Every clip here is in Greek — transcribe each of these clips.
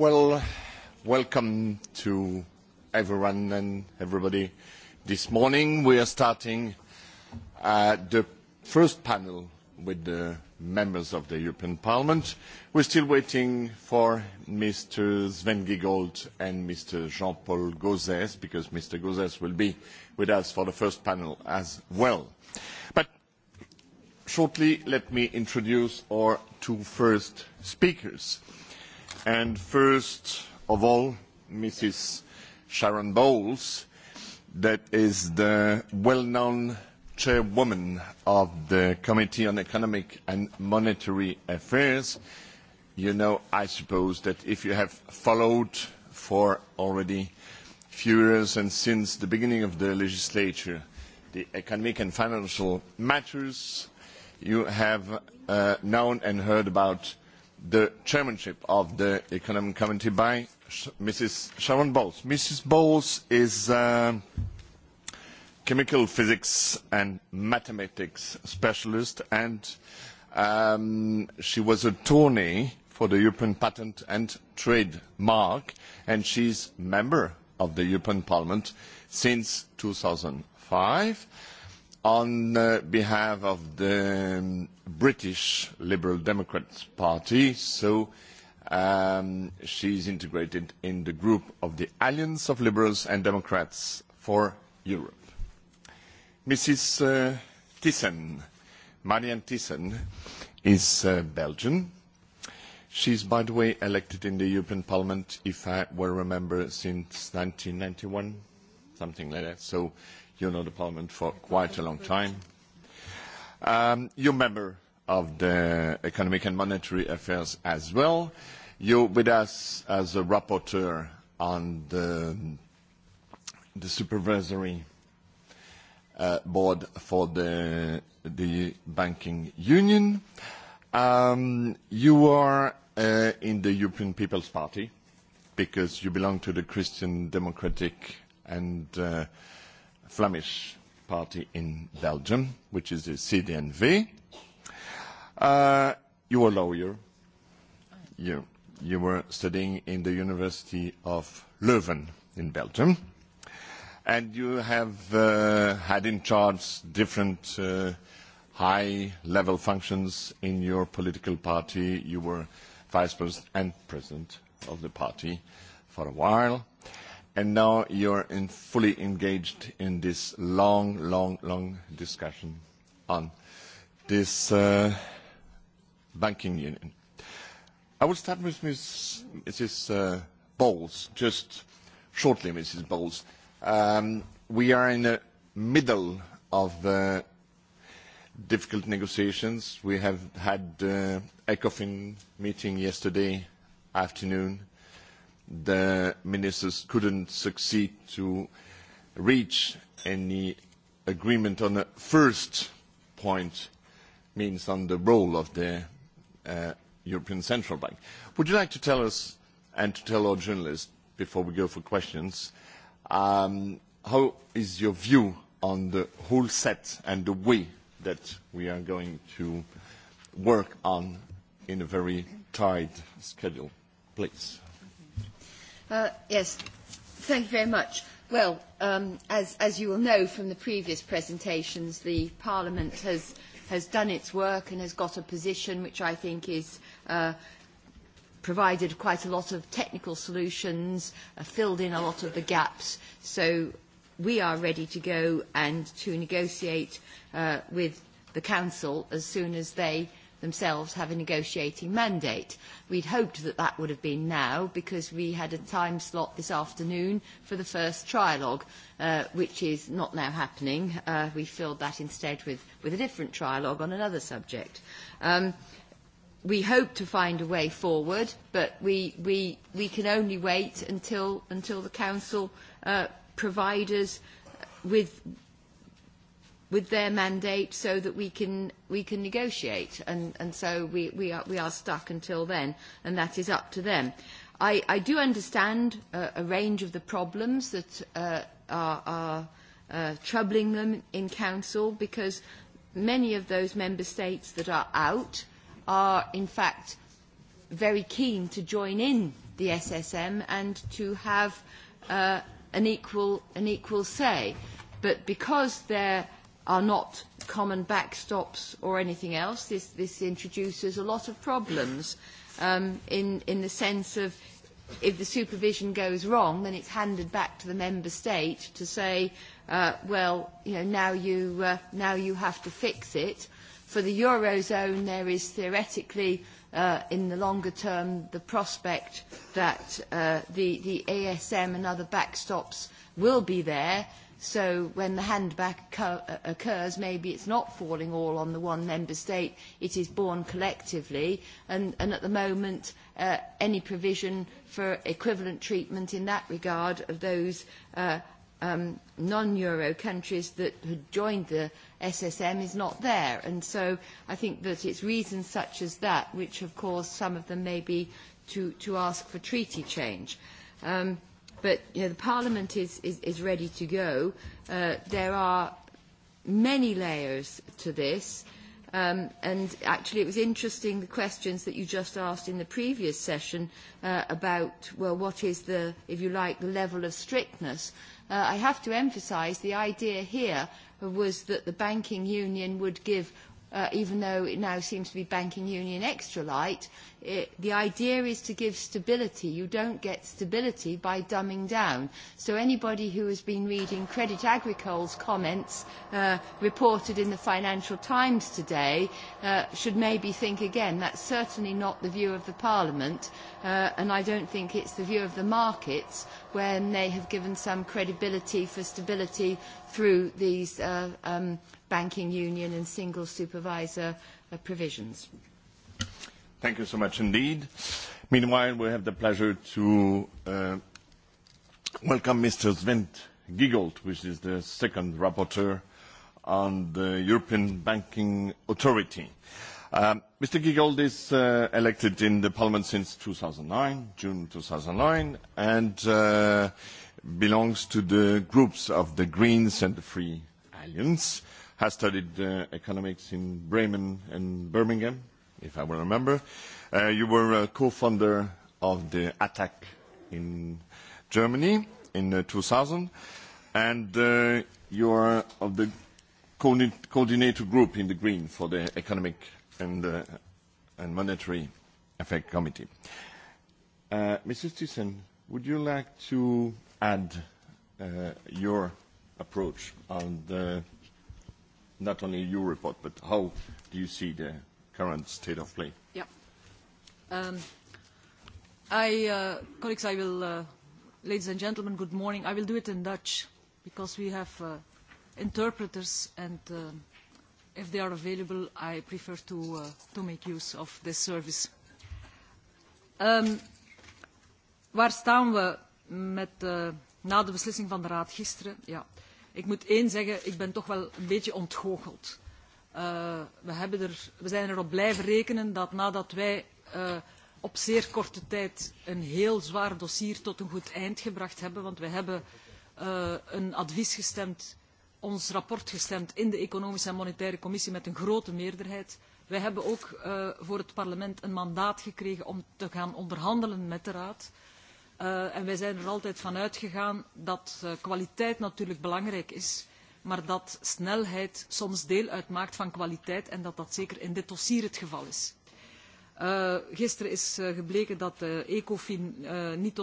Well, welcome to everyone and everybody. This morning we are starting the first panel with the members of the European Parliament. We're still waiting for Mr. Sven Giegold and Mr. Jean-Paul Gauzès, because Mr. Gauzès will be with us for the first panel as well. But shortly, let me introduce our two first speakers and first of all Mrs. Sharon Bowles, that is the well-known chairwoman of the Committee on Economic and Monetary Affairs. You know, I suppose, that if you have followed for already few years and since the beginning of the legislature the economic and financial matters, you have known and heard about the chairmanship of the Economic Committee by Mrs. Sharon Bowles. Mrs. Bowles is a chemical physics and mathematics specialist, and she was a attorney for the European Patent and Trademark, and she is member of the European Parliament since 2005 on behalf of the British Liberal Democrats Party, so she is integrated in the group of the Alliance of Liberals and Democrats for Europe. Mrs. Thyssen, Marianne Thyssen, is Belgian. She is, by the way, elected in the European Parliament, if I well remember, since 1991, something like that. So you know the Parliament for quite a long time. You're a member of the Economic and Monetary Affairs as well. You're with us as a rapporteur on the supervisory board for the banking union. You are in the European People's Party because you belong to the Christian Democratic and Flemish party in Belgium, which is the CDNV. You were a lawyer. You were studying in the University of Leuven in Belgium. And you have had in charge different high-level functions in your political party. You were vice president and president of the party for a while and now you're fully engaged in this long, long, long discussion on this banking union. I will start with Mrs. Bowles, just shortly, Mrs. Bowles. We are in the middle of difficult negotiations. We have had ECOFIN meeting yesterday afternoon the ministers couldn't succeed to reach any agreement on the first point, means on the role of the European Central Bank. Would you like to tell us and to tell our journalists before we go for questions, how is your view on the whole set and the way that we are going to work on in a very tight schedule, please? Yes, thank you very much. Well, as you will know from the previous presentations, the Parliament has done its work and has got a position which I think has provided quite a lot of technical solutions, filled in a lot of the gaps. So we are ready to go and to negotiate with the Council as soon as they themselves have a negotiating mandate. We'd hoped that that would have been now because we had a time slot this afternoon for the first trialogue, which is not now happening. We filled that instead with with a different trialogue on another subject. We hope to find a way forward, but we we we can only wait until the Council provides us with with their mandate so that we can we can negotiate and and so we we are we are stuck until then and that is up to them i i do understand a range of the problems that are are troubling them in council because many of those member states that are out are in fact very keen to join in the ssm and to have an equal an equal say but because they're are not common backstops or anything else. This, introduces a lot of problems in, the sense of if the supervision goes wrong, then it's handed back to the member state to say, well, now you, now you have to fix it. For the Eurozone, there is theoretically, in the longer term, the prospect that the ASM and other backstops will be there So when the handback occurs, maybe it's not falling all on the one member state, it is borne collectively, and at the moment any provision for equivalent treatment in that regard of those non-euro countries that had joined the SSM is not there. And so I think that it's reasons such as that which have caused some of them maybe to ask for treaty change. But the Parliament is ready to go. There are many layers to this, and actually it was interesting the questions that you just asked in the previous session about, well, what is the, if you like, the level of strictness. I have to emphasise the idea here was that the banking union would give even though it now seems to be banking union extra light, the idea is to give stability. You don't get stability by dumbing down. So anybody who has been reading Credit Agricole's comments reported in the Financial Times today should maybe think again. That's certainly not the view of the Parliament, and I don't think it's the view of the markets when they have given some credibility for stability through these banking union and single supervisor provisions. Thank you so much indeed. Meanwhile, we have the pleasure to welcome Mr. Sven Giegold, which is the second rapporteur on the European Banking Authority. Mr. Giegold is elected in the Parliament since 2009, June 2009, and belongs to the groups of the Greens and the Free Alliance has studied economics in Bremen and Birmingham, if I will remember. You were a co-founder of the attack in Germany in 2000, and you are of the coordinator group in the Green for the Economic and Monetary Effect Committee. Mrs. Thyssen, would you like to add your approach on the not only your report, but how do you see the current state of play? Yeah. I, colleagues, I will, ladies and gentlemen, good morning. I will do it in Dutch because we have interpreters and if they are available, I prefer to to make use of this service. Waar staan we met na de beslissing van de Raad gisteren? Ja. Ik moet één zeggen, ik ben toch wel een beetje ontgoocheld. We zijn erop blijven rekenen dat nadat wij op zeer korte tijd een heel zwaar dossier tot een goed eind gebracht hebben, want we hebben een advies gestemd, ons rapport gestemd in de Economische en Monetaire Commissie met een grote meerderheid. Wij hebben ook voor het parlement een mandaat gekregen om te gaan onderhandelen met de Raad. En wij zijn er altijd van uitgegaan dat kwaliteit natuurlijk belangrijk is, maar dat snelheid soms deel uitmaakt van kwaliteit en dat dat zeker in dit dossier het geval is. Gisteren is gebleken dat ECOFIN niet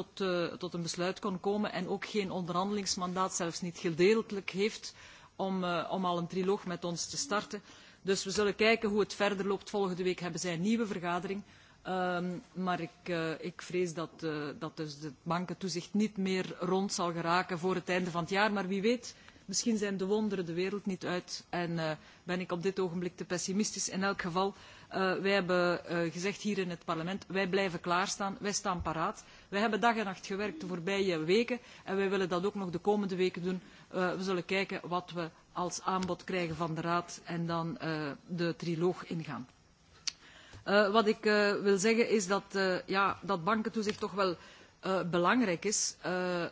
tot een besluit kon komen en ook geen onderhandelingsmandaat, zelfs niet gedeeltelijk heeft, om al een triloog met ons te starten. Dus we zullen kijken hoe het verder loopt. Volgende week hebben zij een nieuwe vergadering. Maar ik vrees dat dus het bankentoezicht niet meer rond zal geraken voor het einde van het jaar. Maar wie weet, misschien zijn de wonderen de wereld niet uit en ben ik op dit ogenblik te pessimistisch. In elk geval, wij hebben gezegd hier in het parlement, wij blijven klaarstaan, wij staan paraat. Wij hebben dag en nacht gewerkt de voorbije weken en wij willen dat ook nog de komende weken doen. We zullen kijken wat we als aanbod krijgen van de Raad en dan de triloog ingaan. Wat ik wil zeggen is dat bankentoezicht toch wel belangrijk is,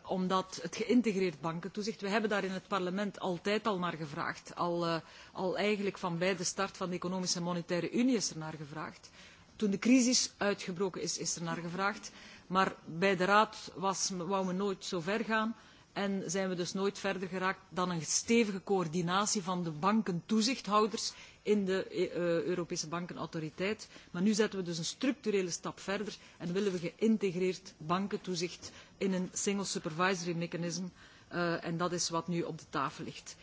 omdat het geïntegreerd bankentoezicht, we hebben daar in het parlement altijd al naar gevraagd, al eigenlijk van bij de start van de Economische en Monetaire Unie is er naar gevraagd. Toen de crisis uitgebroken is, is er naar gevraagd, maar bij de Raad wou men nooit zo ver gaan en zijn we dus nooit verder geraakt dan een stevige coördinatie van de bankentoezichthouders in de Europese bankenautoriteit. Maar nu zetten we dus een structurele stap verder en willen we geïntegreerd bankentoezicht in een single supervisory mechanism. En dat is wat nu op de tafel ligt.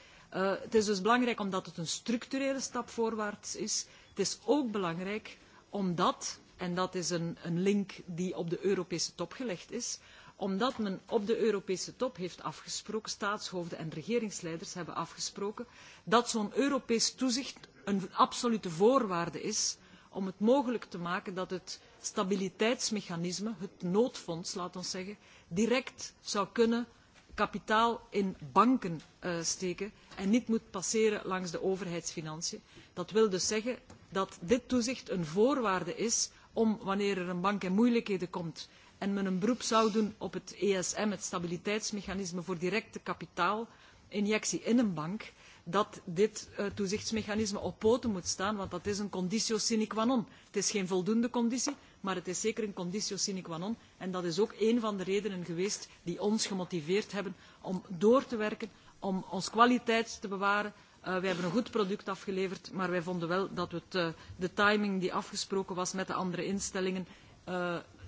Het is dus belangrijk omdat het een structurele stap voorwaarts is. Het is ook belangrijk omdat, en dat is een link die op de Europese top gelegd is, omdat men op de Europese top heeft afgesproken, staatshoofden en regeringsleiders hebben afgesproken, dat zo'n Europees toezicht een absolute voorwaarde is om het mogelijk te maken dat het stabiliteitsmechanisme, het noodfonds, laat ons zeggen, direct zou kunnen kapitaal in banken steken en niet moet passeren langs de overheidsfinanciën. Dat wil dus zeggen dat dit toezicht een voorwaarde is om, wanneer er een bank in moeilijkheden komt en men een beroep zou doen op het ESM, het stabiliteitsmechanisme voor directe kapitaalinjectie in een bank, dat dit toezichtsmechanisme op poten moet staan, want dat is een conditio sine qua non. Het is geen voldoende conditie, maar het is zeker een conditio sine qua non. En dat is ook een van de redenen geweest die ons gemotiveerd hebben om door te werken, om ons kwaliteit te bewaren. We hebben een goed product afgeleverd, maar wij vonden wel dat we de timing die afgesproken was met de andere instellingen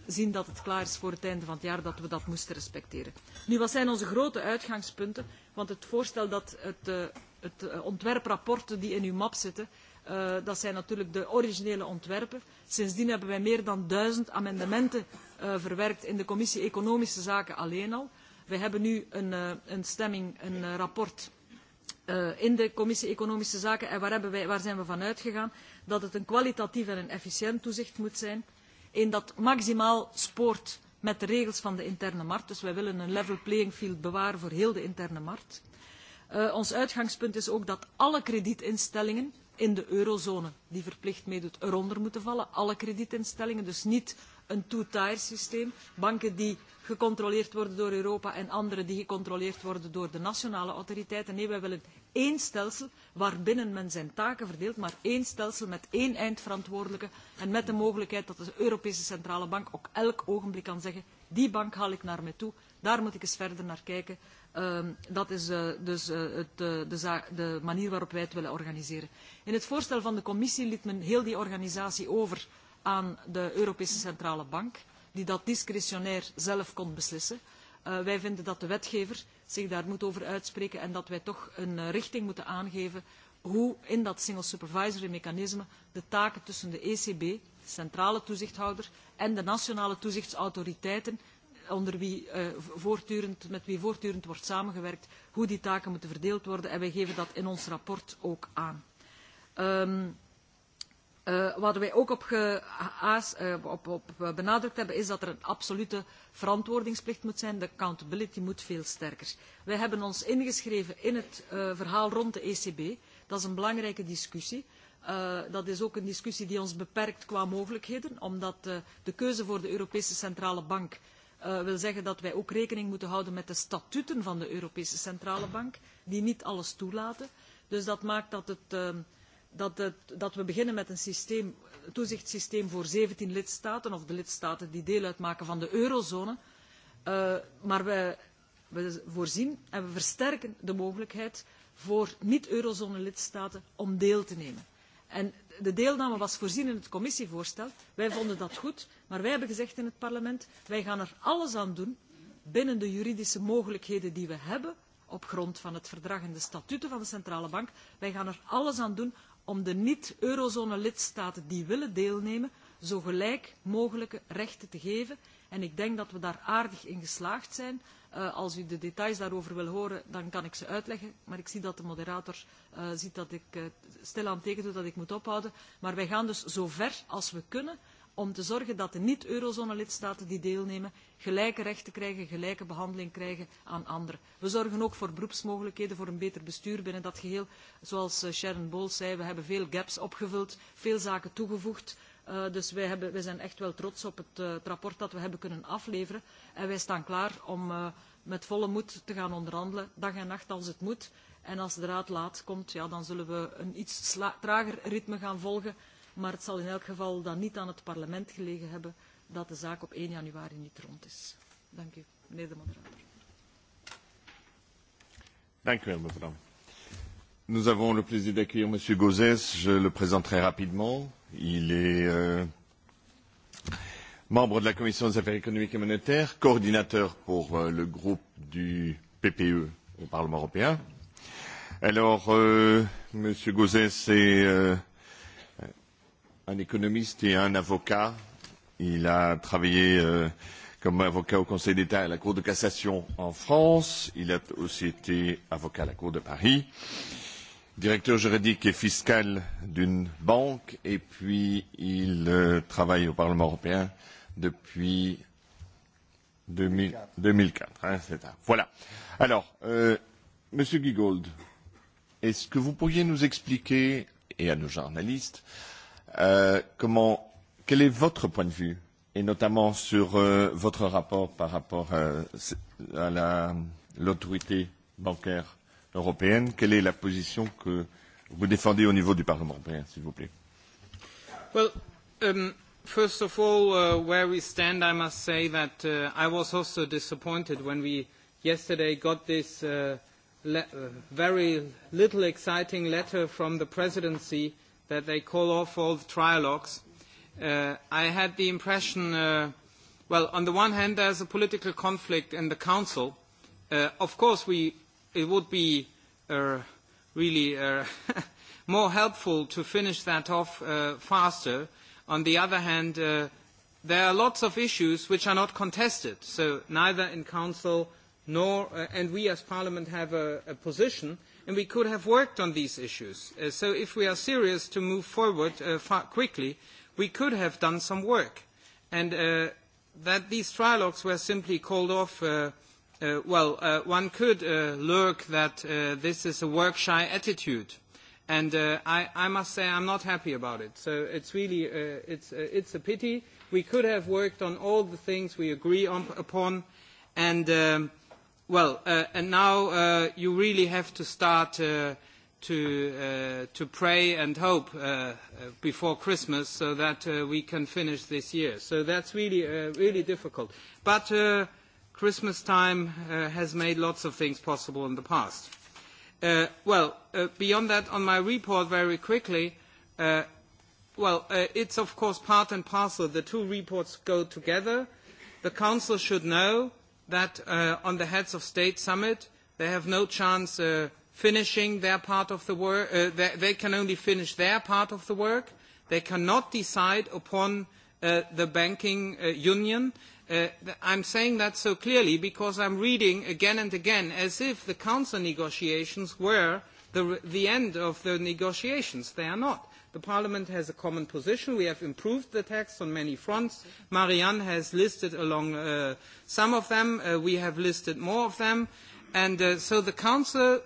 zien dat het klaar is voor het einde van het jaar, dat we dat moesten respecteren. Nu, wat zijn onze grote uitgangspunten? Want het voorstel dat het ontwerprapporten die in uw map zitten, dat zijn natuurlijk de originele ontwerpen. Sindsdien hebben wij meer dan duizend amendementen verwerkt in de commissie Economische Zaken alleen al. We hebben nu een stemming, een rapport in de commissie Economische Zaken. En waar zijn we van uitgegaan? Dat het een kwalitatief en een efficiënt toezicht moet zijn. Een dat maximaal spoort met de regels van de interne markt. Dus wij willen een level playing field bewaren voor heel de interne markt. Ons uitgangspunt is ook dat alle kredietinstellingen in de eurozone die verplicht meedoet eronder moeten vallen. Alle kredietinstellingen, dus niet een two-tier systeem. Banken die gecontroleerd worden door Europa en andere die gecontroleerd worden door de nationale autoriteiten. Nee, wij willen één stelsel waarbinnen men zijn taken verdeelt, maar één stelsel met één eindverantwoordelijke en met de mogelijkheid dat de Europese Centrale Bank op elk ogenblik kan zeggen die bank haal ik naar mij toe, daar moet ik eens verder naar kijken Dat is dus de manier waarop wij het willen organiseren. In het voorstel van de commissie liet men heel die organisatie over aan de Europese Centrale Bank, die dat discretionair zelf kon beslissen. Wij vinden dat de wetgever zich daar moet over uitspreken en dat wij toch een richting moeten aangeven hoe in dat single supervisory mechanisme de taken tussen de ECB, de centrale toezichthouder, en de nationale toezichtsautoriteiten onder wie voortdurend, met wie voortdurend wordt samengewerkt, hoe die taken moeten verdeeld worden. En wij geven dat in ons rapport ook aan. Wat wij ook op benadrukt hebben is dat er een absolute verantwoordingsplicht moet zijn. De accountability moet veel sterker. Wij hebben ons ingeschreven in het verhaal rond de ECB. Dat is een belangrijke discussie. Dat is ook een discussie die ons beperkt qua mogelijkheden, omdat de keuze voor de Europese Centrale Bank wil zeggen dat wij ook rekening moeten houden met de statuten van de Europese Centrale Bank, die niet alles toelaten. Dus dat maakt dat we beginnen met een toezichtssysteem voor 17 lidstaten, of de lidstaten die deel uitmaken van de eurozone. Maar we voorzien en we versterken de mogelijkheid voor niet-eurozone lidstaten om deel te nemen de deelname was voorzien in het commissievoorstel. Wij vonden dat goed, maar wij hebben gezegd in het parlement, wij gaan er alles aan doen binnen de juridische mogelijkheden die we hebben, op grond van het verdrag en de statuten van de Centrale Bank, wij gaan er alles aan doen om de niet-eurozone-lidstaten die willen deelnemen, zo gelijk mogelijke rechten te geven. En ik denk dat we daar aardig in geslaagd zijn. Als u de details daarover wil horen, dan kan ik ze uitleggen. Maar ik zie dat de moderator ziet dat ik stilaan teken doe dat ik moet ophouden. Maar wij gaan dus zo ver als we kunnen om te zorgen dat de niet-eurozone-lidstaten die deelnemen gelijke rechten krijgen, gelijke behandeling krijgen aan anderen. We zorgen ook voor beroepsmogelijkheden, voor een beter bestuur binnen dat geheel. Zoals Sharon Bowles zei, we hebben veel gaps opgevuld, veel zaken toegevoegd. Dus wij zijn echt wel trots op het rapport dat we hebben kunnen afleveren. En wij staan klaar om met volle moed te gaan onderhandelen, dag en nacht als het moet. En als de raad laat komt, dan zullen we een iets trager ritme gaan volgen. Maar het zal in elk geval dan niet aan het parlement gelegen hebben dat de zaak op 1 januari niet rond is. Dank u, meneer de moderator. Dank u wel, mevrouw. Nous M. Gauzès. Je le présenterai rapidement. Il est membre de la Commission des affaires économiques et monétaires, coordinateur pour le groupe du PPE au Parlement européen. Alors, M. Gauzès est un économiste et un avocat. Il a travaillé comme avocat au Conseil d'État et à la Cour de cassation en France. Il a aussi été avocat à la Cour de Paris directeur juridique et fiscal d'une banque et puis il travaille au Parlement européen depuis 2004. Voilà. Alors, Monsieur Giegold, est-ce que vous pourriez nous expliquer, et à nos journalistes, comment, quel est votre point de vue, et notamment sur votre rapport par rapport à l'autorité bancaire européenne. Quelle est la position que vous défendez au niveau du Parlement européen, s'il vous plaît Well, first of all, where we stand, I must say that I was also disappointed when we yesterday got this very little exciting letter from the presidency that they call off all the trialogues. I had the impression, well, on the one hand, is a political conflict in the Council. Of course, we it would be really more helpful to finish that off faster. On the other hand, there are lots of issues which are not contested, so neither in Council nor, and we as Parliament have a position, and we could have worked on these issues. So if we are serious to move forward quickly, we could have done some work. And that these trilogues were simply called off Well, one could lurk that this is a work-shy attitude, and I must say I'm not happy about it. So it's really it's a pity. We could have worked on all the things we agree upon, and well, and now you really have to start to pray and hope before Christmas so that we can finish this year. So that's really really difficult. But Christmas time has made lots of things possible in the past. Well, beyond that, on my report very quickly, well, it's of course part and parcel. The two reports go together. The Council should know that on the Heads of State Summit, they have no chance finishing their part of the work. They can only finish their part of the work. They cannot decide upon the banking union I'm saying that so clearly because I'm reading again and again as if the Council negotiations were the end of the negotiations. They are not. The Parliament has a common position. We have improved the text on many fronts. Marianne has listed along some of them. We have listed more of them. And so the Council,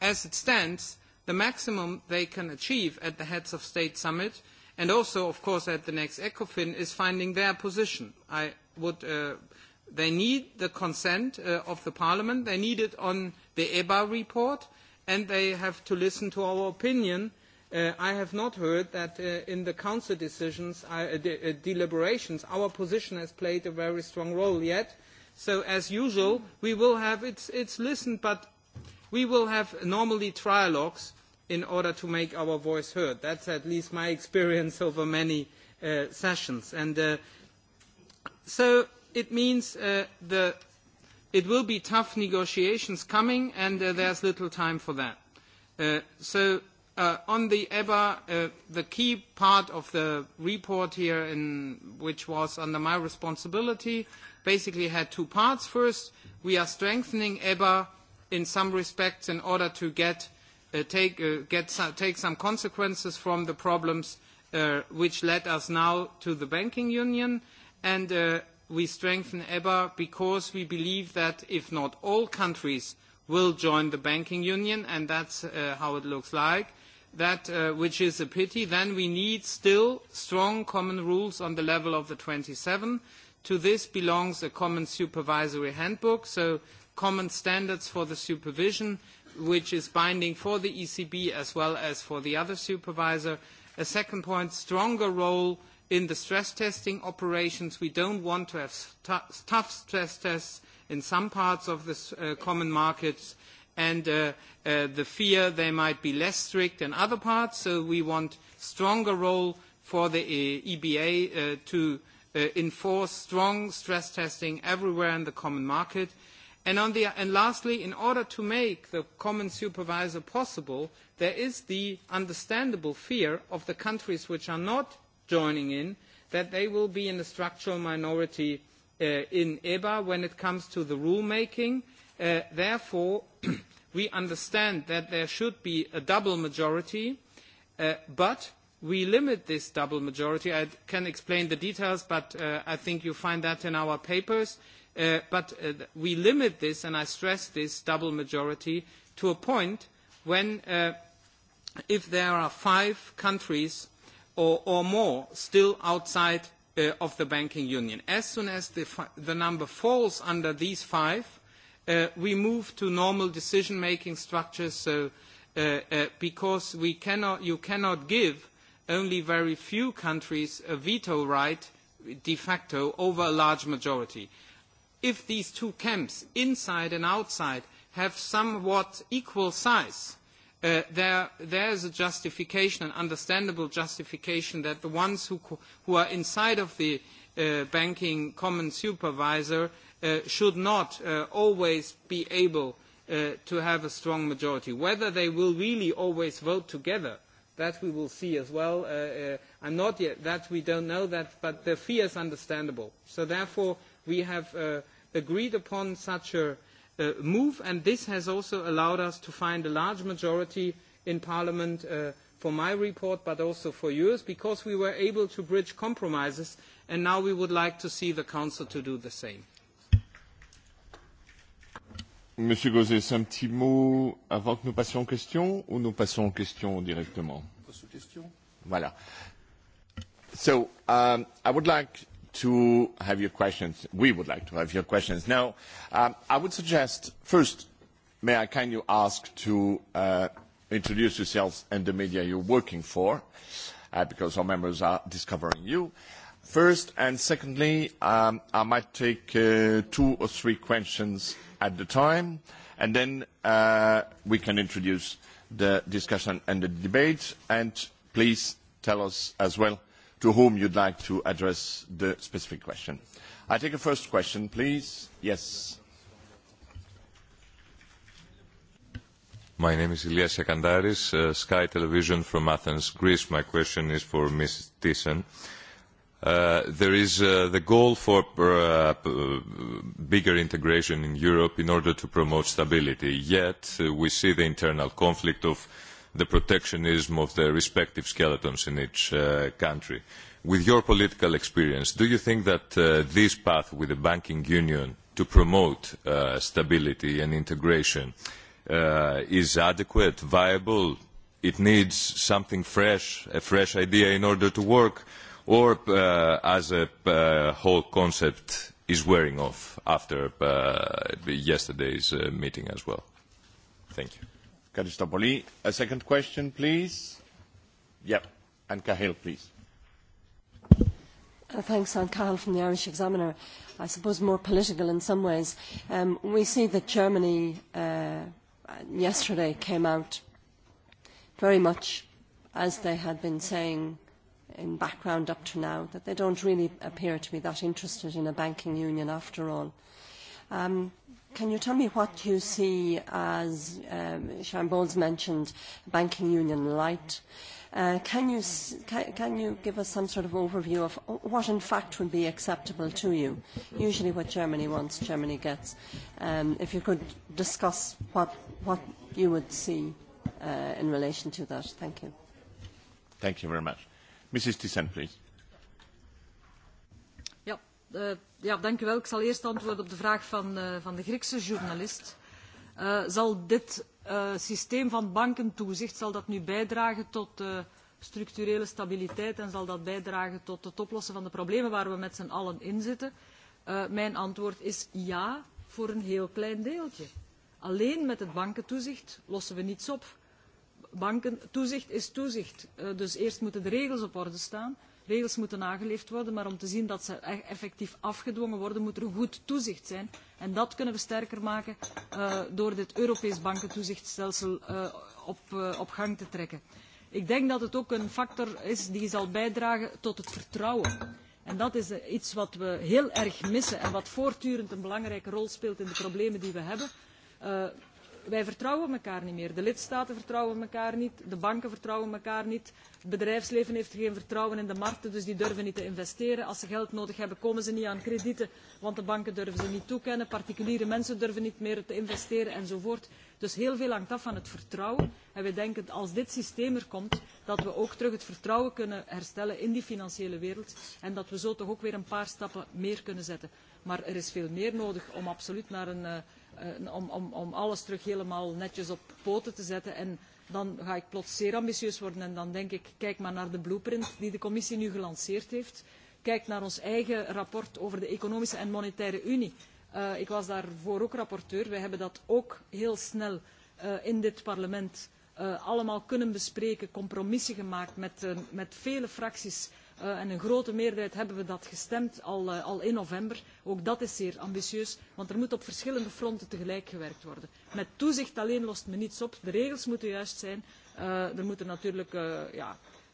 as it stands, the maximum they can achieve at the Heads of State Summit and also, of course, at the next ECOFIN, is finding their position. They need the consent of the Parliament. They need it on the EBA report, and they have to listen to our opinion. I have not heard that in the Council decisions, deliberations, our position has played a very strong role yet. So, as usual, we will have it's listened, but we will have normally trialogues in order to make our voice heard. That's at least my experience over many sessions. so it means that it will be tough negotiations coming and there's little time for that. So on the EBA, the key part of the report here, which was under my responsibility, basically had two parts. First, we are strengthening EBA in some respects in order to get take some consequences from the problems which led us now to the banking union and we strengthen EBA because we believe that if not all countries will join the banking union and that's how it looks like that which is a pity then we need still strong common rules on the level of the 27 to this belongs a common supervisory handbook so common standards for the supervision which is binding for the ECB as well as for the other supervisor. A second point, stronger role in the stress testing operations. We don't want to have tough stress tests in some parts of the common market, and the fear they might be less strict in other parts. So we want stronger role for the EBA to enforce strong stress testing everywhere in the common market. And lastly, in order to make the common supervisor possible, there is the understandable fear of the countries which are not joining in that they will be in a structural minority in EBA when it comes to the rulemaking. Therefore, we understand that there should be a double majority, but we limit this double majority. I can explain the details, but I think you find that in our papers But we limit this, and I stress this double majority, to a point when, if there are five countries or more still outside of the banking union, as soon as the number falls under these five, we move to normal decision-making structures, because you cannot give only very few countries a veto right de facto over a large majority if these two camps, inside and outside, have somewhat equal size, there is a justification, an understandable justification, that the ones who are inside of the banking common supervisor should not always be able to have a strong majority. Whether they will really always vote together, that we will see as well. I'm not yet, that we don't know that, but the fear is understandable. So therefore, we have agreed upon such a move and this has also allowed us to find a large majority in Parliament for my report but also for yours because we were able to bridge compromises and now we would like to see the Council to do the same. petit mot ou passons questions I would like to have your questions. We would like to have your questions. Now, I would suggest first, may I kindly ask to introduce yourselves and the media you're working for, because our members are discovering you. First and secondly, I might take two or three questions at the time, and then we can introduce the discussion and the debate. And please tell us as well to whom you'd like to address the specific question. I take a first question, please. Yes. My name is Ilias Sekandaris, Sky Television from Athens, Greece. My question is for Ms. Thyssen. There is the goal for bigger integration in Europe in order to promote stability. Yet we see the internal conflict of the protectionism of the respective skeletons in each country. With your political experience, do you think that this path with the banking union to promote stability and integration is adequate, viable? It needs something fresh, a fresh idea in order to work, or as a whole concept is wearing off after yesterday's meeting as well? Thank you. Karistopoli. A second question, please. Yep. And Cahill, please. Thanks. Anne Cahill from the Irish Examiner. I suppose more political in some ways. We see that Germany yesterday came out very much as they had been saying in background up to now, that they don't really appear to be that interested in a banking union after all. Can you tell me what you see as, Sharon Bowles mentioned, banking union light? Can you give us some sort of overview of what in fact would be acceptable to you? Usually what Germany wants, Germany gets. If you could discuss what you would see in relation to that. Thank you. Thank you very much. Mrs. Thyssen, please. Ja, dank u wel. Ik zal eerst antwoorden op de vraag van de Griekse journalist. Zal dit systeem van bankentoezicht zal dat nu bijdragen tot structurele stabiliteit en zal dat bijdragen tot het oplossen van de problemen waar we met z'n allen in zitten? Mijn antwoord is ja, voor een heel klein deeltje. Alleen met het bankentoezicht lossen we niets op. Bankentoezicht is toezicht, dus eerst moeten de regels op orde staan regels moeten nageleefd worden, maar om te zien dat ze effectief afgedwongen worden, moet er goed toezicht zijn. En dat kunnen we sterker maken door dit Europees bankentoezichtstelsel op gang te trekken. Ik denk dat het ook een factor is die zal bijdragen tot het vertrouwen. En dat is iets wat we heel erg missen en wat voortdurend een belangrijke rol speelt in de problemen die we hebben wij vertrouwen elkaar niet meer. De lidstaten vertrouwen elkaar niet, de banken vertrouwen elkaar niet, het bedrijfsleven heeft geen vertrouwen in de markten, dus die durven niet te investeren. Als ze geld nodig hebben, komen ze niet aan kredieten, want de banken durven ze niet toekennen, particuliere mensen durven niet meer te investeren enzovoort. Dus heel veel hangt af van het vertrouwen. En wij denken als dit systeem er komt, dat we ook terug het vertrouwen kunnen herstellen in die financiële wereld en dat we zo toch ook weer een paar stappen meer kunnen zetten. Maar er is veel meer nodig om absoluut naar een om alles terug helemaal netjes op poten te zetten. En dan ga ik plots zeer ambitieus worden en dan denk ik, kijk maar naar de blueprint die de commissie nu gelanceerd heeft. Kijk naar ons eigen rapport over de Economische en Monetaire Unie. Ik was daarvoor ook rapporteur. Wij hebben dat ook heel snel in dit parlement allemaal kunnen bespreken, compromissen gemaakt met vele fracties en een grote meerderheid hebben we dat gestemd al in november. ook dat is zeer ambitieus want er moet op verschillende fronten tegelijk gewerkt worden. met toezicht alleen lost men niets op. de regels moeten juist zijn. er moeten natuurlijk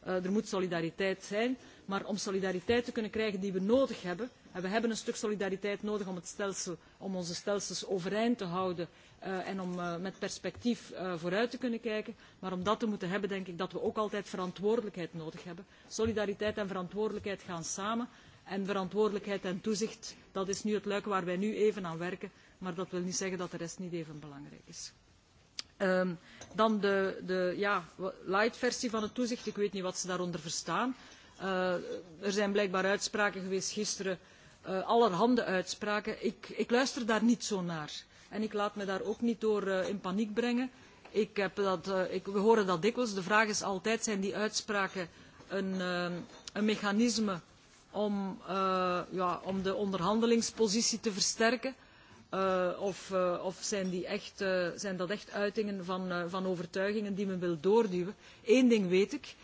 er moet solidariteit zijn, maar om solidariteit te kunnen krijgen die we nodig hebben, en we hebben een stuk solidariteit nodig om onze stelsels overeind te houden en om met perspectief vooruit te kunnen kijken, maar om dat te moeten hebben denk ik dat we ook altijd verantwoordelijkheid nodig hebben. Solidariteit en verantwoordelijkheid gaan samen en verantwoordelijkheid en toezicht, dat is nu het luik waar wij nu even aan werken, maar dat wil niet zeggen dat de rest niet even belangrijk is. Dan de light versie van het toezicht. Ik weet niet wat ze daaronder verstaan. Er zijn blijkbaar uitspraken geweest gisteren, allerhande uitspraken. Ik luister daar niet zo naar. En ik laat me daar ook niet door in paniek brengen. We horen dat dikwijls. De vraag is altijd, zijn die uitspraken een mechanisme om de onderhandelingspositie te versterken? of zijn dat echt uitingen van overtuigingen die men wil doorduwen. Eén ding weet ik.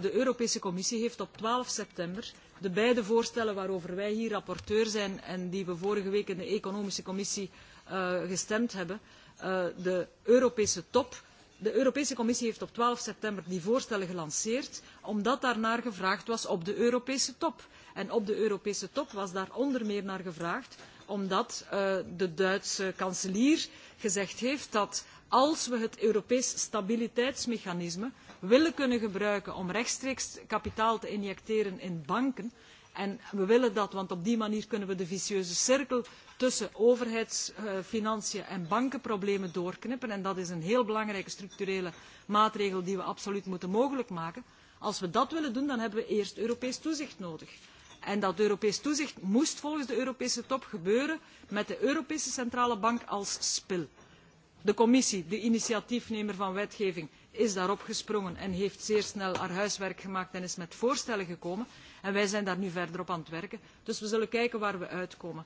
De Europese Commissie heeft op 12 september de beide voorstellen waarover wij hier rapporteur zijn en die we vorige week in de Economische Commissie gestemd hebben, de Europese top. De Europese Commissie heeft op 12 september die voorstellen gelanceerd omdat daarnaar gevraagd was op de Europese top. En op de Europese top was daar onder meer naar gevraagd omdat de Duitse kanselier gezegd heeft dat als we het Europees stabiliteitsmechanisme willen kunnen gebruiken om rechtstreeks kapitaal te injecteren in banken, en we willen dat, want op die manier kunnen we de vicieuze cirkel tussen overheidsfinanciën en bankenproblemen doorknippen, en dat is een heel belangrijke structurele maatregel die we absoluut moeten mogelijk maken. Als we dat willen doen, dan hebben we eerst Europees toezicht nodig. En dat Europees toezicht moest volgens de Europese top gebeuren met de Europese Centrale Bank als spil. De commissie, de initiatiefnemer van wetgeving, is daarop gesprongen en heeft zeer snel haar huiswerk gemaakt en is met voorstellen gekomen. En wij zijn daar nu verder op aan het werken. Dus we zullen kijken waar we uitkomen.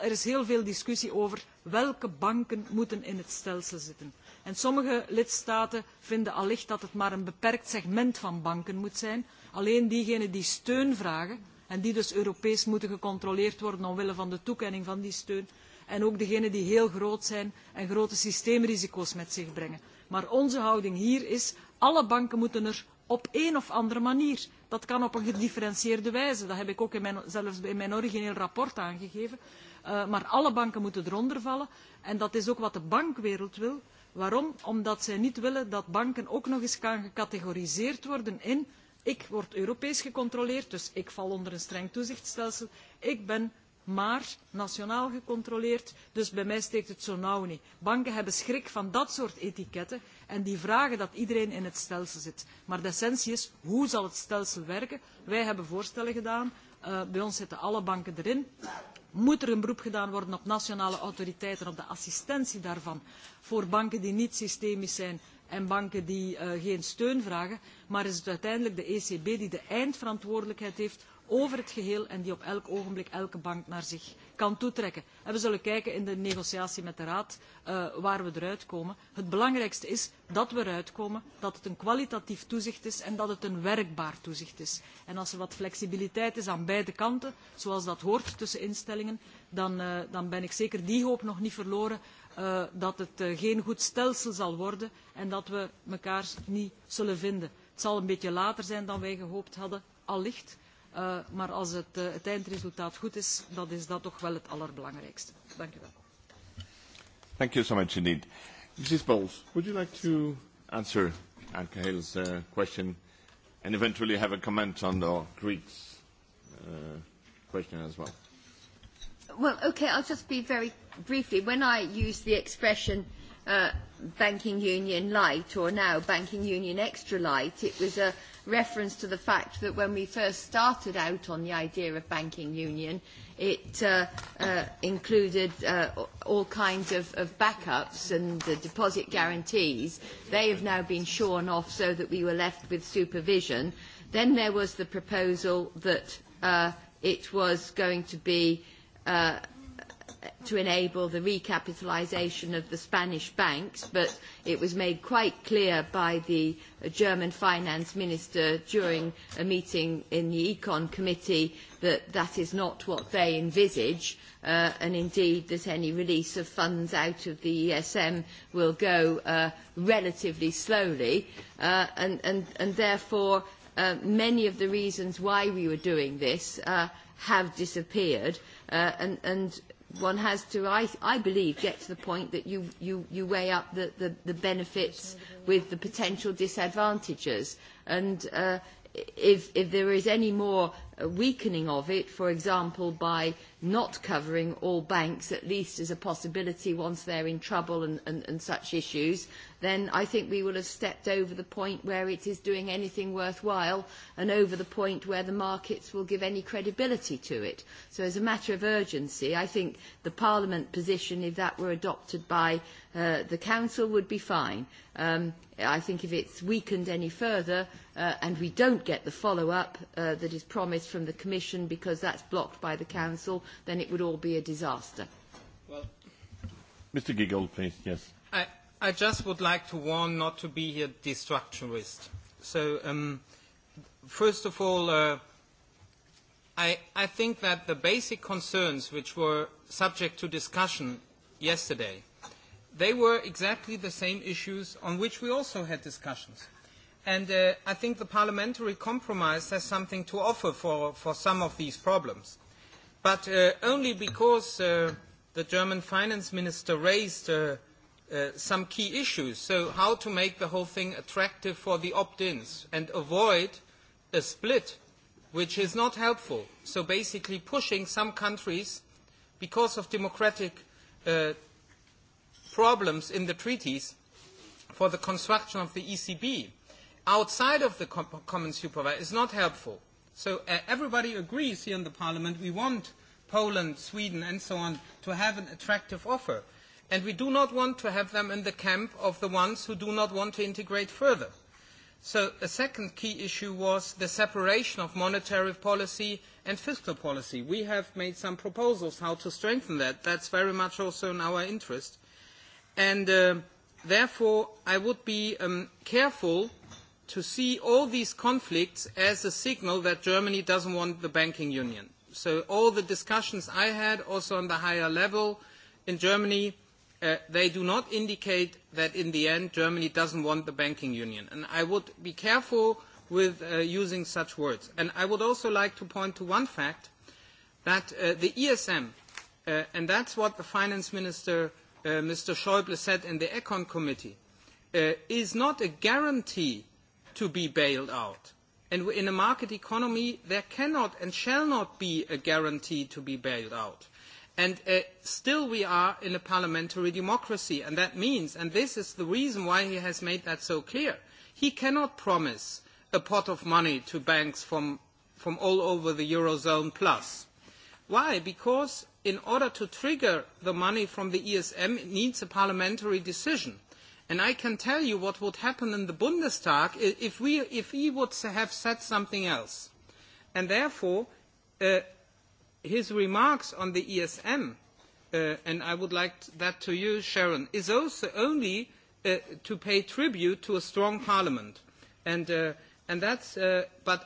Er is heel veel discussie over welke banken moeten in het stelsel zitten. En sommige lidstaten vinden allicht dat het maar een beperkt segment van banken moet zijn alleen diegenen die steun vragen en die dus Europees moeten gecontroleerd worden omwille van de toekenning van die steun en ook degenen die heel groot zijn en grote systeemrisico's met zich brengen. Maar onze houding hier is alle banken moeten er op een of andere manier. Dat kan op een gedifferentieerde wijze. Dat heb ik ook zelfs in mijn origineel rapport aangegeven. Maar alle banken moeten eronder vallen. En dat is ook wat de bankwereld wil. Waarom? Omdat zij niet willen dat banken ook nog eens gaan gecategoriseerd worden in Ik word Europees gecontroleerd, dus ik val onder een streng toezichtstelsel. Ik ben maar nationaal gecontroleerd, dus bij mij steekt het zo nauw niet. Banken hebben schrik van dat soort etiketten en die vragen dat iedereen in het stelsel zit. Maar de essentie is, hoe zal het stelsel werken? Wij hebben voorstellen gedaan, bij ons zitten alle banken erin. Moet er een beroep gedaan worden op nationale autoriteiten, op de assistentie daarvan, voor banken die niet systemisch zijn en banken die geen steun vragen, maar is het uiteindelijk de ECB die de eindverantwoordelijkheid heeft over het geheel en die op elk ogenblik elke bank naar zich kan toetrekken. En we zullen kijken in de negotiatie met de Raad waar we eruit komen. Het belangrijkste is dat we eruit komen, dat het een kwalitatief toezicht is en dat het een werkbaar toezicht is. En als er wat flexibiliteit is aan beide kanten, zoals dat hoort tussen instellingen, dan ben ik zeker die hoop nog niet verloren dat het geen goed stelsel zal worden en dat we elkaar niet zullen vinden. Het zal een beetje later zijn dan wij gehoopt hadden, allicht. Maar als het eindresultaat goed is, dan is dat toch wel het allerbelangrijkste. Dank u wel. Mrs. Bowles, would you like to answer question and eventually have a comment on the Greeks question as well? Well, okay, I'll just be very briefly. When I used the expression banking union light or now banking union extra light, it was a reference to the fact that when we first started out on the idea of banking union, it included all kinds of backups and deposit guarantees. They have now been shorn off so that we were left with supervision. Then there was the proposal that it was going to be to enable the recapitalisation of the Spanish banks, but it was made quite clear by the German finance minister during a meeting in the Econ Committee that that is not what they envisage, and indeed that any release of funds out of the ESM will go relatively slowly, and therefore many of the reasons why we were doing this have disappeared and one has to, I believe, get to the point that you weigh up the benefits with the potential disadvantages. And if there is any more weakening of it, for example, by not covering all banks, at least as a possibility once they're in trouble and such issues, then I think we will have stepped over the point where it is doing anything worthwhile and over the point where the markets will give any credibility to it. So as a matter of urgency, I think the Parliament position, if that were adopted by the Council, would be fine. I think if it's weakened any further and we don't get the follow-up that is promised from the Commission because that's blocked by the Council, then it would all be a disaster. Mr. Giggold, please. Yes. I just would like to warn not to be a destructionist. So, first of all, I think that the basic concerns which were subject to discussion yesterday, they were exactly the same issues on which we also had discussions. And I think the parliamentary compromise has something to offer for some of these problems. But only because the German finance minister raised some key issues. So how to make the whole thing attractive for the opt-ins and avoid a split which is not helpful. So basically pushing some countries, because of democratic problems in the treaties, for the construction of the ECB outside of the common supervisor is not helpful. So everybody agrees here in the Parliament we want Poland, Sweden and so on to have an attractive offer and we do not want to have them in the camp of the ones who do not want to integrate further. So a second key issue was the separation of monetary policy and fiscal policy. We have made some proposals how to strengthen that. That's very much also in our interest. And therefore, I would be careful to see all these conflicts as a signal that Germany doesn't want the banking union. So all the discussions I had, also on the higher level in Germany, they do not indicate that in the end Germany doesn't want the banking union. And I would be careful with using such words. And I would also like to point to one fact, that the ESM, and that's what the finance minister, Mr. Schäuble, said in the Econ Committee, is not a guarantee to be bailed out. And in a market economy, there cannot and shall not be a guarantee to be bailed out and still we are in a parliamentary democracy and that means and this is the reason why he has made that so clear he cannot promise a pot of money to banks from all over the eurozone plus why because in order to trigger the money from the esm it needs a parliamentary decision and i can tell you what would happen in the bundestag if we if he would have said something else and therefore his remarks on the ESM, and I would like that to you, Sharon, is also only to pay tribute to a strong parliament. but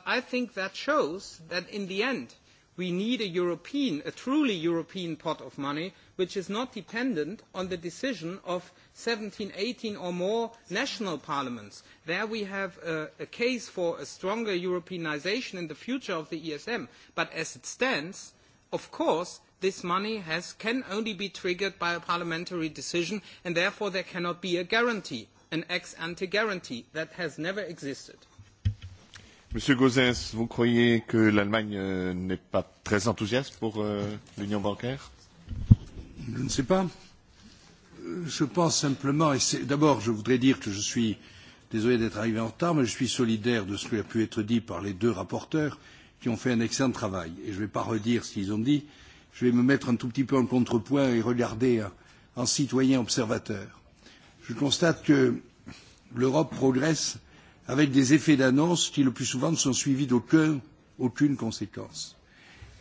I think that shows that in the end we need a European, a truly European pot of money, which is not dependent on the decision of 17, 18 or more national parliaments. There we have a case for a stronger Europeanisation in the future of the ESM, but as it stands, of course this money can only be triggered by a parliamentary decision and therefore there cannot be a guarantee an ex ante guarantee that has never existed. Monsieur Gauzès, vous croyez que l'Allemagne n'est pas très enthousiaste pour l'union bancaire Je ne sais pas. Je pense simplement, et d'abord je voudrais dire que je suis, désolé d'être arrivé en retard, mais je suis solidaire de ce qui a pu être dit par les deux rapporteurs qui ont fait un excellent travail. Et je ne vais pas redire ce qu'ils ont dit, je vais me mettre un tout petit peu en contrepoint et regarder en citoyen observateur. Je constate que l'Europe progresse avec des effets d'annonce qui, le plus souvent, ne sont suivis d'aucune conséquence.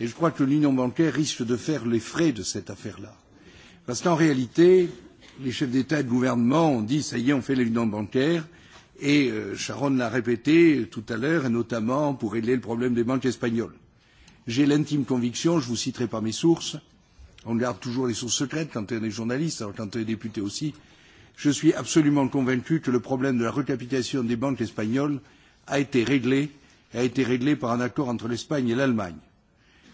Et je crois que l'union bancaire risque de faire les frais de cette affaire-là. Parce qu'en réalité, les chefs d'État et de gouvernement ont dit, ça y est, on fait l'union bancaire, Et Sharon l'a répété tout à l'heure, notamment pour régler le problème des banques espagnoles. J'ai l'intime conviction, je vous citerai pas mes sources, on garde toujours les sources secrètes quand on est journaliste, quand on est député aussi, je suis absolument convaincu que le problème de la recapitalisation des banques espagnoles a été réglé, a été réglé par un accord entre l'Espagne et l'Allemagne.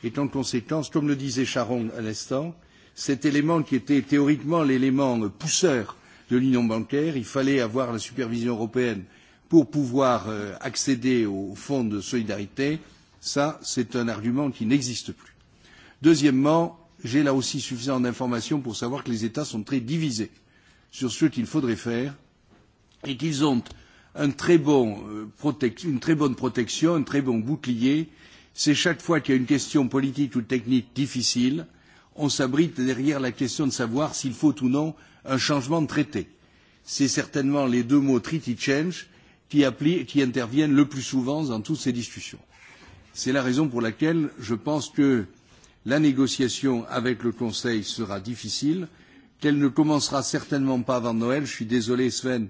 Et en conséquence, comme le disait Sharon à l'instant, cet élément qui était théoriquement l'élément pousseur de l'union bancaire. Il fallait avoir la supervision européenne pour pouvoir accéder au fonds de solidarité. Ça, c'est un argument qui n'existe plus. Deuxièmement, j'ai là aussi suffisamment d'informations pour savoir que les États sont très divisés sur ce qu'il faudrait faire et qu'ils ont une très bonne protection, un très bon bouclier. C'est chaque fois qu'il y a une question politique ou technique difficile, on s'abrite derrière la question de savoir s'il faut ou non un changement de traité. C'est certainement les deux mots treaty change qui interviennent le plus souvent dans toutes ces discussions. C'est la raison pour laquelle je pense que la négociation avec le Conseil sera difficile, qu'elle ne commencera certainement pas avant Noël. Je suis désolé, Sven,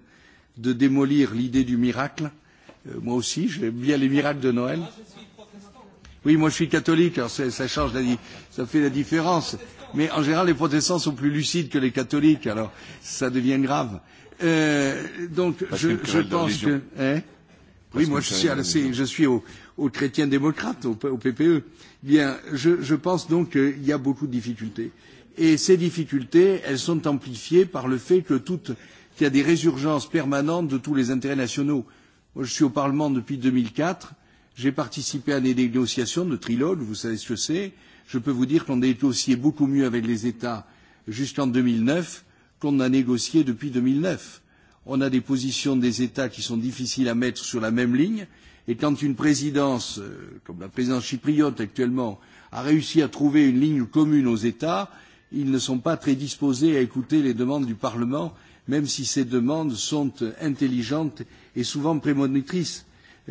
de démolir l'idée du miracle. Moi aussi, j'aime bien les miracles de Noël. Oui, moi je suis catholique, alors ça change, la, ça fait la différence. Mais en général, les protestants sont plus lucides que les catholiques, alors ça devient grave. Euh, donc je, je pense que... Hein oui, moi je suis, assez, je suis au, chrétiens démocrates, au, PPE. Bien, je, je pense donc qu'il y a beaucoup de difficultés. Et ces difficultés, elles sont amplifiées par le fait que toutes, qu'il y a des résurgences permanentes de tous les intérêts nationaux. Moi, je suis au Parlement depuis 2004 J'ai participé à des négociations de trilogue, vous savez ce que c'est. Je peux vous dire qu'on a aussi beaucoup mieux avec les États jusqu'en 2009 qu'on a négocié depuis 2009. On a des positions des États qui sont difficiles à mettre sur la même ligne. Et quand une présidence, comme la présidence chypriote actuellement, a réussi à trouver une ligne commune aux États, ils ne sont pas très disposés à écouter les demandes du Parlement, même si ces demandes sont intelligentes et souvent prémonitrices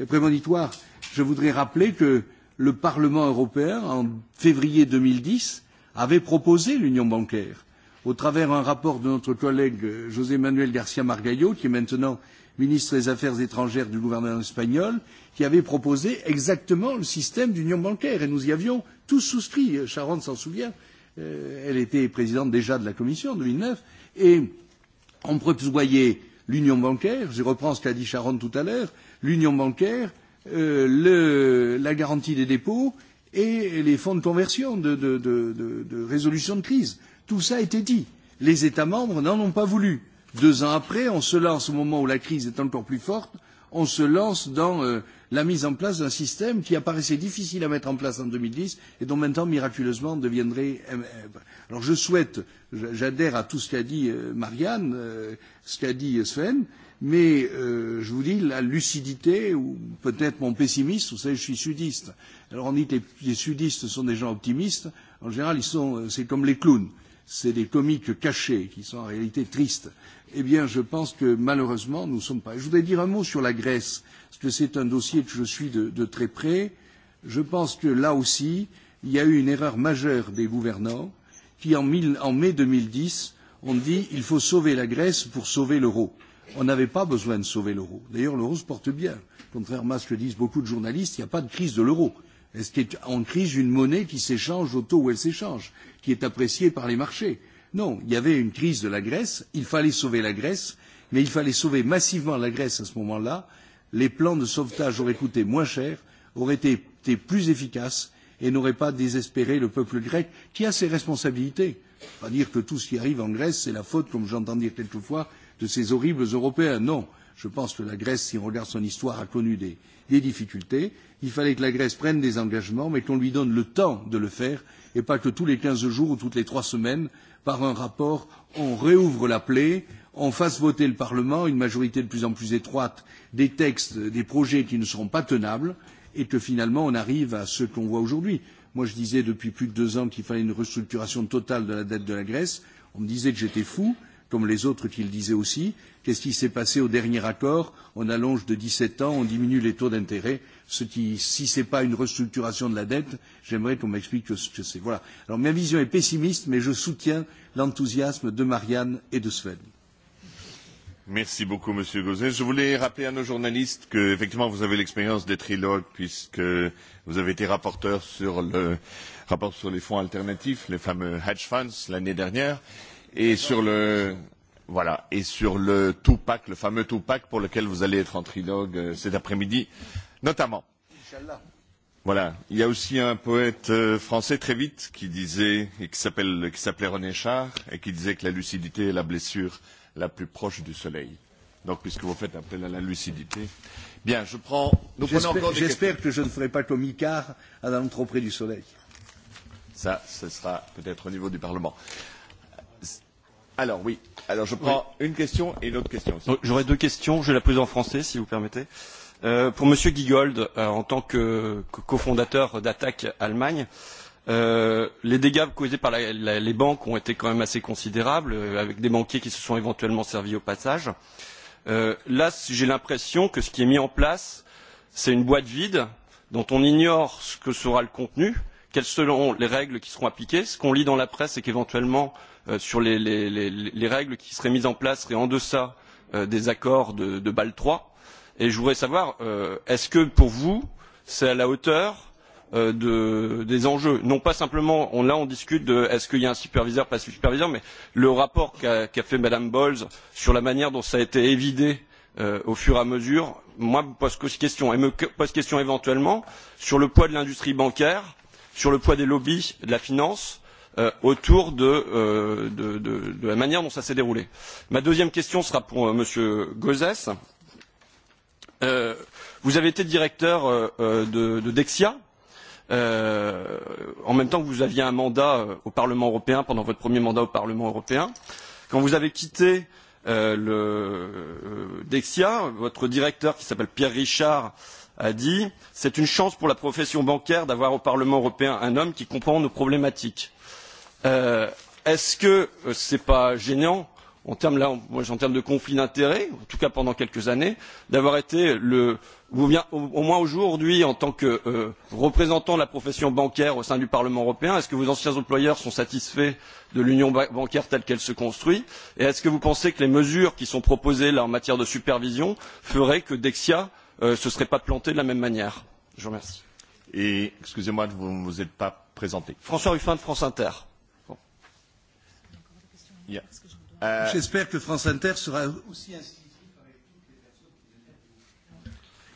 prémonitoire. Je voudrais rappeler que le Parlement européen, en février 2010, avait proposé l'union bancaire, au travers d'un rapport de notre collègue José Manuel García Margallo, qui est maintenant ministre des Affaires étrangères du gouvernement espagnol, qui avait proposé exactement le système d'union bancaire. Et nous y avions tous souscrit. Sharon s'en souvient. Elle était présidente déjà de la Commission en 2009. Et on prévoyait l'union bancaire. Je reprends ce qu'a dit Sharon tout à l'heure l'union bancaire, la garantie des dépôts et les fonds de conversion, de résolution de crise. Tout ça a été dit. Les États membres n'en ont pas voulu. Deux ans après, on se lance, au moment où la crise est encore plus forte, on se lance dans la mise en place d'un système qui apparaissait difficile à mettre en place en 2010 et dont maintenant, miraculeusement, deviendrait. Alors je souhaite, j'adhère à tout ce qu'a dit Marianne, ce qu'a dit Sven mais je vous dis la lucidité ou peut-être mon pessimisme, vous savez je suis sudiste. Alors on dit que les sudistes sont des gens optimistes, en général ils sont, c'est comme les clowns, c'est des comiques cachés qui sont en réalité tristes. Eh bien je pense que malheureusement nous ne sommes pas. Je voudrais dire un mot sur la Grèce, parce que c'est un dossier que je suis de très près. Je pense que là aussi il y a eu une erreur majeure des gouvernants qui en mai 2010 ont dit il faut sauver la Grèce pour sauver l'euro on n'avait pas besoin de sauver l'euro. D'ailleurs, l'euro se porte bien. Contrairement à ce que disent beaucoup de journalistes, il n'y a pas de crise de l'euro. Est-ce qu'il y a en crise une monnaie qui s'échange au taux où elle s'échange, qui est appréciée par les marchés Non, il y avait une crise de la Grèce, il fallait sauver la Grèce, mais il fallait sauver massivement la Grèce à ce moment-là. Les plans de sauvetage auraient coûté moins cher, auraient été plus efficaces et n'auraient pas désespéré le peuple grec qui a ses responsabilités. Pas dire que tout ce qui arrive en Grèce, c'est la faute, comme j'entends dire quelquefois, de ces horribles Européens. Non, je pense que la Grèce, si on regarde son histoire, a connu des difficultés. Il fallait que la Grèce prenne des engagements, mais qu'on lui donne le temps de le faire, et pas que tous les quinze jours ou toutes les trois semaines, par un rapport, on réouvre la plaie, on fasse voter le Parlement, une majorité de plus en plus étroite, des textes, des projets qui ne seront pas tenables, et que finalement on arrive à ce qu'on voit aujourd'hui. Moi, je disais depuis plus de deux ans qu'il fallait une restructuration totale de la dette de la Grèce. On me disait que j'étais fou comme les autres qui le disaient aussi. Qu'est-ce qui s'est passé au dernier accord On allonge de 17 ans, on diminue les taux d'intérêt. Ce qui, si ce n'est pas une restructuration de la dette, j'aimerais qu'on m'explique ce que c'est. Voilà. Alors ma vision est pessimiste, mais je soutiens l'enthousiasme de Marianne et de Sven. Merci beaucoup, Monsieur Gauzet. Je voulais rappeler à nos journalistes que, effectivement, vous avez l'expérience des trilogues, puisque vous avez été rapporteur sur le rapport sur les fonds alternatifs, les fameux hedge funds, l'année dernière et sur le voilà et sur le le fameux Tupac, pour lequel vous allez être en trilogue cet après-midi notamment voilà il y a aussi un poète français très vite qui disait et qui s'appelle qui s'appelait René Char et qui disait que la lucidité est la blessure la plus proche du soleil donc puisque vous faites appel à la lucidité bien je prends j'espère que je ne ferai pas comme Icare à l'entreprise du soleil ça ce sera peut-être au niveau du parlement Alors oui, alors je prends une question et une autre question. J'aurais deux questions, je vais la poser en français si vous permettez. Pour Monsieur Giegold, en tant que cofondateur d'Attaque Allemagne, les dégâts causés par les banques ont été quand même assez considérables, avec des banquiers qui se sont éventuellement servis au passage. Là, j'ai l'impression que ce qui est mis en place, c'est une boîte vide dont on ignore ce que sera le contenu, quelles seront les règles qui seront appliquées. Ce qu'on lit dans la presse, c'est qu'éventuellement sur les règles qui seraient mises en place seraient en deçà des accords de bâle iii et je voudrais savoir est ce que pour vous c'est à la hauteur des enjeux non pas simplement là on discute de est ce qu'il y a un superviseur pas un superviseur mais le rapport qu'a fait mme bowles sur la manière dont cela a été évidé au fur et à mesure moi me pose question et me pose question éventuellement sur le poids de l'industrie bancaire sur le poids des lobbies de la finance autour de la manière dont ça s'est déroulé. Ma deuxième question sera pour M. Gauzès. Vous avez été directeur de Dexia, en même temps que vous aviez un mandat au Parlement européen, pendant votre premier mandat au Parlement européen. Quand vous avez quitté Dexia, votre directeur, qui s'appelle Pierre Richard, a dit C'est une chance pour la profession bancaire d'avoir au Parlement européen un homme qui comprend nos problématiques. Est-ce que ce n'est pas gênant, en termes de conflit d'intérêts, en tout cas pendant quelques années, d'avoir été, le au moins aujourd'hui, en tant que représentant de la profession bancaire au sein du Parlement européen, est-ce que vos anciens employeurs sont satisfaits de l'union bancaire telle qu'elle se construit Et est-ce que vous pensez que les mesures qui sont proposées là en matière de supervision feraient que Dexia ne se serait pas planté de la même manière Je vous remercie. Et excusez-moi, vous ne vous êtes pas présenté. François Ruffin de France Inter. J'espère que France Inter sera aussi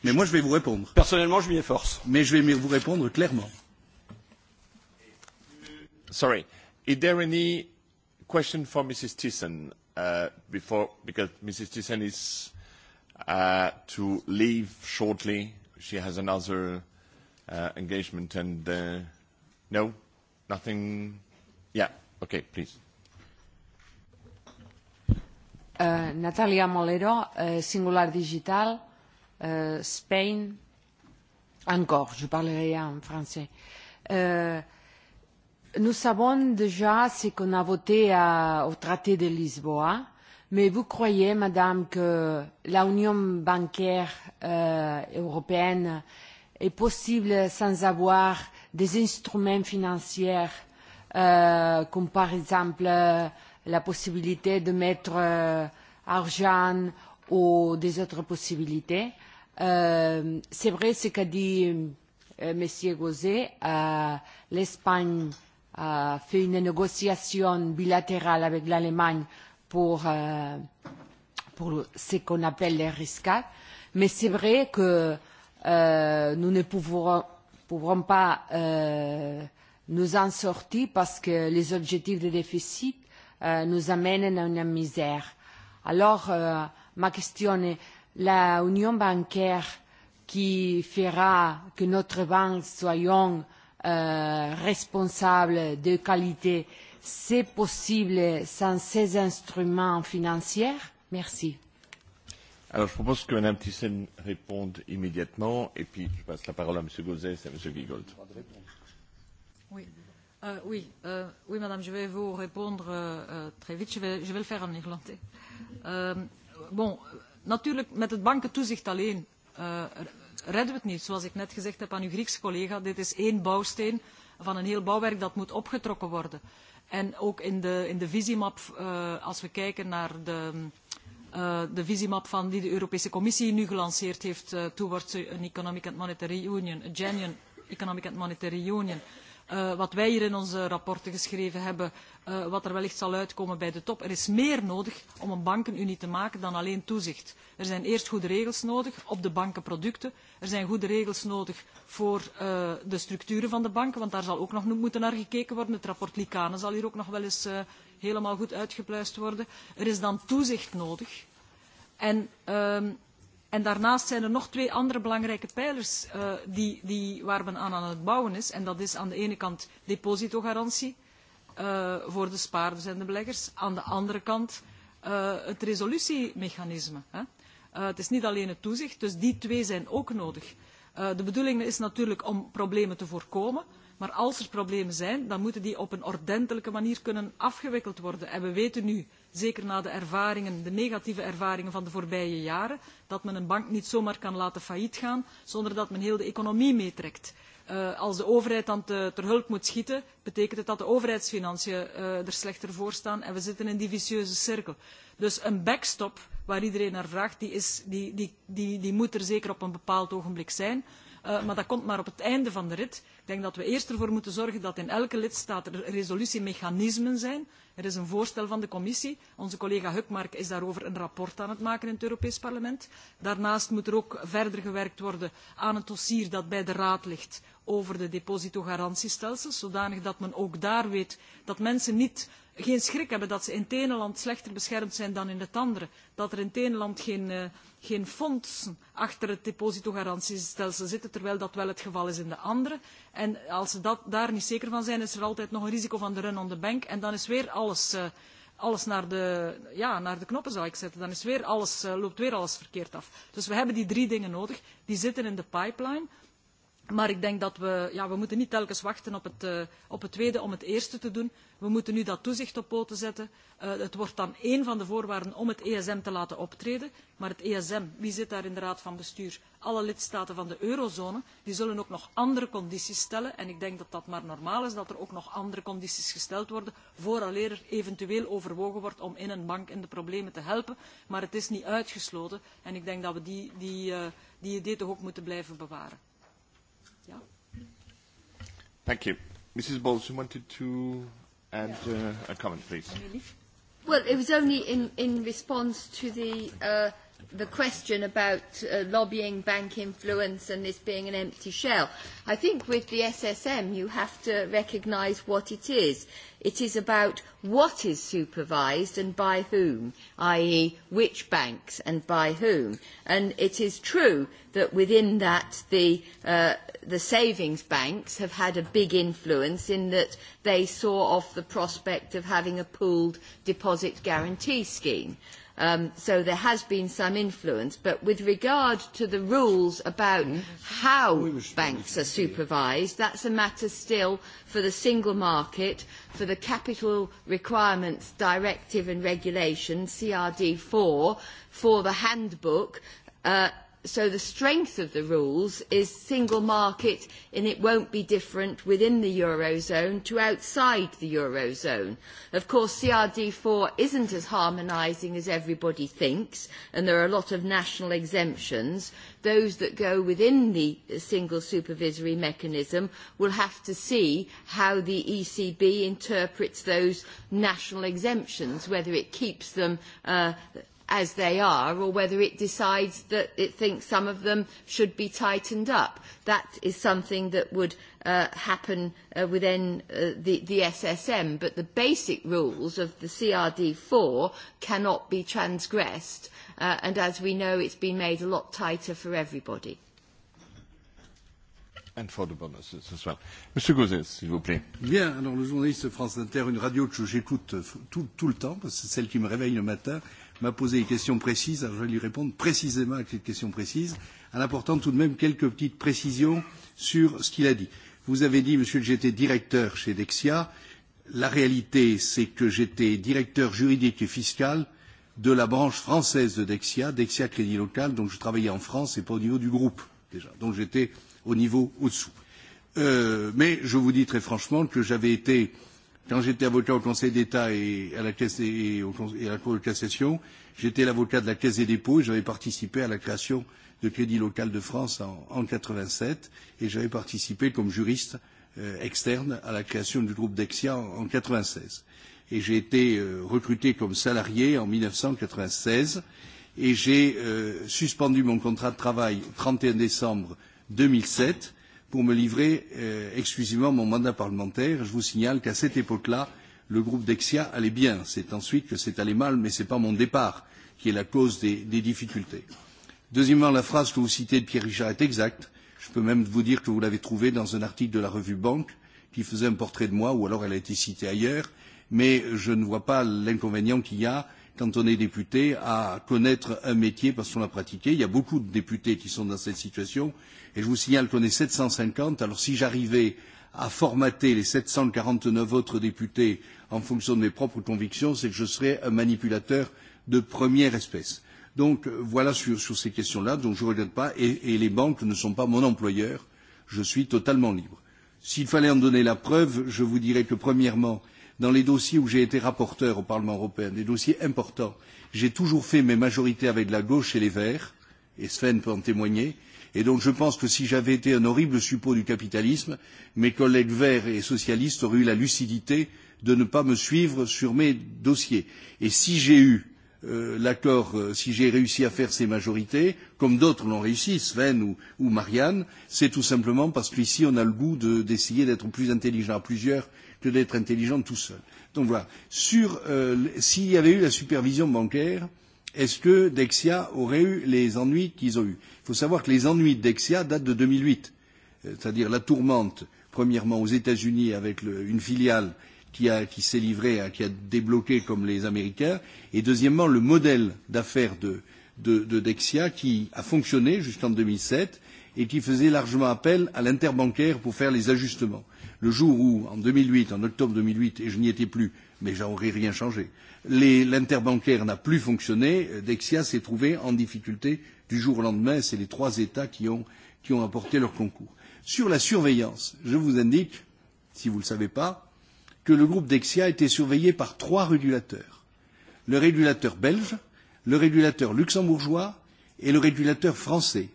Mais moi, je vais vous répondre. Personnellement, je m'y efforce. Mais je vais vous répondre clairement. Sorry. Is there any question for Mrs. Thyssen before, because Mrs. Thyssen is to leave shortly. She has another engagement and no, nothing. Yeah. Okay, please. Natalia Molero, Singular Digital, Spain, encore, je parlerai en français. Nous savons déjà ce qu'on a voté au traité de Lisboa, mais vous croyez, Madame, que union bancaire européenne est possible sans avoir des instruments financiers comme par exemple la possibilité de mettre argent ou des autres possibilités. C'est vrai ce qu'a dit M. Gauzet, l'Espagne a fait une négociation bilatérale avec l'Allemagne pour ce qu'on appelle les riscats, mais c'est vrai que nous ne pouvons pas nous en sortir parce que les objectifs de déficit nous amène à une misère. Alors, ma question est, la union bancaire qui fera que notre banque soyons responsable de qualité, c'est possible sans ces instruments financiers Merci. Alors, je propose que Mme Thyssen réponde immédiatement, et puis je passe la parole à M. Gauzès et à M. Giegold. Oui. Oui, oui, madame, je vais vous répondre très vite. Je vais le faire en irlandais. natuurlijk, met het bankentoezicht alleen redden we het niet. Zoals ik net gezegd heb aan uw Griekse collega, dit is één bouwsteen van een heel bouwwerk dat moet opgetrokken worden. En ook in de visiemap, als we kijken naar de visiemap van die de Europese Commissie nu gelanceerd heeft, towards an economic and monetary union, a genuine economic and monetary union wat wij hier in onze rapporten geschreven hebben, wat er wellicht zal uitkomen bij de top. Er is meer nodig om een bankenunie te maken dan alleen toezicht. Er zijn eerst goede regels nodig op de bankenproducten. Er zijn goede regels nodig voor de structuren van de banken, want daar zal ook nog moeten naar gekeken worden. Het rapport Likane zal hier ook nog wel eens helemaal goed uitgepluist worden. Er is dan toezicht nodig. En daarnaast zijn er nog twee andere belangrijke pijlers waar men aan aan het bouwen is. En dat is aan de ene kant depositogarantie voor de spaarders en de beleggers. Aan de andere kant het resolutiemechanisme. Het is niet alleen het toezicht, dus die twee zijn ook nodig. De bedoeling is natuurlijk om problemen te voorkomen. Maar als er problemen zijn, dan moeten die op een ordentelijke manier kunnen afgewikkeld worden. En we weten nu zeker na de ervaringen, de negatieve ervaringen van de voorbije jaren, dat men een bank niet zomaar kan laten failliet gaan zonder dat men heel de economie meetrekt. Als de overheid dan ter hulp moet schieten, betekent het dat de overheidsfinanciën er slechter voor staan en we zitten in die vicieuze cirkel. Dus een backstop, waar iedereen naar vraagt, die moet er zeker op een bepaald ogenblik zijn maar dat komt maar op het einde van de rit. Ik denk dat we eerst ervoor moeten zorgen dat in elke lidstaat er resolutiemechanismen zijn. Er is een voorstel van de commissie. Onze collega Hukmark is daarover een rapport aan het maken in het Europees Parlement. Daarnaast moet er ook verder gewerkt worden aan het dossier dat bij de Raad ligt over de depositogarantiestelsels, zodanig dat men ook daar weet dat mensen niet geen schrik hebben dat ze in het ene land slechter beschermd zijn dan in het andere. Dat er in het ene land geen fondsen achter het depositogarantiestelsel zitten, terwijl dat wel het geval is in de andere. En als ze daar niet zeker van zijn, is er altijd nog een risico van de run on the bank. En dan is weer alles naar de knoppen, zou ik zetten. Dan loopt weer alles verkeerd af. Dus we hebben die drie dingen nodig. Die zitten in de pipeline. Maar ik denk dat we, ja, we moeten niet telkens wachten op het, tweede om het eerste te doen. We moeten nu dat toezicht op poten zetten. het wordt dan één van de voorwaarden om het ESM te laten optreden. Maar het ESM, wie zit daar in de raad van bestuur? Alle lidstaten van de eurozone, die zullen ook nog andere condities stellen. En ik denk dat dat maar normaal is, dat er ook nog andere condities gesteld worden, vooraleer er eventueel overwogen wordt om in een bank in de problemen te helpen. Maar het is niet uitgesloten. En ik denk dat we die, die idee toch ook moeten blijven bewaren. Yeah. Thank you. Mrs. Bowles, you wanted to add a comment, please. Well, it was only in response to the the question about lobbying, bank influence and this being an empty shell. I think with the SSM you have to recognise what it is. It is about what is supervised and by whom, i.e. which banks and by whom. And it is true that within that the savings banks have had a big influence in that they saw off the prospect of having a pooled deposit guarantee scheme So there has been some influence. But with regard to the rules about how banks are supervised, that's a matter still for the single market, for the Capital Requirements Directive and Regulation, CRD4, for the handbook So the strength of the rules is single market and it won't be different within the Eurozone to outside the Eurozone. Of course, CRD4 isn't as harmonising as everybody thinks and there are a lot of national exemptions. Those that go within the single supervisory mechanism will have to see how the ECB interprets those national exemptions, whether it keeps them as they are or whether it decides that it thinks some of them should be tightened up. That is something that would happen within the SSM, but the basic rules of the CRD4 cannot be transgressed, and as we know, it's been made a lot tighter for everybody. And for the bonuses as well. Monsieur Gauzès, s'il vous plaît. Bien, alors le journaliste France Inter, une radio que j'écoute tout le temps, parce que c'est celle qui me réveille le matin, m'a posé une question précise, alors je vais lui répondre précisément à cette question précise, en apportant tout de même quelques petites précisions sur ce qu'il a dit. Vous avez dit, monsieur, que j'étais directeur chez Dexia. La réalité, c'est que j'étais directeur juridique et fiscal de la branche française de Dexia, Dexia Crédit Local, donc je travaillais en France et pas au niveau du groupe, déjà. Donc j'étais au niveau au-dessous. Mais je vous dis très franchement que j'avais été Quand j'étais avocat au Conseil d'État et à la et à la Cour de cassation, j'étais l'avocat de la Caisse des dépôts et j'avais participé à la création de Crédit Local de France en 87 et j'avais participé comme juriste externe à la création du groupe Dexia en 96. Et j'ai été recruté comme salarié en 1996 et j'ai suspendu mon contrat de travail 31 décembre 2007 pour me livrer exclusivement mon mandat parlementaire. Je vous signale qu'à cette époque-là, le groupe Dexia allait bien. C'est ensuite que c'est allé mal, mais ce n'est pas mon départ qui est la cause des difficultés. Deuxièmement, la phrase que vous citez de Pierre Richard est exacte. Je peux même vous dire que vous l'avez trouvée dans un article de la revue Banque qui faisait un portrait de moi, ou alors elle a été citée ailleurs, mais je ne vois pas l'inconvénient qu'il y a quand on est député, à connaître un métier parce qu'on l'a pratiqué. Il y a beaucoup de députés qui sont dans cette situation. Et je vous signale qu'on est 750. Alors si j'arrivais à formater les 749 autres députés en fonction de mes propres convictions, c'est que je serais un manipulateur de première espèce. Donc voilà sur ces questions-là, donc je ne regrette pas. Et les banques ne sont pas mon employeur. Je suis totalement libre. S'il fallait en donner la preuve, je vous dirais que premièrement, dans les dossiers où j'ai été rapporteur au Parlement européen, des dossiers importants, j'ai toujours fait mes majorités avec la gauche et les verts, et Sven peut en témoigner, et donc je pense que si j'avais été un horrible suppôt du capitalisme, mes collègues verts et socialistes auraient eu la lucidité de ne pas me suivre sur mes dossiers. Et si j'ai eu l'accord, si j'ai réussi à faire ces majorités, comme d'autres l'ont réussi, Sven ou Marianne, c'est tout simplement parce qu'ici on a le goût d'essayer d'être plus intelligent à plusieurs que d'être intelligent tout seul. Donc voilà. Sur, s'il y avait eu la supervision bancaire, est-ce que Dexia aurait eu les ennuis qu'ils ont eus Il faut savoir que les ennuis de Dexia datent de 2008. C'est-à-dire la tourmente, premièrement aux États-Unis avec une filiale qui s'est livrée, qui a débloqué comme les Américains, et deuxièmement le modèle d'affaires de Dexia qui a fonctionné jusqu'en 2007 et qui faisait largement appel à l'interbancaire pour faire les ajustements. Le jour où, en 2008, en octobre 2008, et je n'y étais plus, mais j'aurais rien changé, l'interbancaire n'a plus fonctionné, Dexia s'est trouvé en difficulté du jour au lendemain. C'est les trois États qui ont apporté leur concours. Sur la surveillance, je vous indique, si vous ne le savez pas, que le groupe Dexia a été surveillé par trois régulateurs. Le régulateur belge, le régulateur luxembourgeois et le régulateur français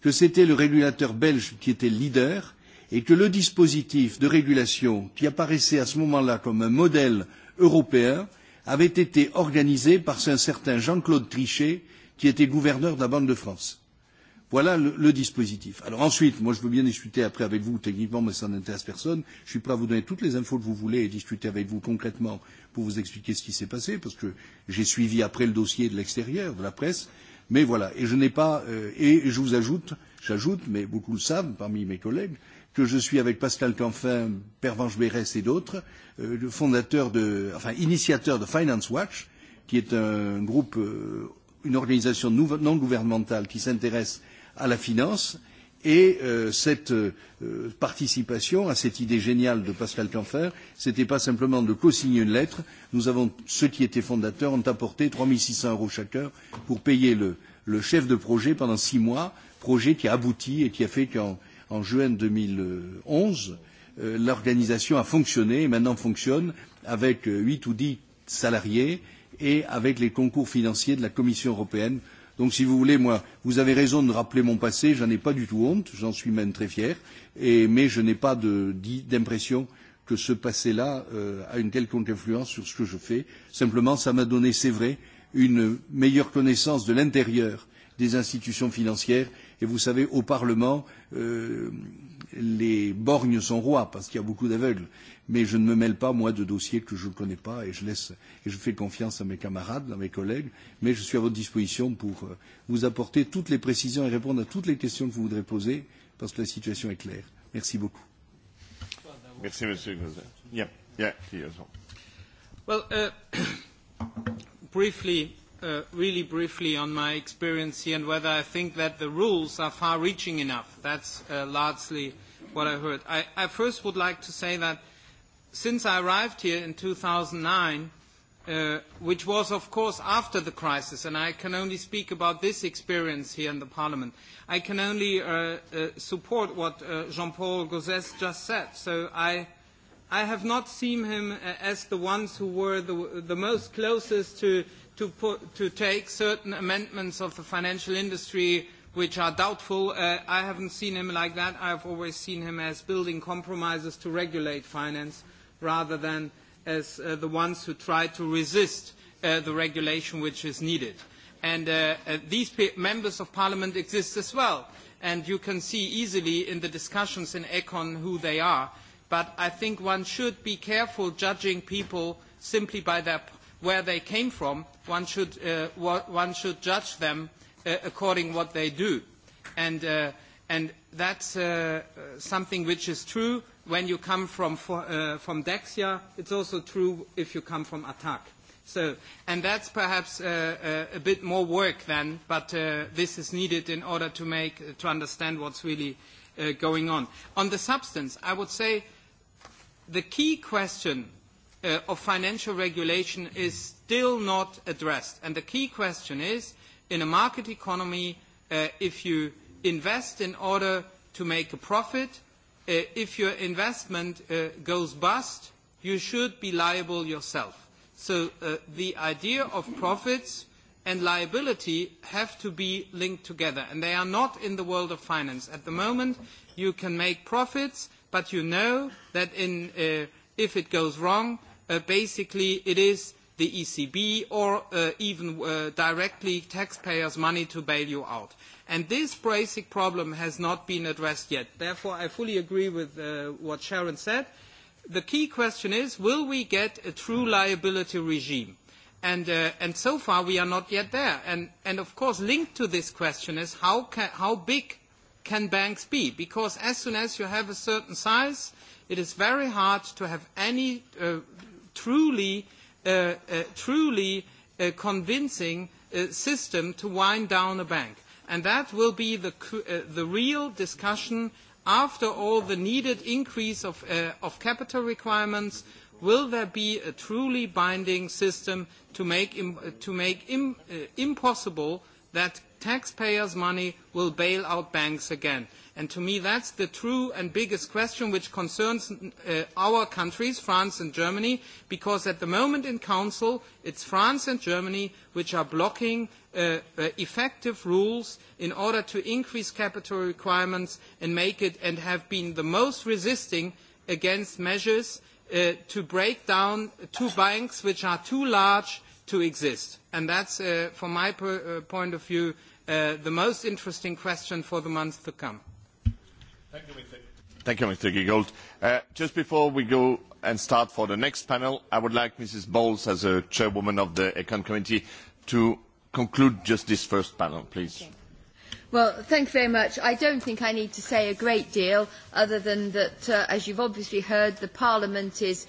que c'était le régulateur belge qui était leader et que le dispositif de régulation qui apparaissait à ce moment-là comme un modèle européen avait été organisé par un certain Jean-Claude Trichet qui était gouverneur de la Banque de France. Voilà le dispositif. ensuite, moi je veux bien discuter après avec vous techniquement, mais ça n'intéresse personne. Je suis prêt à vous donner toutes les infos que vous voulez et discuter avec vous concrètement pour vous expliquer ce qui s'est passé, parce que j'ai suivi après le dossier de l'extérieur, de la presse, Mais voilà, et je n'ai pas, et je vous ajoute, j'ajoute, mais beaucoup le savent parmi mes collègues, que je suis avec Pascal Canfin, Pervenche Bérès et d'autres, le fondateur de, enfin, initiateur de Finance Watch, qui est un groupe, une organisation non gouvernementale qui s'intéresse à la finance Et cette participation à cette idée géniale de Pascal Canfer, ce n'était pas simplement de co-signer une lettre. Nous avons, ceux qui étaient fondateurs ont apporté 3 600 euros chacun pour payer le chef de projet pendant six mois, projet qui a abouti et qui a fait qu'en juin 2011, l'organisation a fonctionné et maintenant fonctionne avec 8 ou 10 salariés et avec les concours financiers de la Commission européenne Donc, si vous voulez, moi, vous avez raison de rappeler mon passé, je n'en ai pas du tout honte, j'en suis même très fier, mais je n'ai pas d'impression que ce passé-là a une quelconque influence sur ce que je fais. Simplement, ça m'a donné, c'est vrai, une meilleure connaissance de l'intérieur des institutions financières Et vous savez, au Parlement, les borgnes sont rois, parce qu'il y a beaucoup d'aveugles. Mais je ne me mêle pas, moi, de dossiers que je ne connais pas, et je laisse, et je fais confiance à mes camarades, à mes collègues, mais je suis à votre disposition pour vous apporter toutes les précisions et répondre à toutes les questions que vous voudrez poser, parce que la situation est claire. Merci beaucoup. Merci, Monsieur Well, briefly, really briefly on my experience here and whether I think that the rules are far-reaching enough. That's largely what I heard. I first would like to say that since I arrived here in 2009, which was, of course, after the crisis, and I can only speak about this experience here in the Parliament, I can only support what Jean-Paul Gauzès just said. So I have not seen him as the ones who were the most closest to to take certain amendments of the financial industry which are doubtful. I haven't seen him like that. I've always seen him as building compromises to regulate finance rather than as the ones who try to resist the regulation which is needed. And these members of parliament exist as well. And you can see easily in the discussions in ECON who they are. But I think one should be careful judging people simply by their where they came from, one should judge them according to what they do. And that's something which is true when you come from Dexia. It's also true if you come from ATTAC. And that's perhaps a bit more work then, but this is needed in order to understand what's really going on. On the substance, I would say the key question of financial regulation is still not addressed. And the key question is, in a market economy, if you invest in order to make a profit, if your investment goes bust, you should be liable yourself. So the idea of profits and liability have to be linked together, and they are not in the world of finance. At the moment, you can make profits, but you know that if it goes wrong, basically it is the ECB or even directly taxpayers' money to bail you out. And this basic problem has not been addressed yet. Therefore, I fully agree with what Sharon said. The key question is, will we get a true liability regime? And so far, we are not yet there. And, of course, linked to this question is, how big can banks be? Because as soon as you have a certain size, it is very hard to have any truly convincing system to wind down a bank. And that will be the real discussion after all the needed increase of capital requirements. Will there be a truly binding system to make impossible that taxpayers' money will bail out banks again. to me that is the true and biggest question which concerns our countries, France and Germany, because at the moment in Council it is France and Germany which are blocking effective rules in order to increase capital requirements and make it and have been the most resisting against measures to break down two banks which are too large to exist. And that's, from my point of view, the most interesting question for the months to come. Thank you, Mr. Giegold. Just before we go and start for the next panel, I would like Mrs. Bowles, as a chairwoman of the Econ Committee, to conclude just this first panel, please. Well, thank you very much. I don't think I need to say a great deal other than that, as you've obviously heard, the Parliament is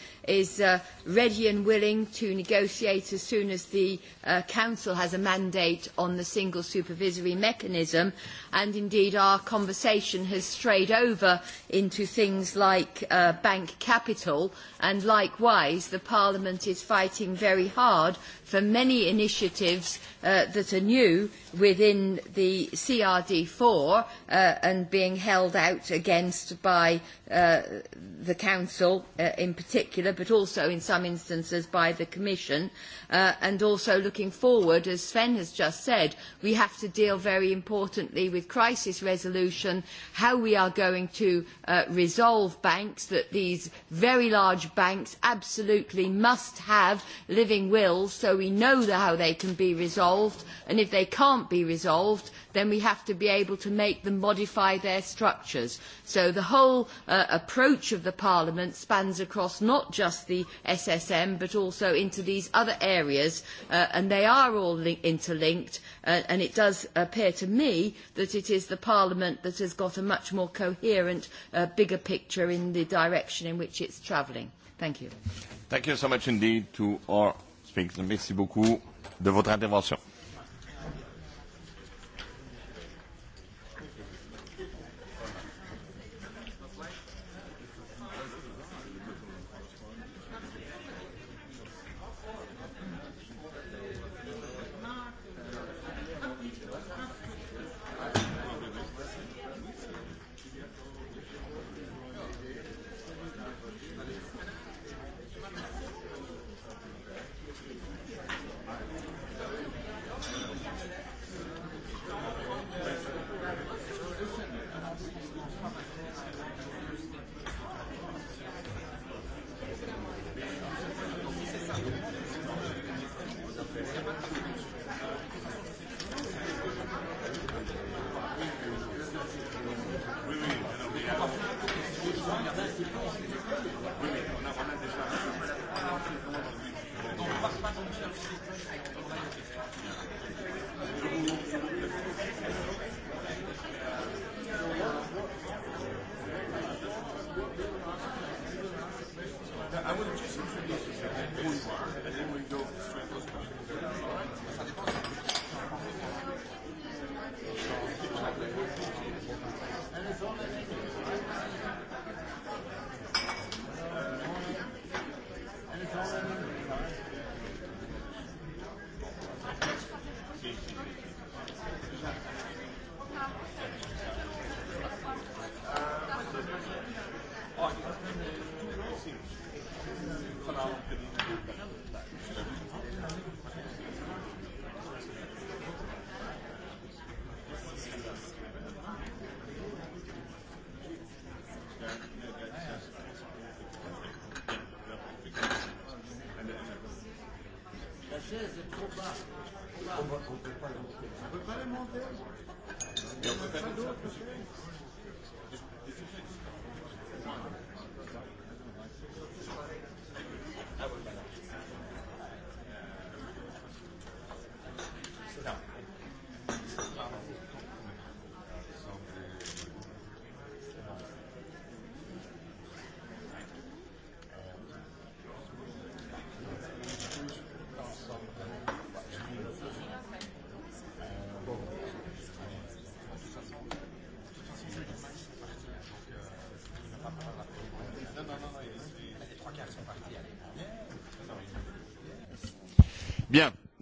ready and willing to negotiate as soon as the Council has a mandate on the single supervisory mechanism. And indeed, our conversation has strayed over into things like bank capital. And likewise, the Parliament is fighting very hard for many initiatives that are new within the CR d 4 and being held out against by the Council in particular, but also in some instances by the Commission, and also looking forward, as Sven has just said, we have to deal very importantly with crisis resolution, how we are going to resolve banks, that these very large banks absolutely must have living wills so we know how they can be resolved, and if they can't be resolved, then we have to be able to make them modify their structures. So the whole approach of the Parliament spans across not just the SSM but also into these other areas and they are all interlinked and it does appear to me that it is the Parliament that has got a much more coherent, bigger picture in the direction in which it's travelling. Thank you. Thank you so much indeed to our speakers. Merci beaucoup de votre intervention.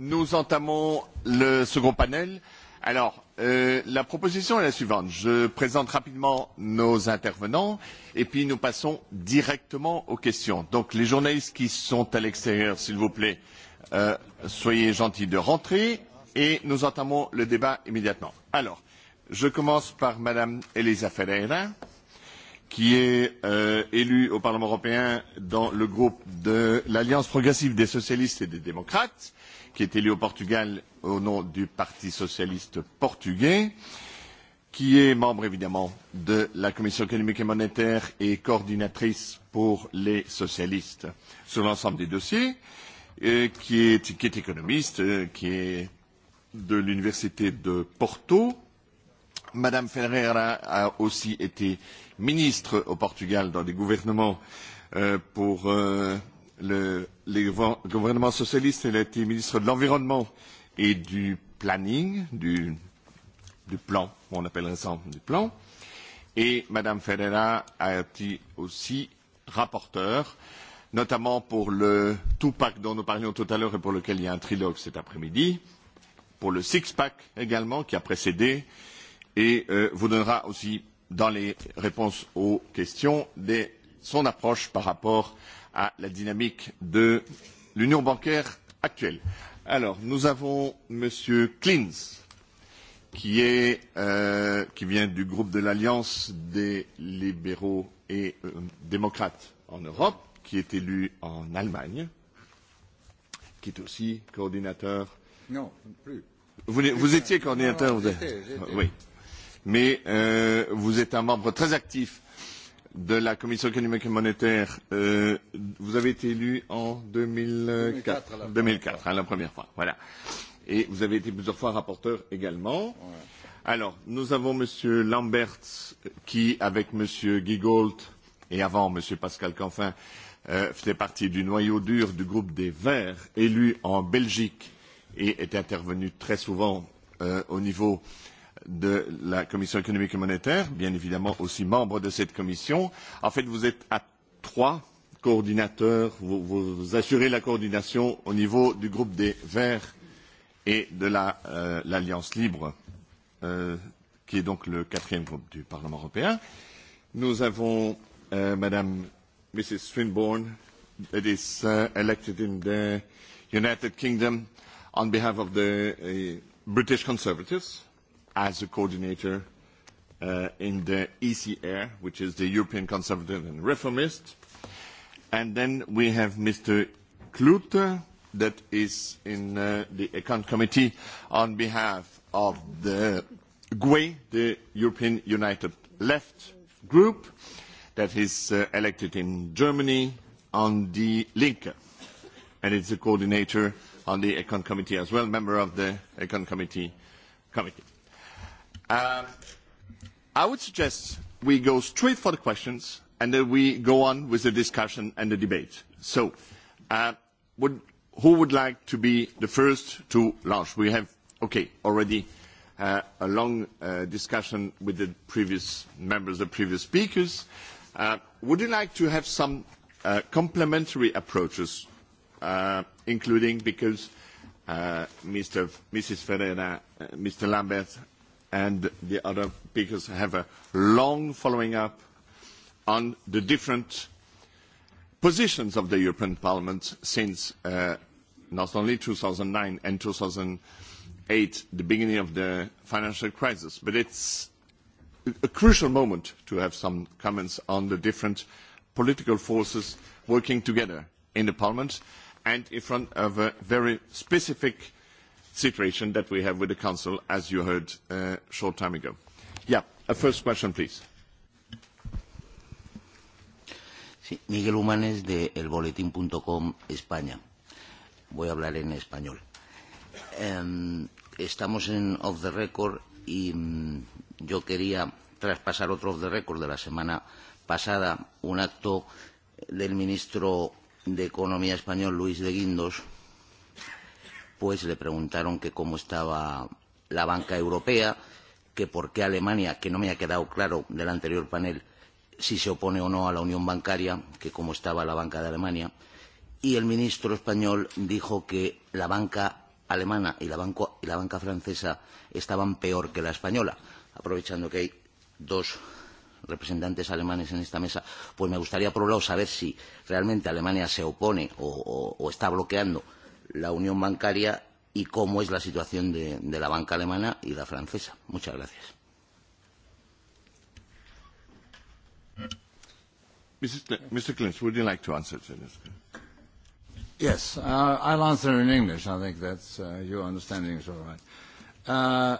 Nous entamons le second panel. Alors, la proposition est la suivante. Je présente rapidement nos intervenants et puis nous passons directement aux questions. Donc, les journalistes qui sont à l'extérieur, s'il vous plaît, soyez gentils de rentrer et nous entamons le débat immédiatement. Alors, je commence par Madame Elisa Ferreira qui est élu au Parlement européen dans le groupe de l'Alliance progressive des socialistes et des démocrates, qui est élu au Portugal au nom du Parti socialiste portugais, qui est membre évidemment de la Commission économique et monétaire et coordinatrice pour les socialistes sur l'ensemble des dossiers, qui est économiste, qui est de l'Université de Porto Madame Ferreira a aussi été ministre au Portugal dans des gouvernements pour les gouvernements socialistes. Elle a été ministre de l'Environnement et du Planning, du plan, on appellerait ça du plan. Et Madame Ferreira a été aussi rapporteure, notamment pour le two-pack dont nous parlions tout à l'heure et pour lequel il y a un trilogue cet après-midi, pour le six-pack également qui a précédé et vous donnera aussi dans les réponses aux questions son approche par rapport à la dynamique de l'union bancaire actuelle. Alors, nous avons M. Klins, qui vient du groupe de l'Alliance des libéraux et démocrates en Europe, qui est élu en Allemagne, qui est aussi coordinateur. Non, plus. Vous étiez coordinateur, vous Oui mais vous êtes un membre très actif de la commission économique et monétaire. Vous avez été élu en 2004, 2004 la première fois. Voilà. Et vous avez été plusieurs fois rapporteur également. Alors, nous avons Monsieur Lamberts, qui, avec Monsieur Giegold et avant Monsieur Pascal Canfin, faisait partie du noyau dur du groupe des Verts, élu en Belgique et est intervenu très souvent au niveau de la Commission économique et monétaire, bien évidemment aussi membre de cette commission. En fait, vous êtes à trois coordinateurs, vous assurez la coordination au niveau du groupe des Verts et de l'Alliance libre, qui est donc le quatrième groupe du Parlement européen. Nous avons Madame Mrs. Swinburne, that is elected in the United Kingdom on behalf of the British Conservatives as a coordinator in the ECR, which is the European Conservative and Reformist. And then we have Mr. Klute, that is in the Econ Committee on behalf of the GUE, the European United Left Group, that is elected in Germany on the Linke. And it's a coordinator on the Econ Committee as well, member of the Econ Committee Committee. I would suggest we go straight for the questions and then we go on with the discussion and the debate. So, who would like to be the first to launch? We have, okay, already a long discussion with the previous members, the previous speakers. Would you like to have some complementary approaches, including because Mr. Mrs. Ferreira, Mr. Lambert and the other speakers have a long following up on the different positions of the European Parliament since not only 2009 and 2008, the beginning of the financial crisis, but it's a crucial moment to have some comments on the different political forces working together in the Parliament and in front of a very specific situation that we have with the Council, as you heard a short time ago. Yeah, a first question, please. Miguel Humanes de elboletín.com, España. Voy a hablar en español. Estamos en Off the Record y yo quería traspasar otro Off the Record de la semana pasada, un acto del ministro de Economía español, Luis de Guindos, Pues le preguntaron que cómo estaba la banca europea, que por qué Alemania, que no me ha quedado claro del anterior panel, si se opone o no a la unión bancaria, que cómo estaba la banca de Alemania. Y el ministro español dijo que la banca alemana y la banco y la banca francesa estaban peor que la española. Aprovechando que hay dos representantes alemanes en esta mesa, pues me gustaría, por un lado, saber si realmente Alemania se opone o está bloqueando la unión bancaria y cómo es la situación de, de la banca alemana y la francesa. Muchas gracias. Mr. Clinch, would you like to answer to this? Yes, uh, I'll answer in English. I think that's uh, your understanding is all right. Uh,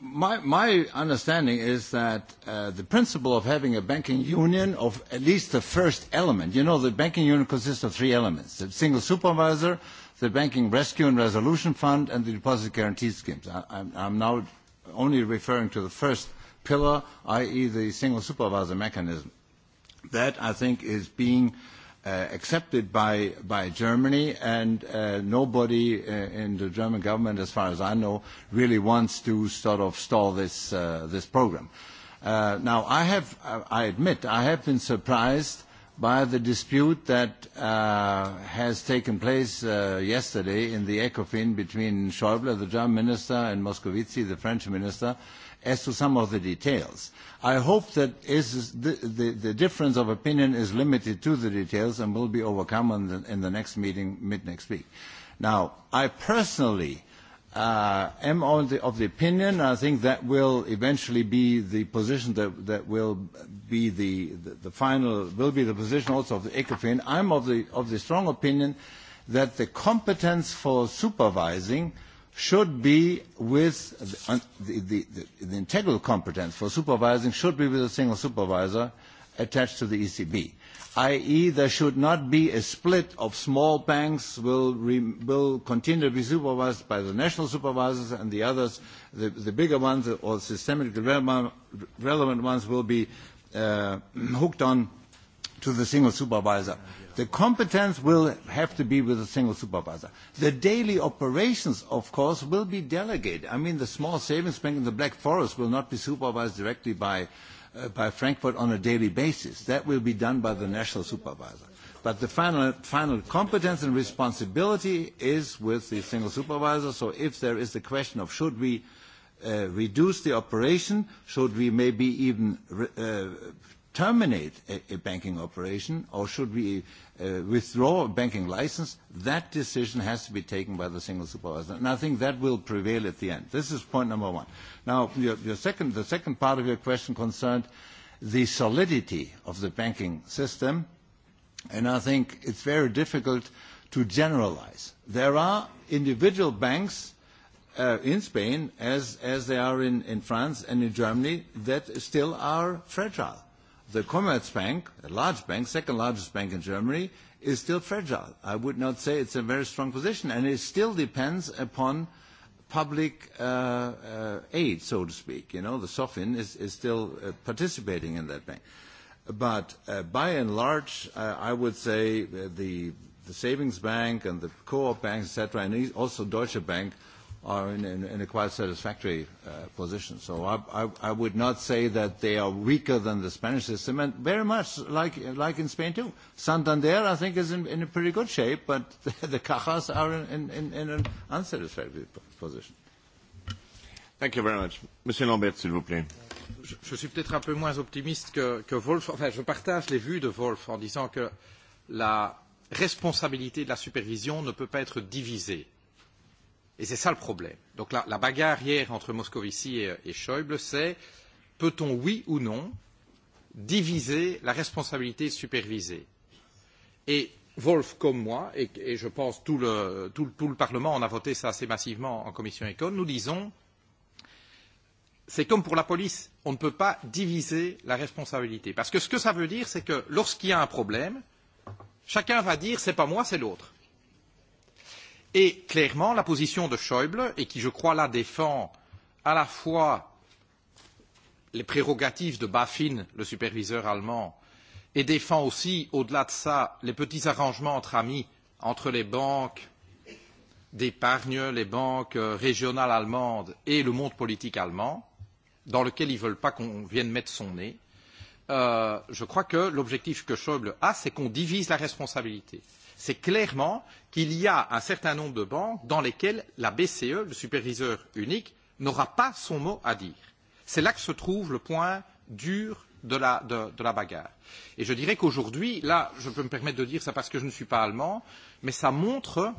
my, my understanding is that uh, the principle of having a banking union, of at least the first element, you know, the banking union consists of three elements: the single supervisor, uh, the Banking Rescue and Resolution Fund and the Deposit Guarantee Schemes. I'm now only referring to the first pillar, i.e. the single supervisor mechanism. That, I think, is being accepted by by Germany, and nobody in the German government, as far as I know, really wants to sort of stall this program. Now, I admit I have been surprised by the dispute that has taken place yesterday in the ECOFIN between Schäuble, the German minister, and Moscovici, the French minister, as to some of the details. I hope that is the difference of opinion is limited to the details and will be overcome in the next meeting mid-next week. Now, I personally am of the opinion, I think that will eventually be the position that will be the final, will be the position also of the ECOFIN. am of the strong opinion that the competence for supervising should be with the integral competence for supervising should be with a single supervisor attached to the ECB i.e. there should not be a split of small banks will continue to be supervised by the national supervisors and the others, the bigger ones or systemically relevant ones will be hooked on to the single supervisor. The competence will have to be with the single supervisor. The daily operations, of course, will be delegated. I mean, the small savings bank in the Black Forest will not be supervised directly by by Frankfurt on a daily basis. That will be done by the national supervisor. But the final final competence and responsibility is with the single supervisor. So if there is the question of should we reduce the operation, should we maybe even terminate a banking operation or should we withdraw a banking license, that decision has to be taken by the single supervisor. And I think that will prevail at the end. This is point number one. Now, the second part of your question concerned the solidity of the banking system. And I think it's very difficult to generalize. There are individual banks in Spain, as there are in France and in Germany, that still are fragile the Commerzbank, a large bank, second largest bank in Germany, is still fragile. I would not say it's a very strong position, and it still depends upon public aid, so to speak. You know, the SOFIN is still participating in that bank. But by and large, I would say the savings bank and the co-op banks, etc., and also Deutsche Bank are in a quite satisfactory position. So I would not say that they are weaker than the Spanish system, and very much like in Spain too. Santander, I think, is in a pretty good shape, but the Cajas are in an unsatisfactory position. Thank you very much. Monsieur Lambert, s'il vous plaît. Je suis peut-être un peu moins optimiste que Wolf. Enfin, je partage les vues de Wolf en disant que la responsabilité de la supervision ne peut pas être divisée Et c'est ça le problème. Donc la bagarre hier entre Moscovici et Schäuble, c'est peut-on, oui ou non, diviser la responsabilité supervisée Et Wolf, comme moi, et je pense tout le Parlement, on a voté ça assez massivement en commission Econ, nous disons, c'est comme pour la police, on ne peut pas diviser la responsabilité. Parce que ce que ça veut dire, c'est que lorsqu'il y a un problème, chacun va dire, c'est pas moi, c'est l'autre. Et clairement, la position de Schäuble, et qui, je crois, là défend à la fois les prérogatives de Baffin, le superviseur allemand, et défend aussi, au-delà de ça, les petits arrangements entre amis, entre les banques d'épargne, les banques régionales allemandes et le monde politique allemand, dans lequel ils ne veulent pas qu'on vienne mettre son nez, je crois que l'objectif que Schäuble a, c'est qu'on divise la responsabilité c'est clairement qu'il y a un certain nombre de banques dans lesquelles la BCE, le superviseur unique, n'aura pas son mot à dire. C'est là que se trouve le point dur de la bagarre. Et je dirais qu'aujourd'hui, là, je peux me permettre de dire ça parce que je ne suis pas allemand, mais ça montre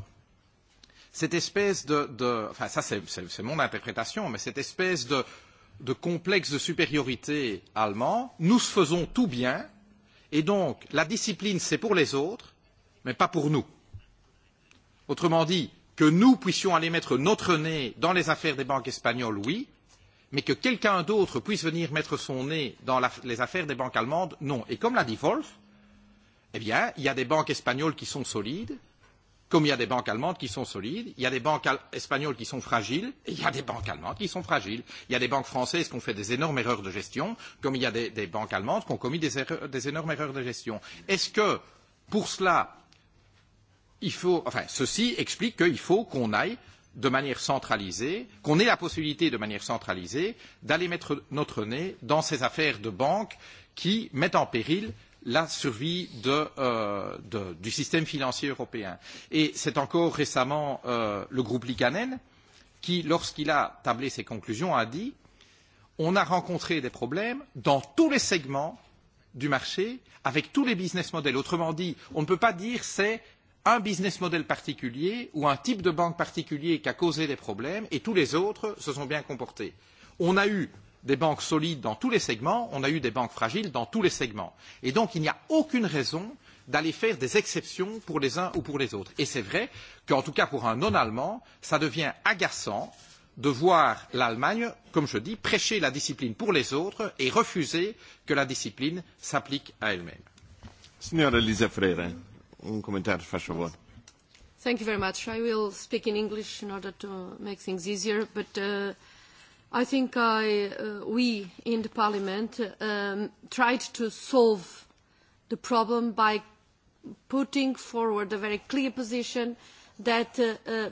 cette espèce de. Enfin, ça, c'est mon interprétation, mais cette espèce de complexe de supériorité allemand. Nous faisons tout bien, et donc la discipline, c'est pour les autres mais pas pour nous. Autrement dit, que nous puissions aller mettre notre nez dans les affaires des banques espagnoles, oui, mais que quelqu'un d'autre puisse venir mettre son nez dans les affaires des banques allemandes, non. Et comme l'a dit Wolf, eh bien, il y a des banques espagnoles qui sont solides, comme il y a des banques allemandes qui sont solides, il y a des banques espagnoles qui sont fragiles, et il y a des banques allemandes qui sont fragiles. Il y a des banques françaises qui ont fait des énormes erreurs de gestion, comme il y a des banques allemandes qui ont commis des énormes erreurs de gestion. Est-ce que, pour cela, il faut, enfin, ceci explique qu'il faut qu'on aille de manière centralisée, qu'on ait la possibilité de manière centralisée d'aller mettre notre nez dans ces affaires de banques qui mettent en péril la survie du système financier européen. Et c'est encore récemment le groupe Likanen qui, lorsqu'il a tablé ses conclusions, a dit on a rencontré des problèmes dans tous les segments du marché, avec tous les business models. Autrement dit, on ne peut pas dire c'est un business model particulier ou un type de banque particulier qui a causé des problèmes et tous les autres se sont bien comportés. On a eu des banques solides dans tous les segments, on a eu des banques fragiles dans tous les segments. Et donc il n'y a aucune raison d'aller faire des exceptions pour les uns ou pour les autres. Et c'est vrai qu'en tout cas pour un non-allemand, ça devient agaçant de voir l'Allemagne, comme je dis, prêcher la discipline pour les autres et refuser que la discipline s'applique à elle-même un President, Thank you very much. I will speak in English in order to make things easier, but I think we in Parliament tried to solve the problem by putting forward a very clear position that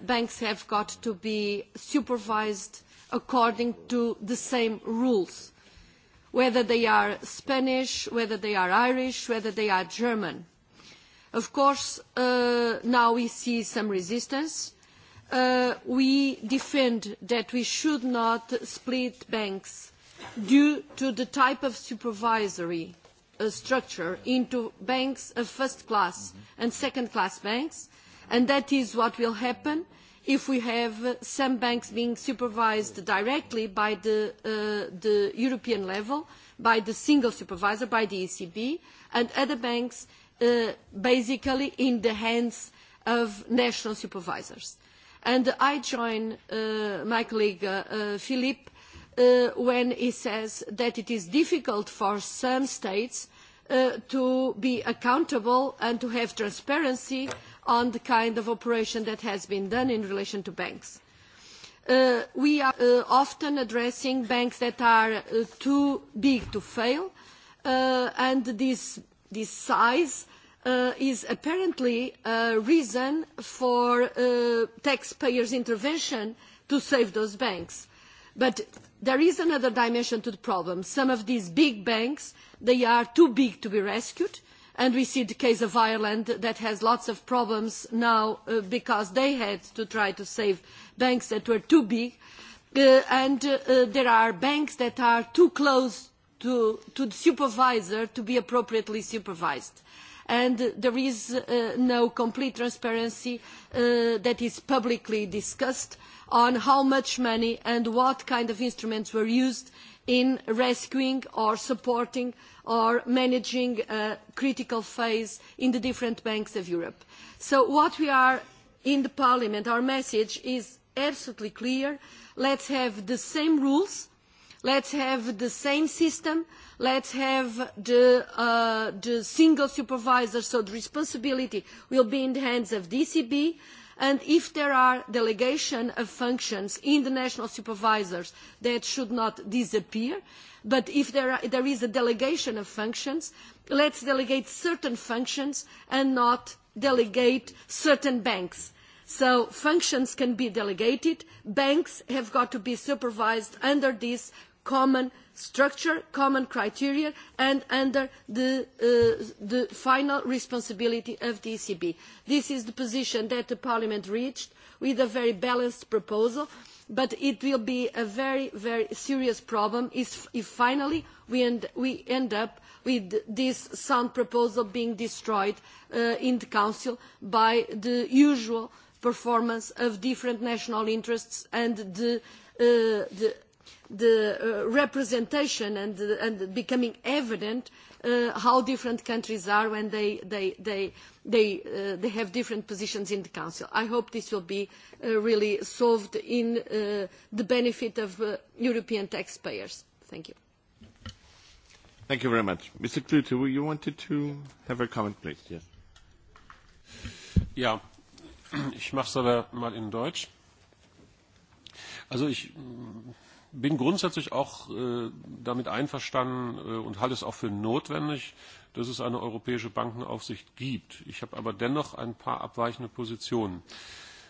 banks have got to be supervised according to the same rules, whether they are Spanish, whether they are Irish, whether they are German Of course, now we see some resistance. We defend that we should not split banks due to the type of supervisory structure into banks of first class and second class banks, and that is what will happen if we have some banks being supervised directly by the European level, by the single supervisor, by the ECB, and other banks basically in the hands of national supervisors. And I join my colleague Philippe when he says that it is difficult for some states to be accountable and to have transparency on the kind of operation that has been done in relation to banks. We are often addressing banks that are too big to fail, and this this size is apparently a reason for taxpayers' intervention to save those banks. But there is another dimension to the problem. Some of these big banks, they are too big to be rescued, and we see the case of Ireland that has lots of problems now because they had to try to save banks that were too big, and there are banks that are too close to the supervisor to be appropriately supervised. And there is no complete transparency that is publicly discussed on how much money and what kind of instruments were used in rescuing or supporting or managing a critical phase in the different banks of Europe. So what we are in the Parliament, our message is absolutely clear. Let's have the same rules Let's have the same system. Let's have the single supervisor, so the responsibility will be in the hands of DCB. And if there are delegation of functions in the national supervisors, that should not disappear. But if there is a delegation of functions, let's delegate certain functions and not delegate certain banks. So functions can be delegated. Banks have got to be supervised under this common structure, common criteria and under the final responsibility of the ECB. This is the position that Parliament reached with a very balanced proposal, but it will be a very, very serious problem if finally we end up with this sound proposal being destroyed in the Council by the usual performance of different national interests and the the representation and becoming evident how different countries are when they have different positions in the Council. I hope this will be really solved in the benefit of European taxpayers. Thank you. Thank you very much. Mr. Klute, you wanted to have a comment, please. Yes. Ja, ich mache es aber mal in Deutsch. Also ich bin grundsätzlich auch damit einverstanden und halte es auch für notwendig, dass es eine europäische Bankenaufsicht gibt. Ich habe aber dennoch ein paar abweichende Positionen.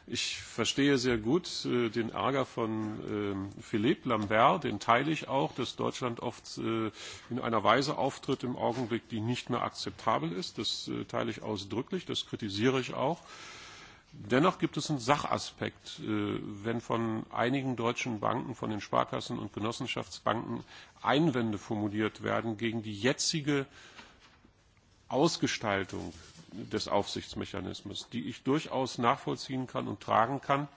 Ich verstehe sehr gut den Ärger von Philippe Lambert, den teile ich auch, dass Deutschland oft in einer Weise auftritt im Augenblick, die nicht mehr akzeptabel ist. Das teile ich ausdrücklich, das kritisiere ich auch. Dennoch gibt es einen Sachaspekt, wenn von einigen deutschen Banken, von den Sparkassen und Genossenschaftsbanken Einwände formuliert werden gegen die jetzige Ausgestaltung des Aufsichtsmechanismus, die ich durchaus nachvollziehen kann und tragen kann.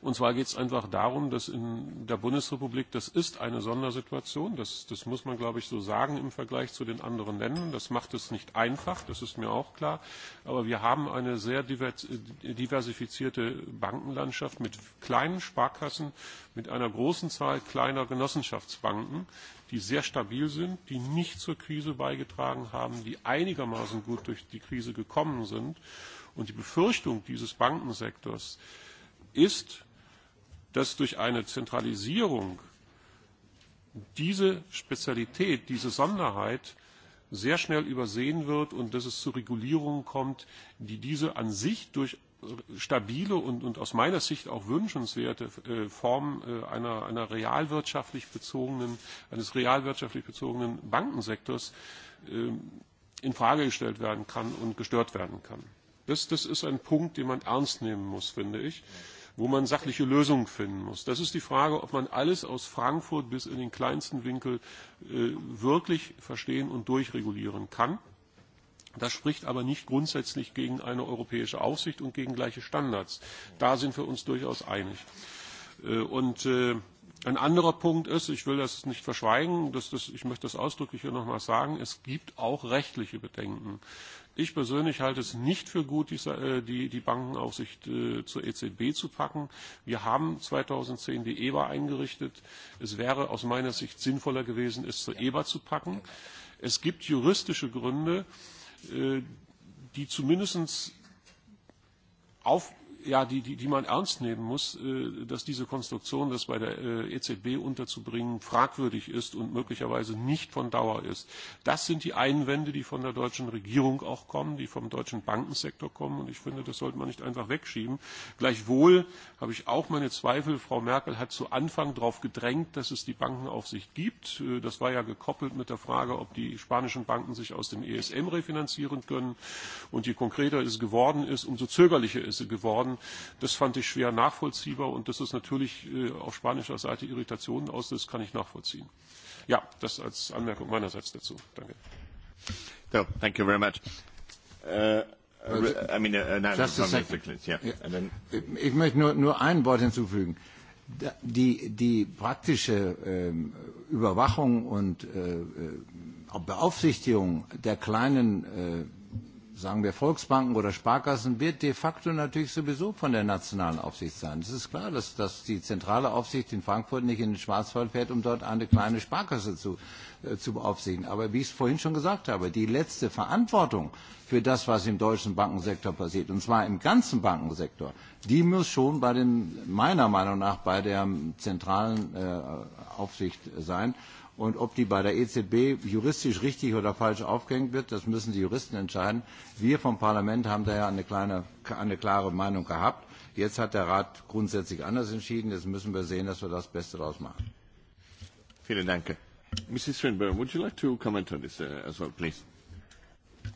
Und zwar geht es einfach darum, dass in der Bundesrepublik, das ist eine Sondersituation, das, das muss man, glaube ich, so sagen im Vergleich zu den anderen Ländern. Das macht es nicht einfach, das ist mir auch klar. Aber wir haben eine sehr diversifizierte Bankenlandschaft mit kleinen Sparkassen, mit einer großen Zahl kleiner Genossenschaftsbanken, die sehr stabil sind, die nicht zur Krise beigetragen haben, die einigermaßen gut durch die Krise gekommen sind. Und die Befürchtung dieses Bankensektors, ist, dass durch eine Zentralisierung diese Spezialität, diese Sonderheit sehr schnell übersehen wird und dass es zu Regulierungen kommt, die diese an sich durch stabile und aus meiner Sicht auch wünschenswerte Form einer realwirtschaftlich bezogenen, eines realwirtschaftlich bezogenen Bankensektors in Frage gestellt werden kann und gestört werden kann. Das ist ein Punkt, den man ernst nehmen muss, finde ich wo man sachliche Lösungen finden muss. Das ist die Frage, ob man alles aus Frankfurt bis in den kleinsten Winkel wirklich verstehen und durchregulieren kann. Das spricht aber nicht grundsätzlich gegen eine europäische Aufsicht und gegen gleiche Standards. Da sind wir uns durchaus einig. Und ein anderer Punkt ist, ich will das nicht verschweigen, ich möchte das ausdrücklich hier nochmal sagen, es gibt auch rechtliche Bedenken. Ich persönlich halte es nicht für gut, die Bankenaufsicht zur EZB zu packen. Wir haben 2010 die EBA eingerichtet. Es wäre aus meiner Sicht sinnvoller gewesen, es zur EBA zu packen. Es gibt juristische Gründe, die zumindest auf ja, die, die, man ernst nehmen muss, dass diese Konstruktion, das bei der EZB unterzubringen, fragwürdig ist und möglicherweise nicht von Dauer ist. Das sind die Einwände, die von der deutschen Regierung auch kommen, die vom deutschen Bankensektor kommen. Und ich finde, das sollte man nicht einfach wegschieben. Gleichwohl habe ich auch meine Zweifel. Frau Merkel hat zu Anfang darauf gedrängt, dass es die Bankenaufsicht gibt. Das war ja gekoppelt mit der Frage, ob die spanischen Banken sich aus dem ESM refinanzieren können. Und je konkreter es geworden ist, umso zögerlicher ist es. geworden haben, das fand ich schwer nachvollziehbar und das ist natürlich auf spanischer Seite Irritationen aus, kann ich nachvollziehen. Ja, das als Anmerkung meinerseits dazu. Danke. thank you very much. Ich möchte nur, nur ein Wort hinzufügen. Die, die praktische Überwachung und Beaufsichtigung der kleinen sagen wir Volksbanken oder Sparkassen, wird de facto natürlich sowieso von der nationalen Aufsicht sein. Es ist klar, dass die zentrale Aufsicht in Frankfurt nicht in den Schwarzwald fährt, um dort eine kleine Sparkasse zu beaufsichtigen. Aber wie ich es vorhin schon gesagt habe, die letzte Verantwortung für das, was im deutschen Bankensektor passiert, und zwar im ganzen Bankensektor, die muss schon bei den, meiner Meinung nach bei der zentralen Aufsicht sein. Und ob die bei der EZB juristisch richtig oder falsch aufgehängt wird, das müssen die Juristen entscheiden. Wir vom Parlament haben daher eine klare Meinung gehabt. Jetzt hat der Rat grundsätzlich anders entschieden. Jetzt müssen wir sehen, dass wir das Beste daraus machen. Vielen Dank. Mrs. Swinburne, would you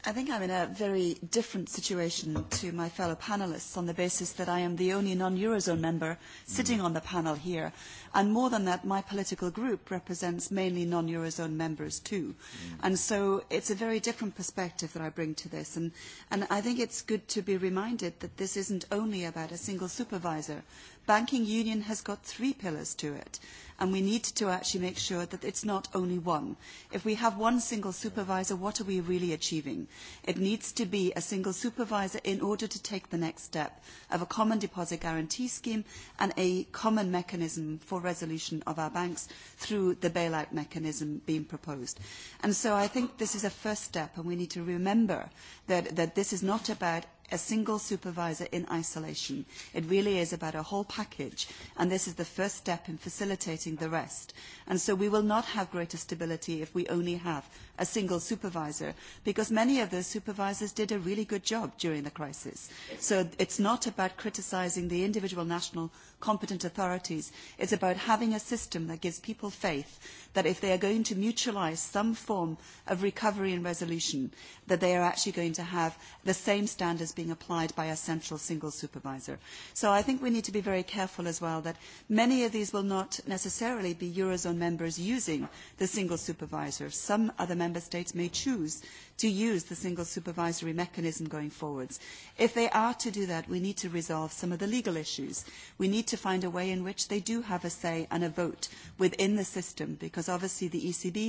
I think I'm in a very different situation to my fellow panelists on the basis that I am the only non-Eurozone member sitting on the panel here. And more than that, my political group represents mainly non-Eurozone members too. And so it's a very different perspective that I bring to this. And I think it's good to be reminded that this isn't only about a single supervisor. Banking union has got three pillars to it and we need to actually make sure that it's not only one. If we have one single supervisor, what are we really achieving? It needs to be a single supervisor in order to take the next step of a common deposit guarantee scheme and a common mechanism for resolution of our banks through the bailout mechanism being proposed. And so I think this is a first step, and we need to remember that this is not about a single supervisor in isolation. It really is about a whole package, and this is the first step in facilitating the rest. And so we will not have greater stability if we only have a single supervisor because many of those supervisors did a really good job during the crisis. So it's not about criticising the individual national competent authorities. It's about having a system that gives people faith that if they are going to mutualise some form of recovery and resolution, that they are actually going to have the same standards being applied by a central single supervisor. So I think we need to be very careful as well that many of these will not necessarily be Eurozone members using the single supervisor. Some other member states may choose to use the single supervisory mechanism going forwards. If they are to do that, we need to resolve some of the legal issues. We need to find a way in which they do have a say and a vote within the system, because obviously the ECB,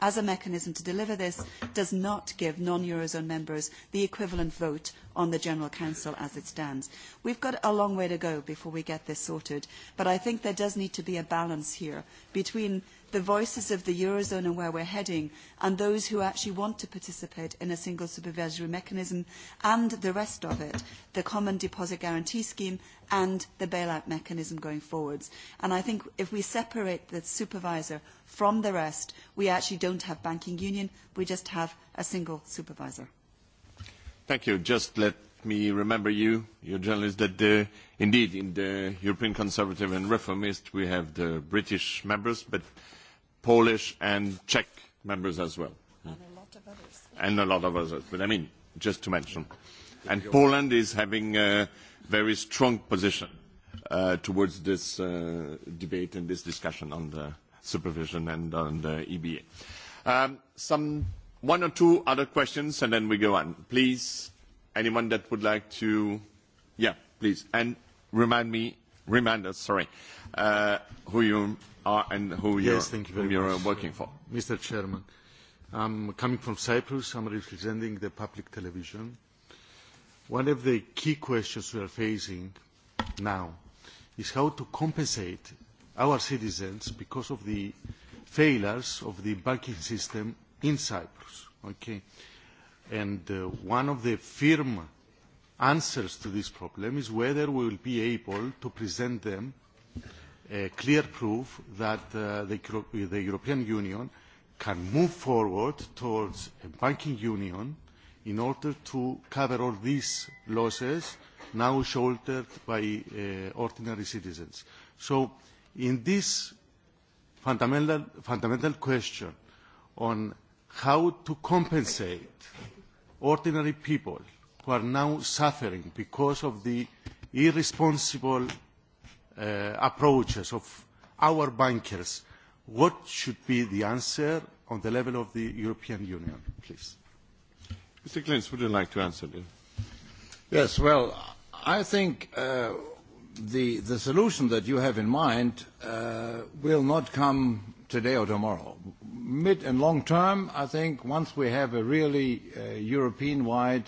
as a mechanism to deliver this, does not give non-Eurozone members the equivalent vote on the General Council as it stands. We've got a long way to go before we get this sorted, but I think there does need to be a balance here between the voices of the Eurozone and where we're heading, and those who actually want to participate in a single supervisory mechanism, and the rest of it, the common deposit guarantee scheme and the bailout mechanism going forwards. And I think if we separate the supervisor from the rest, we actually don't have banking union, we just have a single supervisor. Thank you. Just let me remember you, your journalist, that indeed in the European Conservative and Reformist we have the British members, but Polish and Czech members as well. And a lot of others. And a lot of others. But I mean, just to mention. And Poland is having a very strong position towards this debate and this discussion on the supervision and on the EBA. Some one or two other questions and then we go on. Please, anyone that would like to. Yeah, please. And remind me remind us, sorry, who you are and who are working for. Mr. Chairman, I'm coming from Cyprus. I'm representing the public television. One of the key questions we are facing now is how to compensate our citizens because of the failures of the banking system in Cyprus. Okay. And one of the firm answers to this problem is whether we will be able to present them clear proof that the European Union can move forward towards a banking union in order to cover all these losses now shouldered by ordinary citizens. So in this fundamental question on how to compensate ordinary people who are now suffering because of the irresponsible approaches of our bankers. What should be the answer on the level of the European Union, please? Mr. Klintz, would you like to answer this? Yes, well, I think the solution that you have in mind will not come today or tomorrow. Mid and long term, I think once we have a really European-wide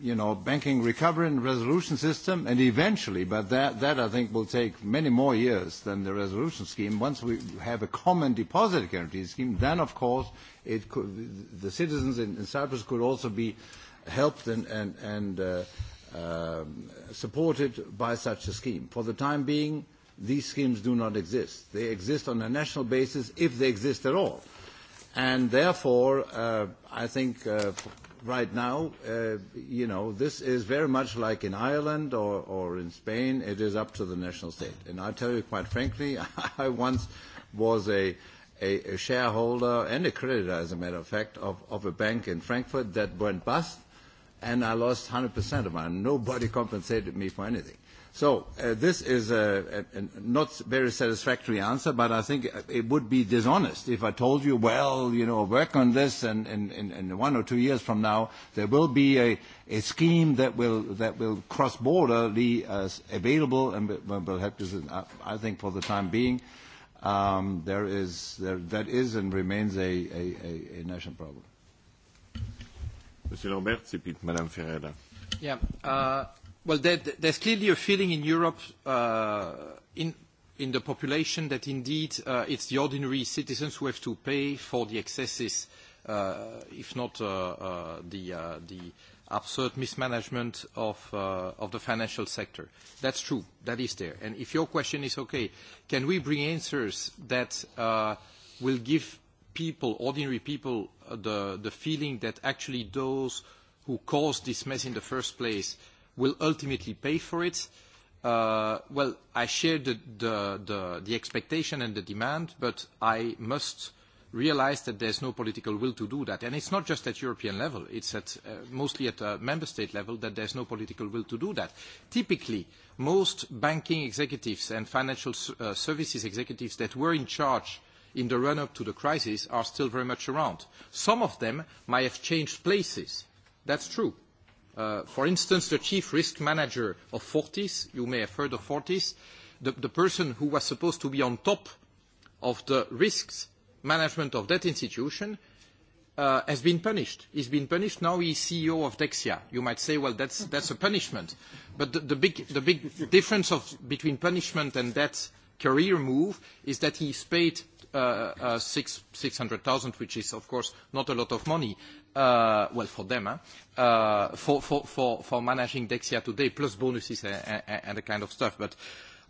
you know, banking recovery and resolution system, and eventually, but that, that I think will take many more years than the resolution scheme. Once we have a common deposit guarantee scheme, then of course it the citizens in, Cyprus could also be helped and, and, and supported by such a scheme. For the time being, these schemes do not exist. They exist on a national basis, if they exist at all. And therefore, I think right now, you know, this is very much like in Ireland or, or in Spain. It is up to the national state. And I tell you quite frankly, I once was a, a, shareholder and a creditor, as a matter of fact, of, of a bank in Frankfurt that went bust, and I lost 100% of mine. Nobody compensated me for anything. So this is a not very satisfactory answer, but I think it would be dishonest if I told you, well, you know, work on this and in one or two years from now there will be a scheme that will that will cross border be available and will help us. I think for the time being, there is that is and remains a national problem. Monsieur Lambert, Madame Ferreira. Yeah. Well, there's clearly a feeling in Europe, in the population, that indeed it's the ordinary citizens who have to pay for the excesses, if not the absurd mismanagement of the financial sector. That's true. That is there. And if your question is, okay, can we bring answers that will give people, ordinary people, the feeling that actually those who caused this mess in the first place will ultimately pay for it. Well, I share the expectation and the demand, but I must realise that there is no political will to do that. And it's not just at European level. It's mostly at member state level that there is no political will to do that. Typically, most banking executives and financial services executives that were in charge in the run-up to the crisis are still very much around. Some of them might have changed places. That's true. For instance, the chief risk manager of Fortis, you may have heard of Fortis, the person who was supposed to be on top of the risks management of that institution, has been punished. He's been punished. Now he's CEO of Dexia. You might say, well, that's a punishment. But the big difference between punishment and that career move is that he's paid 600,000, which is, of course, not a lot of money well, for them, for managing Dexia today, plus bonuses and the kind of stuff. But,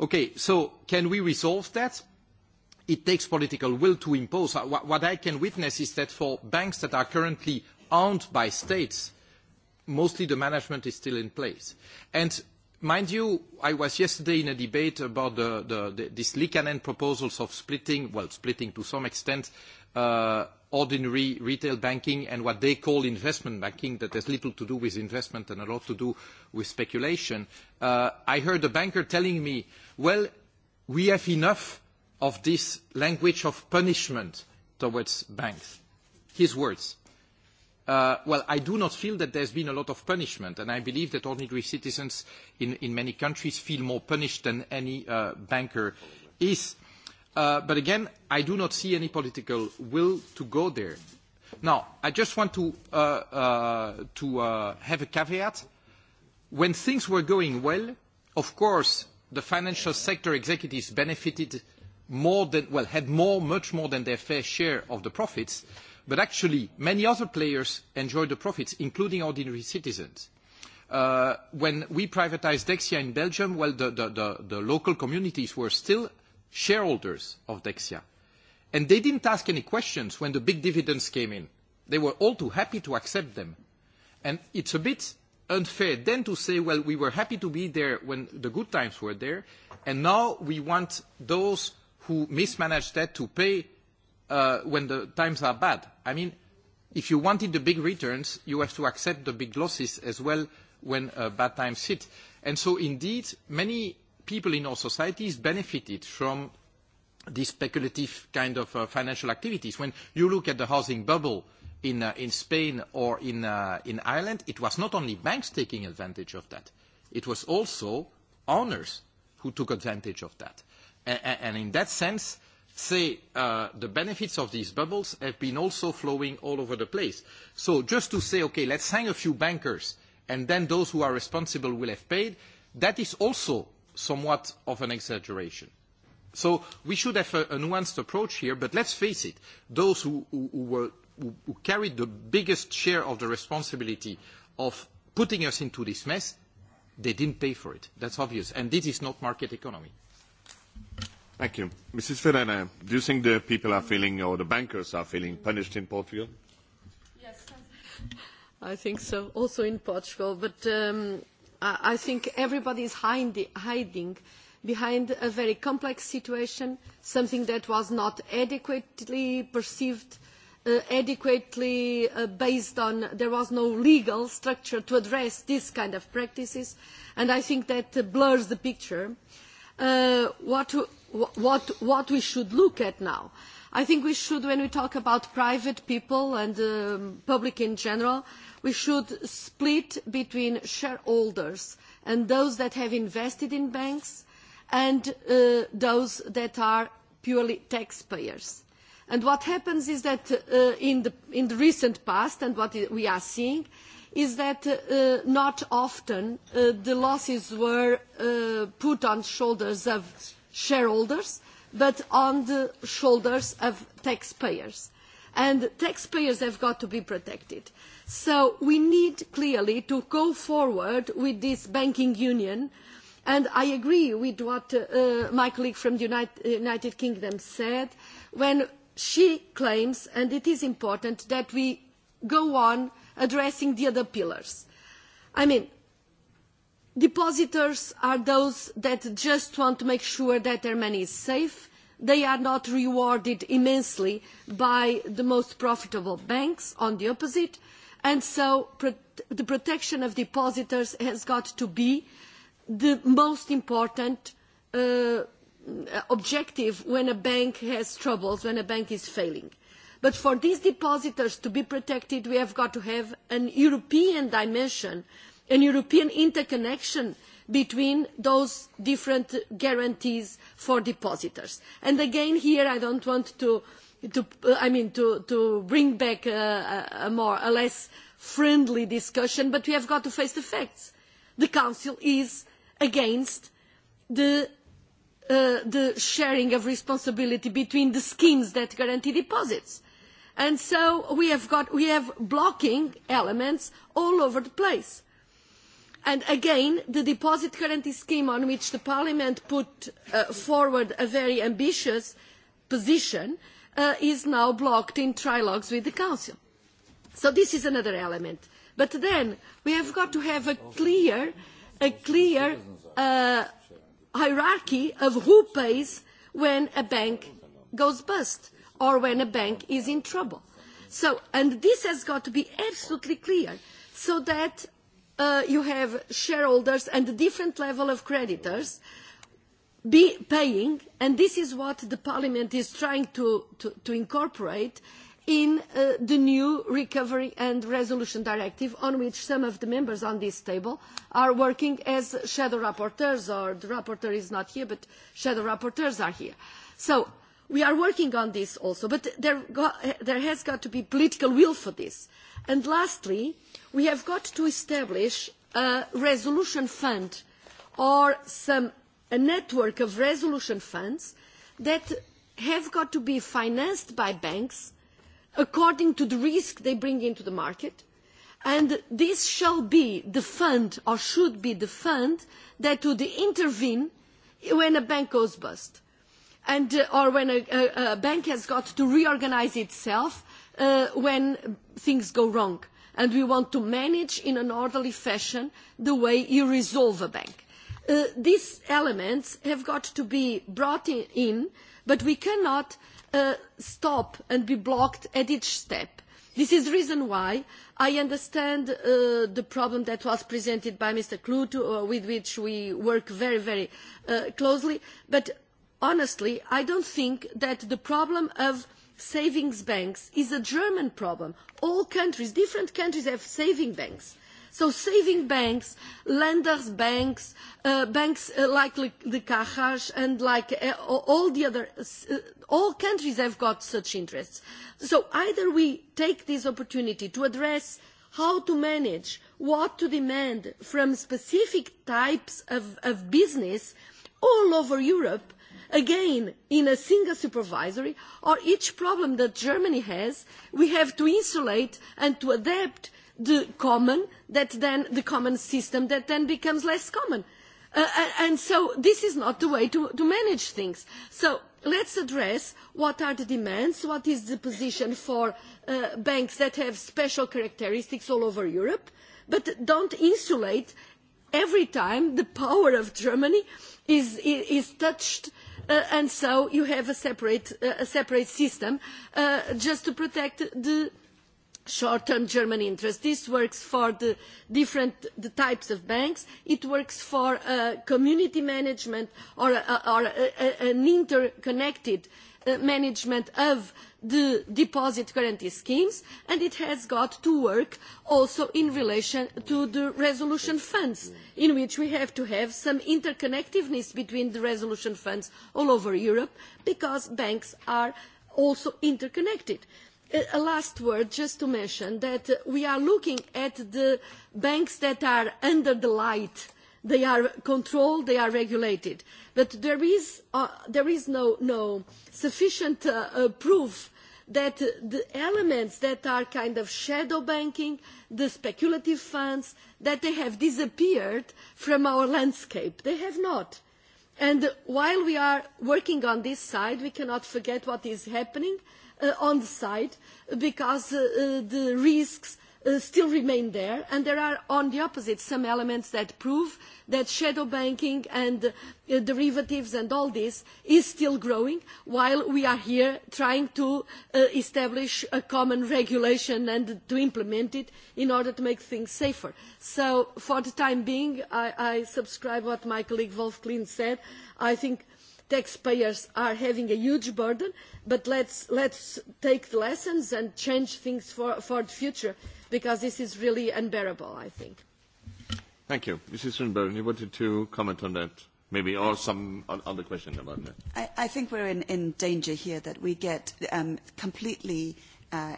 okay, so can we resolve that? It takes political will to impose. What I can witness is that for banks that are currently owned by states, mostly the management is still in place. And mind you, I was yesterday in a debate about this Likanen proposals of splitting, well, splitting to some extent, ordinary retail banking and what they call investment banking that has little to do with investment and a lot to do with speculation. I heard a banker telling me, well, we have enough of this language of punishment towards banks. His words. Well, I do not feel that there has been a lot of punishment, and I believe that ordinary citizens in many countries feel more punished than any banker is. But again, I do not see any political will to go there. Now, I just want to have a caveat. When things were going well, of course, the financial sector executives benefited more than, well, had more, much more than their fair share of the profits. But actually, many other players enjoyed the profits, including ordinary citizens. When we privatized Dexia in Belgium, well, the local communities were still shareholders of Dexia. And they didn't ask any questions when the big dividends came in. They were all too happy to accept them. And it's a bit unfair then to say, well, we were happy to be there when the good times were there, and now we want those who mismanaged that to pay when the times are bad. I mean, if you wanted the big returns, you have to accept the big losses as well when bad times hit. And so indeed, many people in our societies benefited from these speculative kind of financial activities. When you look at the housing bubble in Spain or in Ireland, it was not only banks taking advantage of that. It was also owners who took advantage of that. And in that sense, say, the benefits of these bubbles have been also flowing all over the place. So just to say, okay, let's hang a few bankers, and then those who are responsible will have paid, that is also somewhat of an exaggeration. So we should have a nuanced approach here, but let's face it, those who carried the biggest share of the responsibility of putting us into this mess, they didn't pay for it. That's obvious. And this is not market economy. Thank you. Mrs. Ferreira, do you think the people are feeling, or the bankers are feeling, punished in Portugal? Yes, I think so, also in Portugal. But I think everybody is hiding behind a very complex situation, something that was not adequately perceived, adequately based on, there was no legal structure to address this kind of practices, and I think that blurs the picture. What we should look at now I think we should, when we talk about private people and public in general, we should split between shareholders and those that have invested in banks and those that are purely taxpayers. And what happens is that in the recent past, and what we are seeing, is that not often the losses were put on shoulders of shareholders but on the shoulders of taxpayers. And taxpayers have got to be protected. So we need clearly to go forward with this banking union. And I agree with what my colleague from the United Kingdom said when she claims, and it is important, that we go on addressing the other pillars. I mean, Depositors are those that just want to make sure that their money is safe. They are not rewarded immensely by the most profitable banks, on the opposite, and so the protection of depositors has got to be the most important objective when a bank has troubles, when a bank is failing. But for these depositors to be protected, we have got to have an European dimension a European interconnection between those different guarantees for depositors. And again, here I do not want to, bring back a more a less friendly discussion, but we have got to face the facts. The Council is against the sharing of responsibility between the schemes that guarantee deposits, and so we have blocking elements all over the place And again, the deposit guarantee scheme on which the Parliament put forward a very ambitious position is now blocked in trilogues with the Council. So this is another element. But then we have got to have a clear hierarchy of who pays when a bank goes bust or when a bank is in trouble. And this has got to be absolutely clear so that you have shareholders and a different level of creditors paying, and this is what the Parliament is trying to incorporate in the new Recovery and Resolution Directive, on which some of the members on this table are working as shadow rapporteurs, or the rapporteur is not here, but shadow rapporteurs are here. So we are working on this also, but there has got to be political will for this. And lastly, we have got to establish a resolution fund or a network of resolution funds that have got to be financed by banks according to the risk they bring into the market and this shall be the fund or should be the fund that would intervene when a bank goes bust or when a bank has got to reorganise itself when things go wrong and we want to manage in an orderly fashion the way you resolve a bank. These elements have got to be brought in, but we cannot stop and be blocked at each step. This is the reason why I understand the problem that was presented by Mr. Klute, with which we work very, very closely, but honestly, I don't think that the problem of savings banks is a German problem. All countries, different countries have saving banks. So saving banks, lenders banks, banks like the Cajas and like all the other, all countries have got such interests. So either we take this opportunity to address how to manage, what to demand from specific types of business all over Europe, again in a single supervisory or each problem that Germany has we have to insulate and to adapt the common that then the common system that then becomes less common and so this is not the way to manage things so let's address what are the demands what is the position for banks that have special characteristics all over Europe but don't insulate every time the power of Germany is touched and so you have a separate system just to protect the short-term German interest. This works for the different types of banks. It works for community management or an interconnected management of the deposit guarantee schemes and it has got to work also in relation to the resolution funds in which we have to have some interconnectedness between the resolution funds all over Europe because banks are also interconnected. A last word just to mention that we are looking at the banks that are under the light They are controlled, they are regulated. But there is no sufficient proof that the elements that are kind of shadow banking, the speculative funds, that they have disappeared from our landscape. They have not. And while we are working on this side, we cannot forget what is happening on the side because the risks still remain there and there are on the opposite some elements that prove that shadow banking and derivatives and all this is still growing while we are here trying to establish a common regulation and to implement it in order to make things safer. So for the time being I subscribe what my colleague Wolf Klein said. I think taxpayers are having a huge burden, but let's take the lessons and change things for the future, because this is really unbearable, I think. Thank you. Mrs. Swinburne, you wanted to comment on that, maybe, or some other question about that. I think we're in danger here that we get completely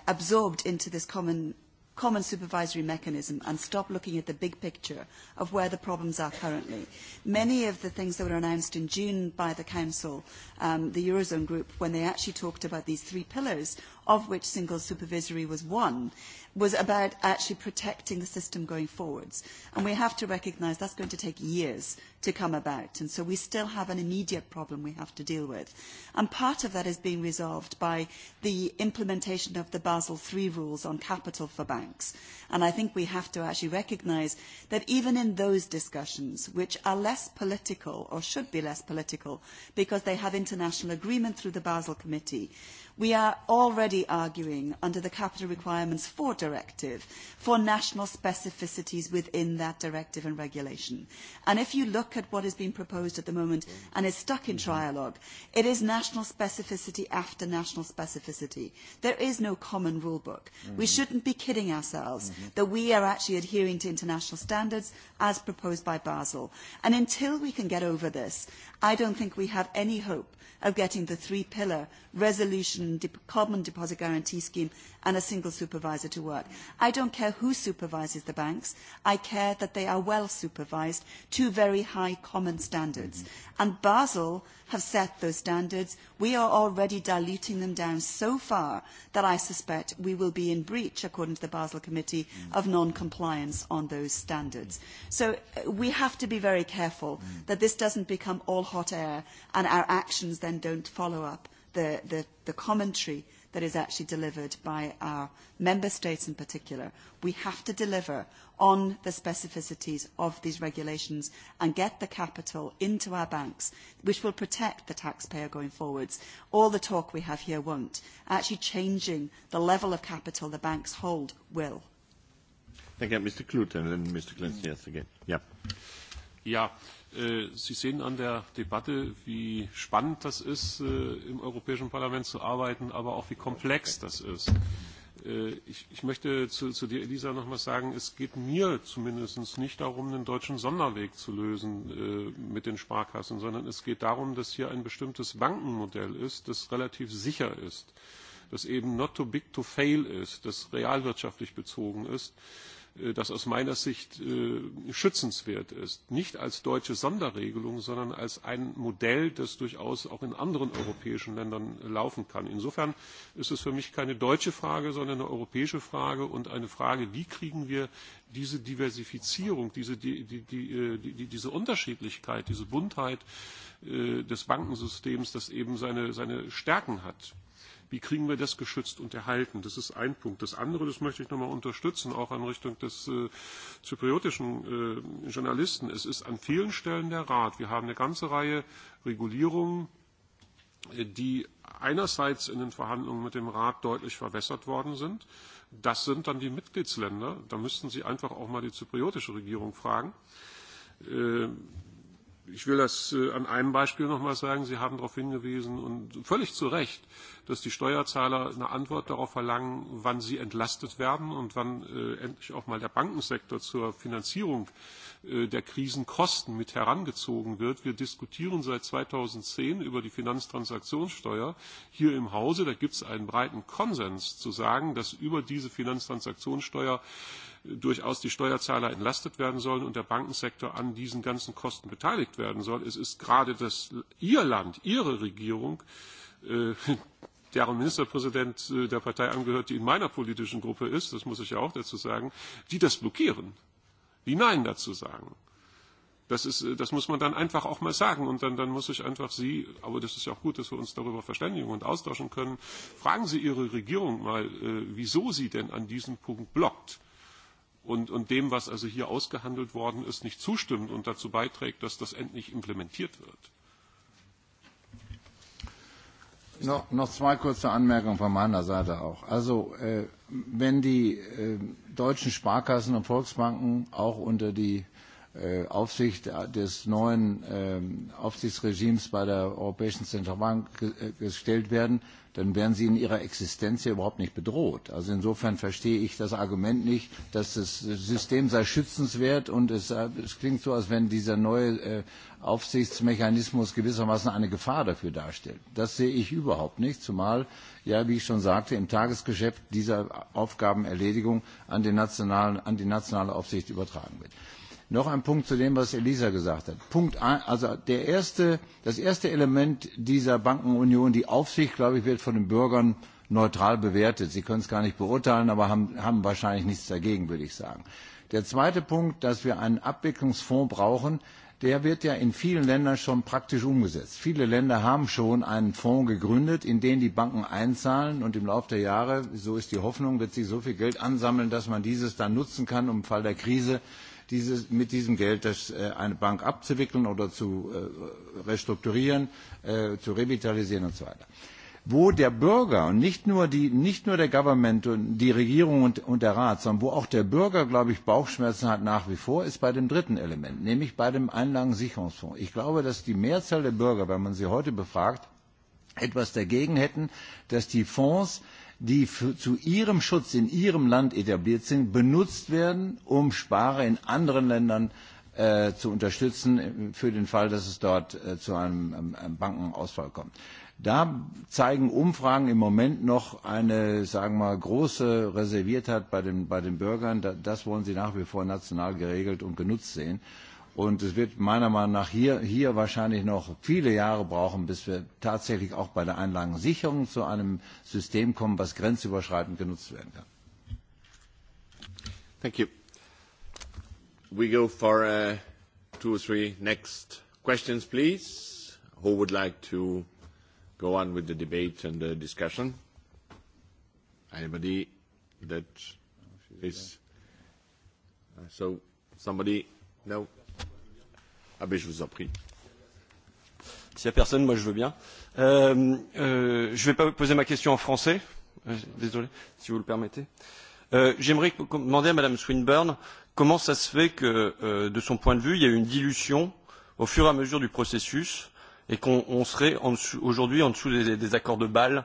absorbed into this common common supervisory mechanism and stop looking at the big picture of where the problems are currently. Many of the things that were announced in June by the Council, the Eurozone group, when they actually talked about these three pillars of which single supervisory was one, was about actually protecting the system going forwards. And we have to recognise that's going to take years to come about. And so we still have an immediate problem we have to deal with. And part of that is being resolved by the implementation of the Basel III rules on capital for banks. And I think we have to actually recognise that even in those discussions, which are less political or should be less political because they have international agreement through the Basel Committee, we are already arguing under the Capital Requirements for Directive for national specificities within that directive and regulation. And if you look at what is being proposed at the moment and is stuck in trialogue, it is national specificity after national specificity. There is no common rule book. We shouldn't be kidding ourselves that we are actually adhering to international standards as proposed by Basel. And until we can get over this, I don't think we have any hope of getting the three-pillar resolution common deposit guarantee scheme and a single supervisor to work. I don't care who supervises the banks. I care that they are well supervised to very high common standards. And Basel have set those standards. We are already diluting them down so far that I suspect we will be in breach, according to the Basel Committee, of non-compliance on those standards. So we have to be very careful that this doesn't become all hot air and our actions then don't follow up the the commentary that is actually delivered by our member states in particular. We have to deliver on the specificities of these regulations and get the capital into our banks, which will protect the taxpayer going forwards. All the talk we have here won't. Actually changing the level of capital the banks hold will. Thank you. Mr. Klute and then Mr. yes, again. Yeah. Yeah. Sie sehen an der Debatte, wie spannend das ist, im Europäischen Parlament zu arbeiten, aber auch wie komplex das ist. Ich möchte zu dir, Elisa, noch mal sagen, es geht mir zumindest nicht darum, den deutschen Sonderweg zu lösen mit den Sparkassen, sondern es geht darum, dass hier ein bestimmtes Bankenmodell ist, das relativ sicher ist, das eben not too big to fail ist, das realwirtschaftlich bezogen ist das aus meiner Sicht schützenswert ist. Nicht als deutsche Sonderregelung, sondern als ein Modell, das durchaus auch in anderen europäischen Ländern laufen kann. Insofern ist es für mich keine deutsche Frage, sondern eine europäische Frage und eine Frage, wie kriegen wir diese Diversifizierung, diese Unterschiedlichkeit, diese Buntheit des Bankensystems, das eben seine Stärken hat wie kriegen wir das geschützt und erhalten? Das ist ein Punkt. Das andere, das möchte ich nochmal unterstützen, auch in Richtung des zypriotischen Journalisten. Es ist an vielen Stellen der Rat. Wir haben eine ganze Reihe Regulierungen, die einerseits in den Verhandlungen mit dem Rat deutlich verwässert worden sind. Das sind dann die Mitgliedsländer. Da müssten Sie einfach auch mal die zypriotische Regierung fragen Ich will das an einem Beispiel noch einmal sagen. Sie haben darauf hingewiesen, und völlig zu Recht, dass die Steuerzahler eine Antwort darauf verlangen, wann sie entlastet werden und wann endlich auch mal der Bankensektor zur Finanzierung der Krisenkosten mit herangezogen wird. Wir diskutieren seit 2010 über die Finanztransaktionssteuer hier im Hause. Da gibt es einen breiten Konsens zu sagen, dass über diese Finanztransaktionssteuer durchaus die Steuerzahler entlastet werden sollen und der Bankensektor an diesen ganzen Kosten beteiligt werden soll. Es ist gerade das, Ihr Land, Ihre Regierung, deren Ministerpräsident der Partei angehört, die in meiner politischen Gruppe ist, das muss ich ja auch dazu sagen, die das blockieren, die Nein dazu sagen. Das, ist, das muss man dann einfach auch mal sagen. Und dann, dann muss ich einfach Sie, aber das ist ja auch gut, dass wir uns darüber verständigen und austauschen können, fragen Sie Ihre Regierung mal, wieso sie denn an diesem Punkt blockt und dem, was also hier ausgehandelt worden ist, nicht zustimmt und dazu beiträgt, dass das endlich implementiert wird. Noch zwei kurze Anmerkungen von meiner Seite auch. Also wenn die deutschen Sparkassen und Volksbanken auch unter die Aufsicht des neuen Aufsichtsregimes bei der Europäischen Zentralbank gestellt werden, dann wären sie in ihrer Existenz ja überhaupt nicht bedroht. Also insofern verstehe ich das Argument nicht, dass das System sei schützenswert und es klingt so, als wenn dieser neue Aufsichtsmechanismus gewissermaßen eine Gefahr dafür darstellt. Das sehe ich überhaupt nicht, zumal ja, wie ich schon sagte, im Tagesgeschäft dieser Aufgabenerledigung an die nationale Aufsicht übertragen wird. Noch ein Punkt zu dem, was Elisa gesagt hat. Punkt also das erste Element dieser Bankenunion, die Aufsicht, glaube ich, wird von den Bürgern neutral bewertet. Sie können es gar nicht beurteilen, aber haben, haben wahrscheinlich nichts dagegen, würde ich sagen. Der zweite Punkt, dass wir einen Abwicklungsfonds brauchen, der wird ja in vielen Ländern schon praktisch umgesetzt. Viele Länder haben schon einen Fonds gegründet, in den die Banken einzahlen und im Laufe der Jahre, so ist die Hoffnung, wird sich so viel Geld ansammeln, dass man dieses dann nutzen kann, um im Fall der Krise mit diesem Geld eine Bank abzuwickeln oder zu restrukturieren, zu revitalisieren und so Wo der Bürger und nicht nur der Government und die Regierung und der Rat, sondern wo auch der Bürger, glaube ich, Bauchschmerzen hat nach wie vor, ist bei dem dritten Element, nämlich bei dem Einlagensicherungsfonds. Ich glaube, dass die Mehrzahl der Bürger, wenn man sie heute befragt, etwas dagegen hätten, dass die Fonds die zu ihrem Schutz in ihrem Land etabliert sind, benutzt werden, um Sparer in anderen Ländern zu unterstützen, für den Fall, dass es dort zu einem Bankenausfall kommt. Da zeigen Umfragen im Moment noch eine, sagen wir mal, große Reserviertheit bei den Bürgern. Das wollen sie nach wie vor national geregelt und genutzt sehen. Und es wird meiner Meinung nach hier wahrscheinlich noch viele Jahre brauchen, bis wir tatsächlich auch bei der Einlagensicherung zu einem System kommen, was grenzüberschreitend genutzt werden kann. Thank you. We go for two or three next questions, please. Who would like to go on with the debate and the discussion? Anybody that is... So, somebody? No? Ah je vous en prie. S'il n'y a personne, moi je veux bien. je ne vais pas poser ma question en français. Désolé, si vous le permettez. J'aimerais demander à Madame Swinburne comment ça se fait que, de son point de vue, il y a eu une dilution au fur et à mesure du processus et qu'on serait aujourd'hui en dessous des, des accords de Bâle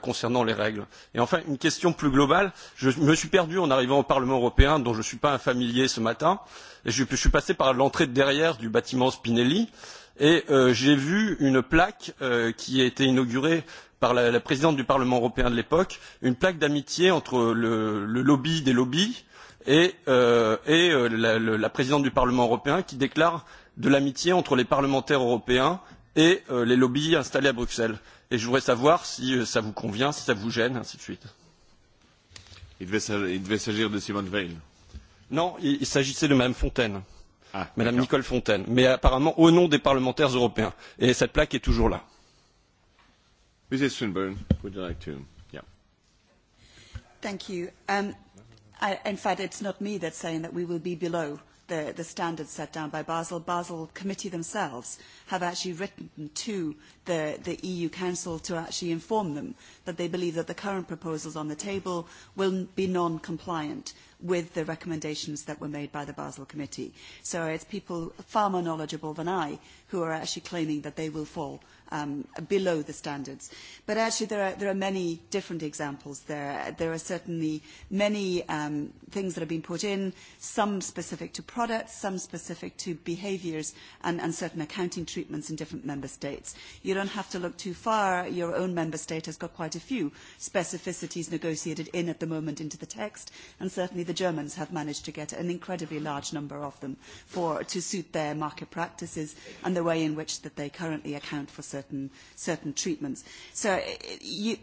concernant les règles. Et enfin, une question plus globale. Je me suis perdu en arrivant au Parlement européen, dont je ne suis pas un familier ce matin. Et je suis passé par l'entrée de derrière du bâtiment Spinelli. Et j'ai vu une plaque qui a été inaugurée par la présidente du Parlement européen de l'époque, une plaque d'amitié entre le lobby des lobbies et la présidente du Parlement européen qui déclare de l'amitié entre les parlementaires européens et les lobbies installés à Bruxelles. Et je voudrais savoir si ça vous convient, si ça vous gêne, ainsi de suite. Il devait s'agir de Simone Veil. Non, il s'agissait de Mme Fontaine. Mme Nicole Fontaine. Mais apparemment au nom des parlementaires européens. Et cette plaque est toujours là. Mrs. Swinburne, would you like to? Yeah. Thank you. Um, in fact, it's not me that's saying that we will be below the, standards set down by Basel. Basel committee themselves have actually written to the, the EU Council to actually inform them that they believe that the current proposals on the table will be non-compliant with the recommendations that were made by the Basel Committee. So it's people far more knowledgeable than I who are actually claiming that they will fall below the standards. But actually there are many different examples there. There are certainly many things that have been put in, some specific to products, some specific to behaviours and certain accounting treatments in different member states. You don't have to look too far. Your own member state has got quite a few specificities negotiated in at the moment into the text and certainly the Germans have managed to get an incredibly large number of them to suit their market practices and the way in which that they currently account for certain certain treatments. So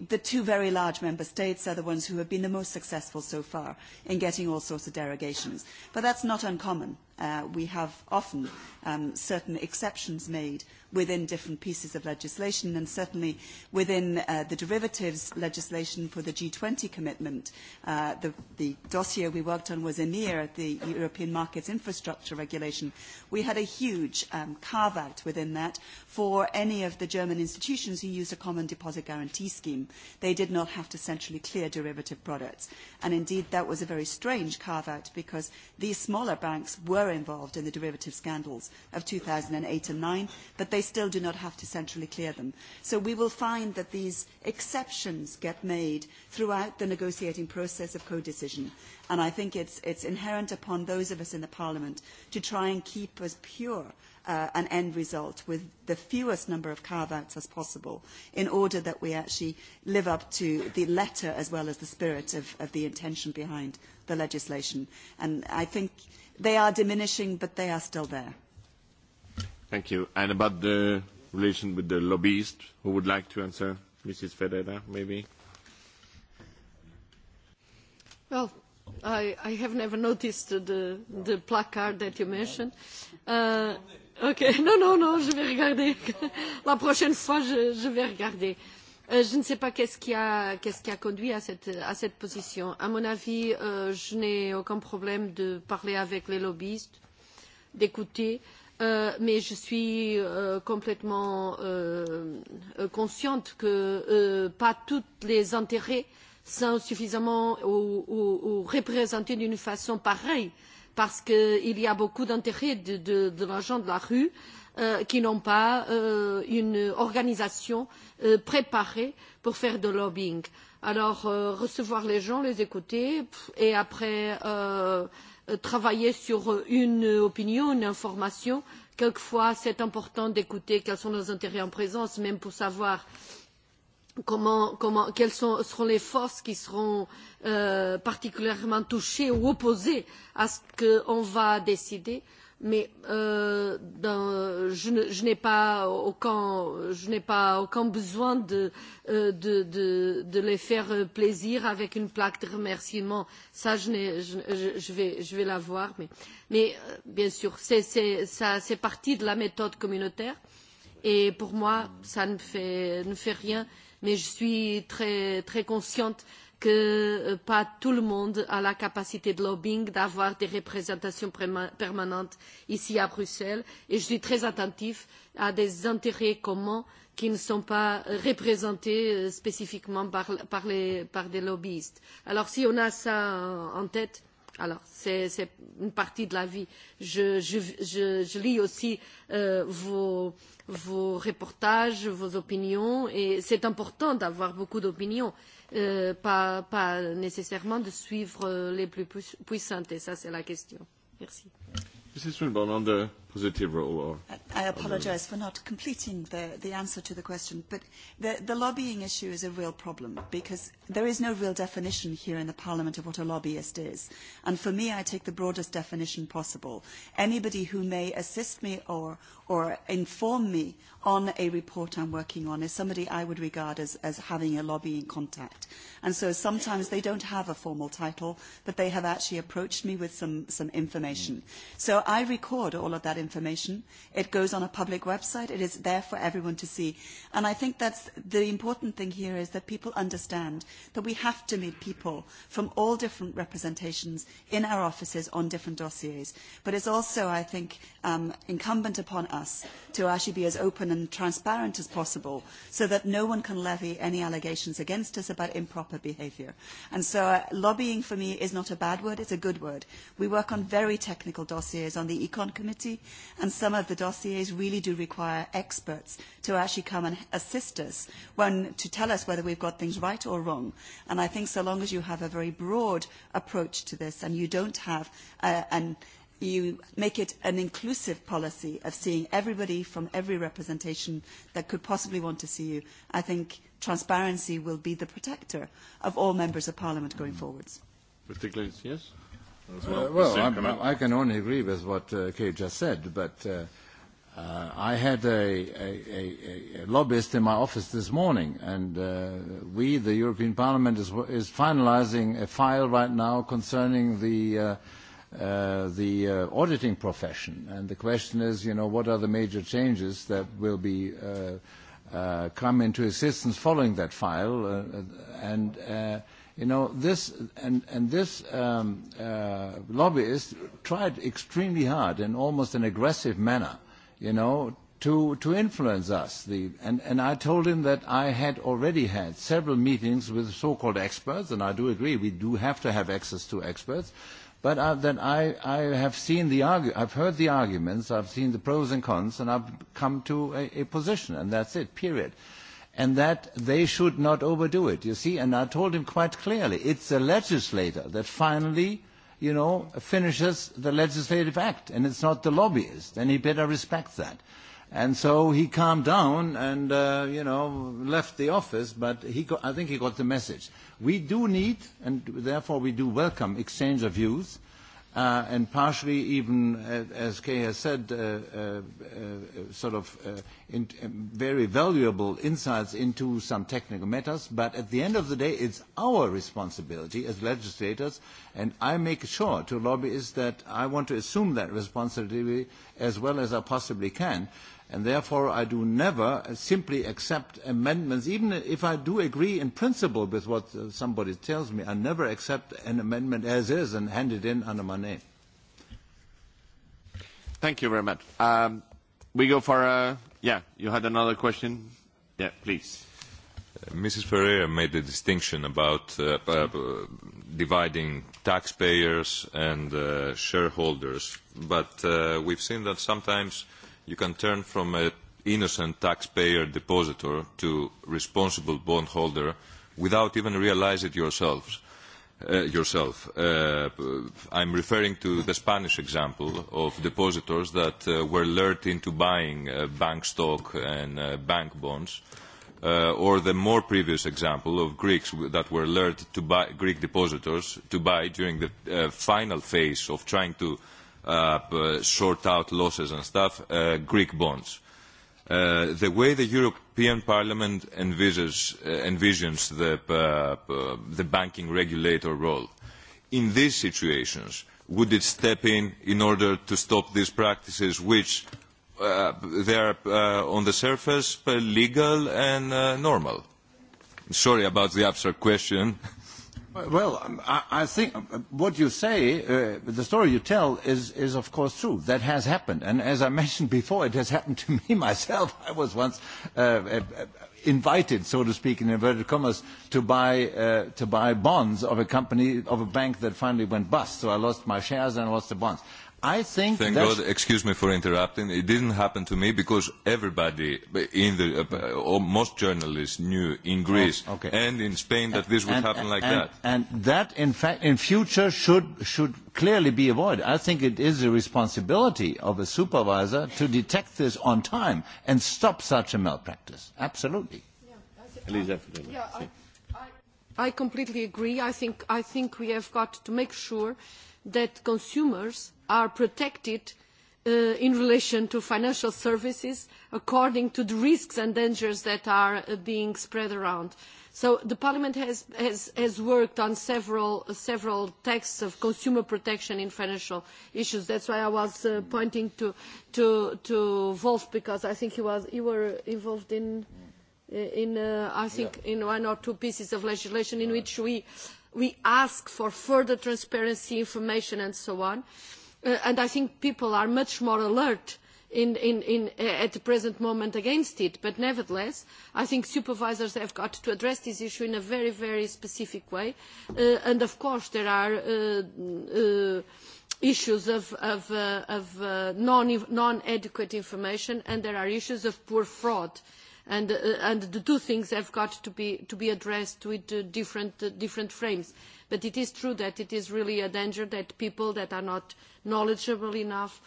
the two very large member states are the ones who have been the most successful so far in getting all sorts of derogations. But that's not uncommon we have often certain exceptions made within different pieces of legislation and certainly within the derivatives legislation for the G20 commitment. The dossier we worked on was EMIR, the European Markets Infrastructure Regulation. We had a huge carve-out within that for any of the German institutions who used a common deposit guarantee scheme. They did not have to centrally clear derivative products. And indeed, that was a very strange carve-out because these smaller banks were were involved in the derivative scandals of 2008 and 2009, but they still do not have to centrally clear them. So we will find that these exceptions get made throughout the negotiating process of co-decision. And I think it's inherent upon those of us in the Parliament to try and keep as pure an end result with the fewest number of carve-outs as possible in order that we actually live up to the letter as well as the spirit of the intention behind the legislation. And I think They are diminishing, but they are still there. Thank you. And about the relation with the lobbyists, who would like to answer? Mrs. Ferreira, maybe? Well, I have never noticed the placard that you mentioned. Okay, no, no, no, je vais regarder. La prochaine fois, je vais regarder. Je ne sais pas qu'est-ce qui a conduit à cette position. À mon avis, je n'ai aucun problème de parler avec les lobbyistes, d'écouter, mais je suis complètement consciente que pas tous les intérêts sont suffisamment ou représentés d'une façon pareille, parce qu'il y a beaucoup d'intérêts de l'argent de la rue qui n'ont pas une organisation préparée pour faire de lobbying. Alors, recevoir les gens, les écouter et après travailler sur une opinion, une information. Quelquefois, c'est important d'écouter quels sont nos intérêts en présence, même pour savoir quelles seront les forces qui seront particulièrement touchées ou opposées à ce qu'on va décider mais je n'ai pas aucun besoin de les faire plaisir avec une plaque de remerciement. Ça, je je vais je vais la voir, Mais bien sûr, c'est partie de la méthode communautaire. Et pour moi, ça ne fait rien. Mais je suis très consciente que pas tout le monde a la capacité de lobbying d'avoir des représentations permanentes ici à Bruxelles et je suis très attentif à des intérêts communs qui ne sont pas représentés spécifiquement par des lobbyistes. Alors si on a ça en tête, alors c'est une partie de la vie. Je lis aussi vos reportages, vos opinions et c'est important d'avoir beaucoup d'opinions pas nécessairement de suivre les plus puissantes. Et ça, c'est la question. Merci positive role I apologize for not completing the the answer to the question but the the lobbying issue is a real problem because there is no real definition here in the parliament of what a lobbyist is and for me I take the broadest definition possible anybody who may assist me or or inform me on a report I'm working on is somebody I would regard as as having a lobbying contact and so sometimes they don't have a formal title but they have actually approached me with some some information so I record all of that information. It goes on a public website. It is there for everyone to see. And I think that's the important thing here is that people understand that we have to meet people from all different representations in our offices on different dossiers. But it's also, I think, incumbent upon us to actually be as open and transparent as possible so that no one can levy any allegations against us about improper behaviour. And so lobbying for me is not a bad word, it's a good word. We work on very technical dossiers on the Econ Committee and some of the dossiers really do require experts to actually come and assist us when to tell us whether we've got things right or wrong. And I think so long as you have a very broad approach to this and you don't have an you make it an inclusive policy of seeing everybody from every representation that could possibly want to see you, I think transparency will be the protector of all members of parliament going forwards. yes? well. I can only agree with what Kate just said, but I had a lobbyist in my office this morning, and we, the European Parliament, is finalizing a file right now concerning the the auditing profession. And the question is, you know, what are the major changes that will be come into existence following that file? And You know, this and and this lobbyist tried extremely hard in almost an aggressive manner, you know, to to influence us. The and and I told him that I had already had several meetings with so-called experts, and I do agree we do have to have access to experts, but that I I have seen the I've heard the arguments, I've seen the pros and cons, and I've come to a position, and that's it. Period and that they should not overdo it, you see. And I told him quite clearly, it's the legislator that finally, you know, finishes the legislative act, and it's not the lobbyist, and he better respect that. And so he calmed down and, you know, left the office, but he I think he got the message. We do need, and therefore we do welcome exchange of views, and partially even, as Kay has said, sort of very valuable insights into some technical matters. But at the end of the day, it's our responsibility as legislators, and I make sure to lobbyists that I want to assume that responsibility as well as I possibly can and therefore I do never simply accept amendments, even if I do agree in principle with what somebody tells me, I never accept an amendment as is and hand it in under my name. Thank you very much. We go for, yeah, you had another question? Yeah, please. Mrs. Ferreira made the distinction about dividing taxpayers and shareholders, but we've seen that sometimes you can turn from an innocent taxpayer depositor to responsible bondholder without even realizing it yourself. I'm referring to the Spanish example of depositors that were lured into buying bank stock and bank bonds, or the more previous example of Greeks that were lured to buy Greek depositors to buy during the final phase of trying to sort out losses and stuff, Greek bonds. The way the European Parliament envisions the banking regulator role, in these situations, would it step in in order to stop these practices which they are on the surface legal and normal? Sorry about the abstract question. Well, I think what you say, the story you tell, is of course true. That has happened, and as I mentioned before, it has happened to me myself. I was once invited, so to speak, in inverted commas, to buy to buy bonds of a company of a bank that finally went bust. So I lost my shares and I lost the bonds. Thank God, excuse me for interrupting. It didn't happen to me because everybody, in the, or most journalists knew in Greece and in Spain that this would happen like that. And that, in fact, in future should should clearly be avoided. I think it is the responsibility of a supervisor to detect this on time and stop such a malpractice. Absolutely. I completely agree. I think I think we have got to make sure that consumers are protected in relation to financial services according to the risks and dangers that are being spread around. So the Parliament has worked on several texts of consumer protection in financial issues. That's why I was pointing to Wolf because I think you were involved in, I think, in one or two pieces of legislation in which we we ask for further transparency information and so on and i think people are much more alert at the present moment against it but nevertheless i think supervisors have got to address this issue in a very very specific way and of course there are issues of non adequate information and there are issues of poor fraud and the two things have got to be addressed with different frames. But it is true that it is really a danger that people that are not knowledgeable enough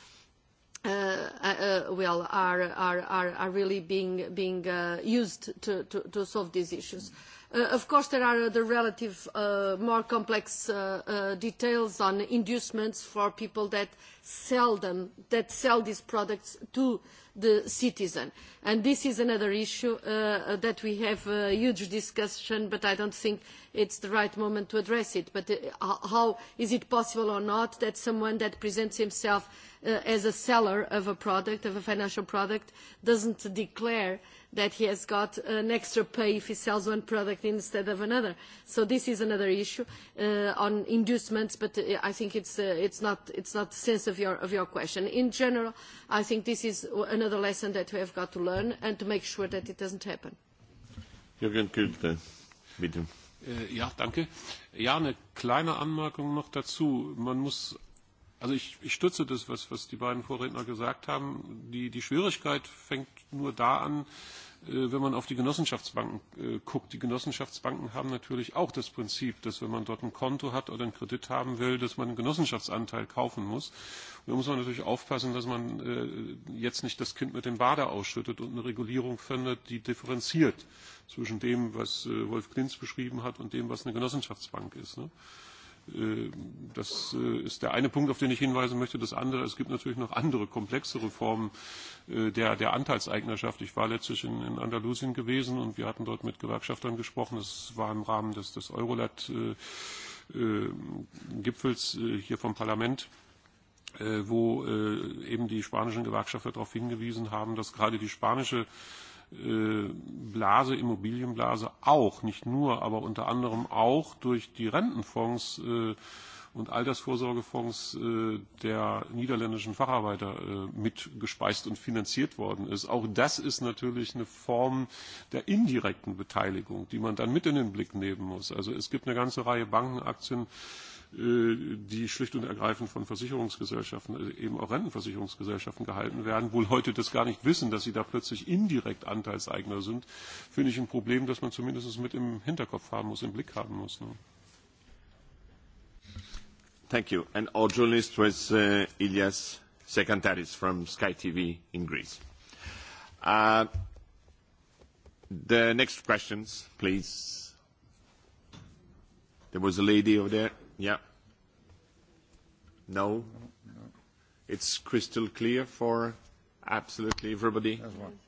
are really being used to solve these issues. Of course, there are other relative more complex details on inducements for people that sell them, that sell these products to the citizen. And this is another issue that we have a huge discussion, but I don't think it's the right moment to address it. But how is it possible or not that someone that presents himself as a seller of a product, of a financial product, doesn't declare that he has got an extra pay if he sells one product instead of another. So this is another issue on inducements, but I think it's not the sense of your question. In general, I think this is another lesson that we have got to learn and to make sure that it doesn't happen. Jürgen Kühlte, bitte. Ja, danke. Ja, eine kleine Anmerkung noch dazu. Man muss Also ich, stütze das, was, was die beiden Vorredner gesagt haben. Die, die Schwierigkeit fängt nur da an, wenn man auf die Genossenschaftsbanken guckt. Die Genossenschaftsbanken haben natürlich auch das Prinzip, dass wenn man dort ein Konto hat oder einen Kredit haben will, dass man einen Genossenschaftsanteil kaufen muss. Und da muss man natürlich aufpassen, dass man jetzt nicht das Kind mit dem Bade ausschüttet und eine Regulierung findet, die differenziert zwischen dem, was Wolf Klinz beschrieben hat, und dem, was eine Genossenschaftsbank ist. Das ist der eine Punkt, auf den ich hinweisen möchte. Das andere, es gibt natürlich noch andere komplexere Formen der, der Anteilseignerschaft. Ich war letztlich in, Andalusien gewesen und wir hatten dort mit Gewerkschaftern gesprochen. Das war im Rahmen des, des Eurolat-Gipfels hier vom Parlament wo eben die spanischen Gewerkschafter darauf hingewiesen haben, dass gerade die spanische Blase, Immobilienblase auch, nicht nur, aber unter anderem auch durch die Rentenfonds und Altersvorsorgefonds der niederländischen Facharbeiter mitgespeist und finanziert worden ist. Auch das ist natürlich eine Form der indirekten Beteiligung, die man dann mit in den Blick nehmen muss. Also es gibt eine ganze Reihe Bankenaktien, die schlicht und ergreifend von Versicherungsgesellschaften, eben auch Rentenversicherungsgesellschaften gehalten werden, wohl heute das gar nicht wissen, dass sie da plötzlich indirekt Anteilseigner sind, finde ich ein Problem, das man zumindest mit im Hinterkopf haben muss, im Blick haben muss. Thank you. And our journalist was Ilias Sekantaris from Sky TV in Greece. The next questions, please. There was a lady over there. Yeah. No. It's crystal clear for absolutely everybody.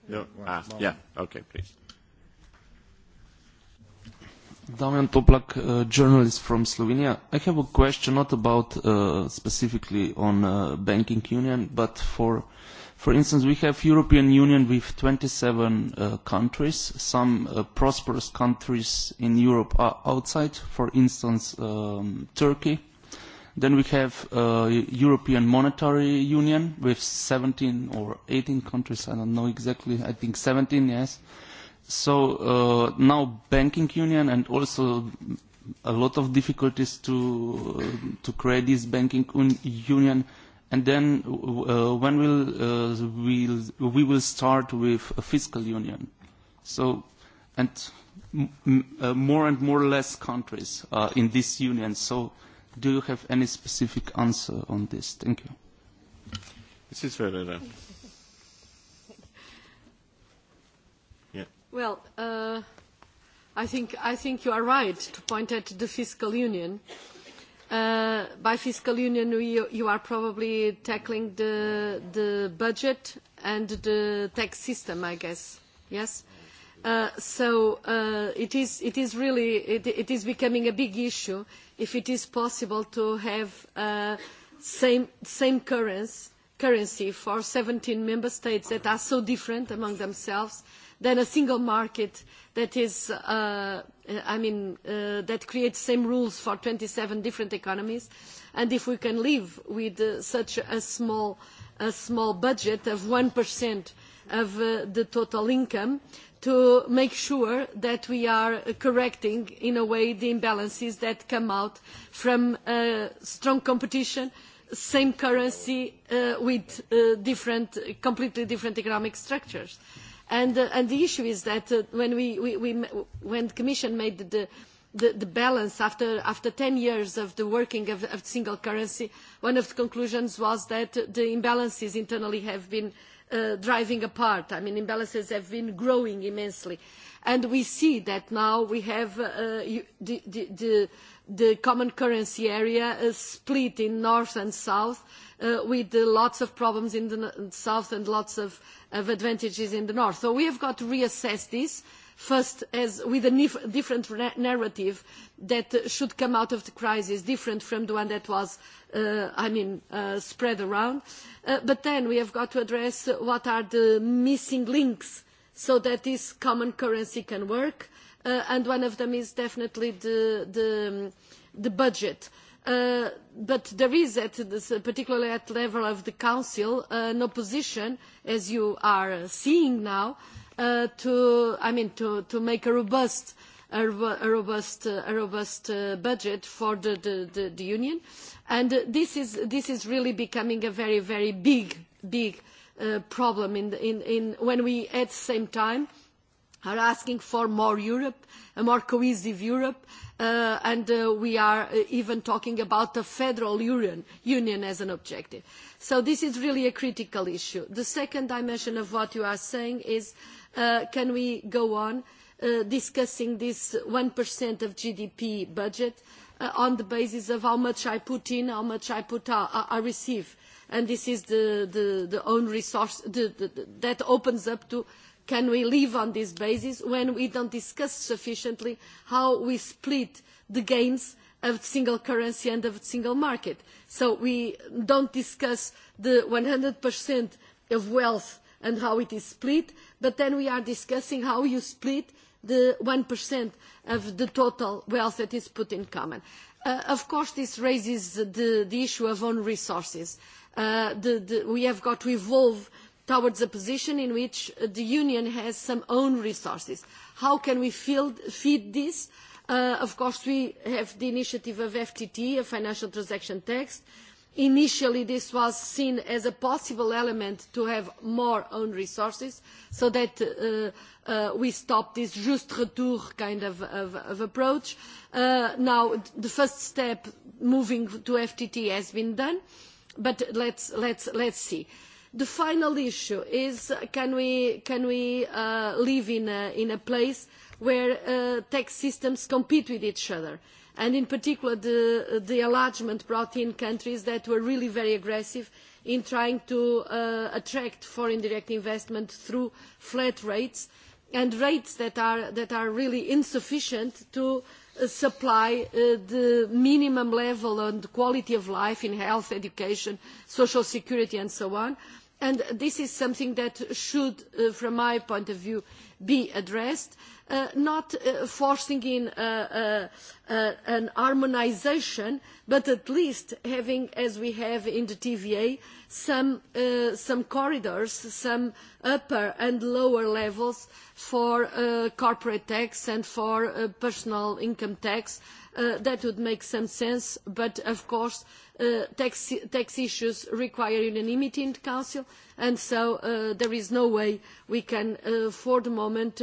No. Ah, yeah. Okay, please. Damian Toplak, journalist from Slovenia. I have a question not about specifically on banking union, but for For instance, we have European Union with 27 countries. Some prosperous countries in Europe are outside, for instance, Turkey. Then we have European Monetary Union with 17 or 18 countries. I don't know exactly. I think 17, yes. So now banking union and also a lot of difficulties to create this banking union and then when will we will start with a fiscal union so and more and more less countries in this union so do you have any specific answer on this thank you this is very yeah well i think i think you are right to point at the fiscal union By fiscal union, you are probably tackling the budget and the tax system, I guess. Yes. So it is, really, it is becoming a big issue if it is possible to have same same currency for 17 member states that are so different among themselves, than a single market that is i that creates same rules for 27 different economies and if we can live with such a small budget of 1% of the total income to make sure that we are correcting in a way the imbalances that come out from strong competition same currency with completely different economic structures And the issue is that when when the Commission made the the balance after 10 years of the working of single currency, one of the conclusions was that the imbalances internally have been driving apart. I mean, imbalances have been growing immensely. And we see that now we have the the common currency area is split in north and south with lots of problems in the south and lots of advantages in the north. So we have got to reassess this first with a different narrative that should come out of the crisis, different from the one that was spread around. But then we have got to address what are the missing links so that this common currency can work and one of them is definitely the budget. But there is, particularly at the level of the Council, an opposition, as you are seeing now, to make a robust robust, budget for the Union. And this is really becoming a very, very big, big problem when we, at the same time, are asking for more Europe, a more cohesive Europe, and we are even talking about the federal union as an objective. So this is really a critical issue. The second dimension of what you are saying is, can we go on discussing this 1% of GDP budget on the basis of how much I put in, how much I put out, I receive, and this is the own resource that opens up to Can we live on this basis when we don't discuss sufficiently how we split the gains of the single currency and of the single market? So we don't discuss the 100% of wealth and how it is split, but then we are discussing how you split the 1% of the total wealth that is put in common. Of course, this raises the issue of own resources. We have got to evolve towards a position in which the Union has some own resources. How can we feed this? Of course, we have the initiative of FTT, a financial transaction tax. Initially, this was seen as a possible element to have more own resources, so that we stop this juste retour kind of approach. Now, the first step moving to FTT has been done, but let's see. The final issue is can we live in a place where tax systems compete with each other and in particular the enlargement brought in countries that were really very aggressive in trying to attract foreign direct investment through flat rates and rates that are really insufficient to supply the minimum level and quality of life in health, education, social security and so on and this is something that should from my point of view be addressed not forcing in an harmonisation but at least having as we have in the tva some corridors some upper and lower levels for corporate tax and for personal income tax that would make some sense but of course tax issues require unanimity in the Council, and so there is no way we can, for the moment,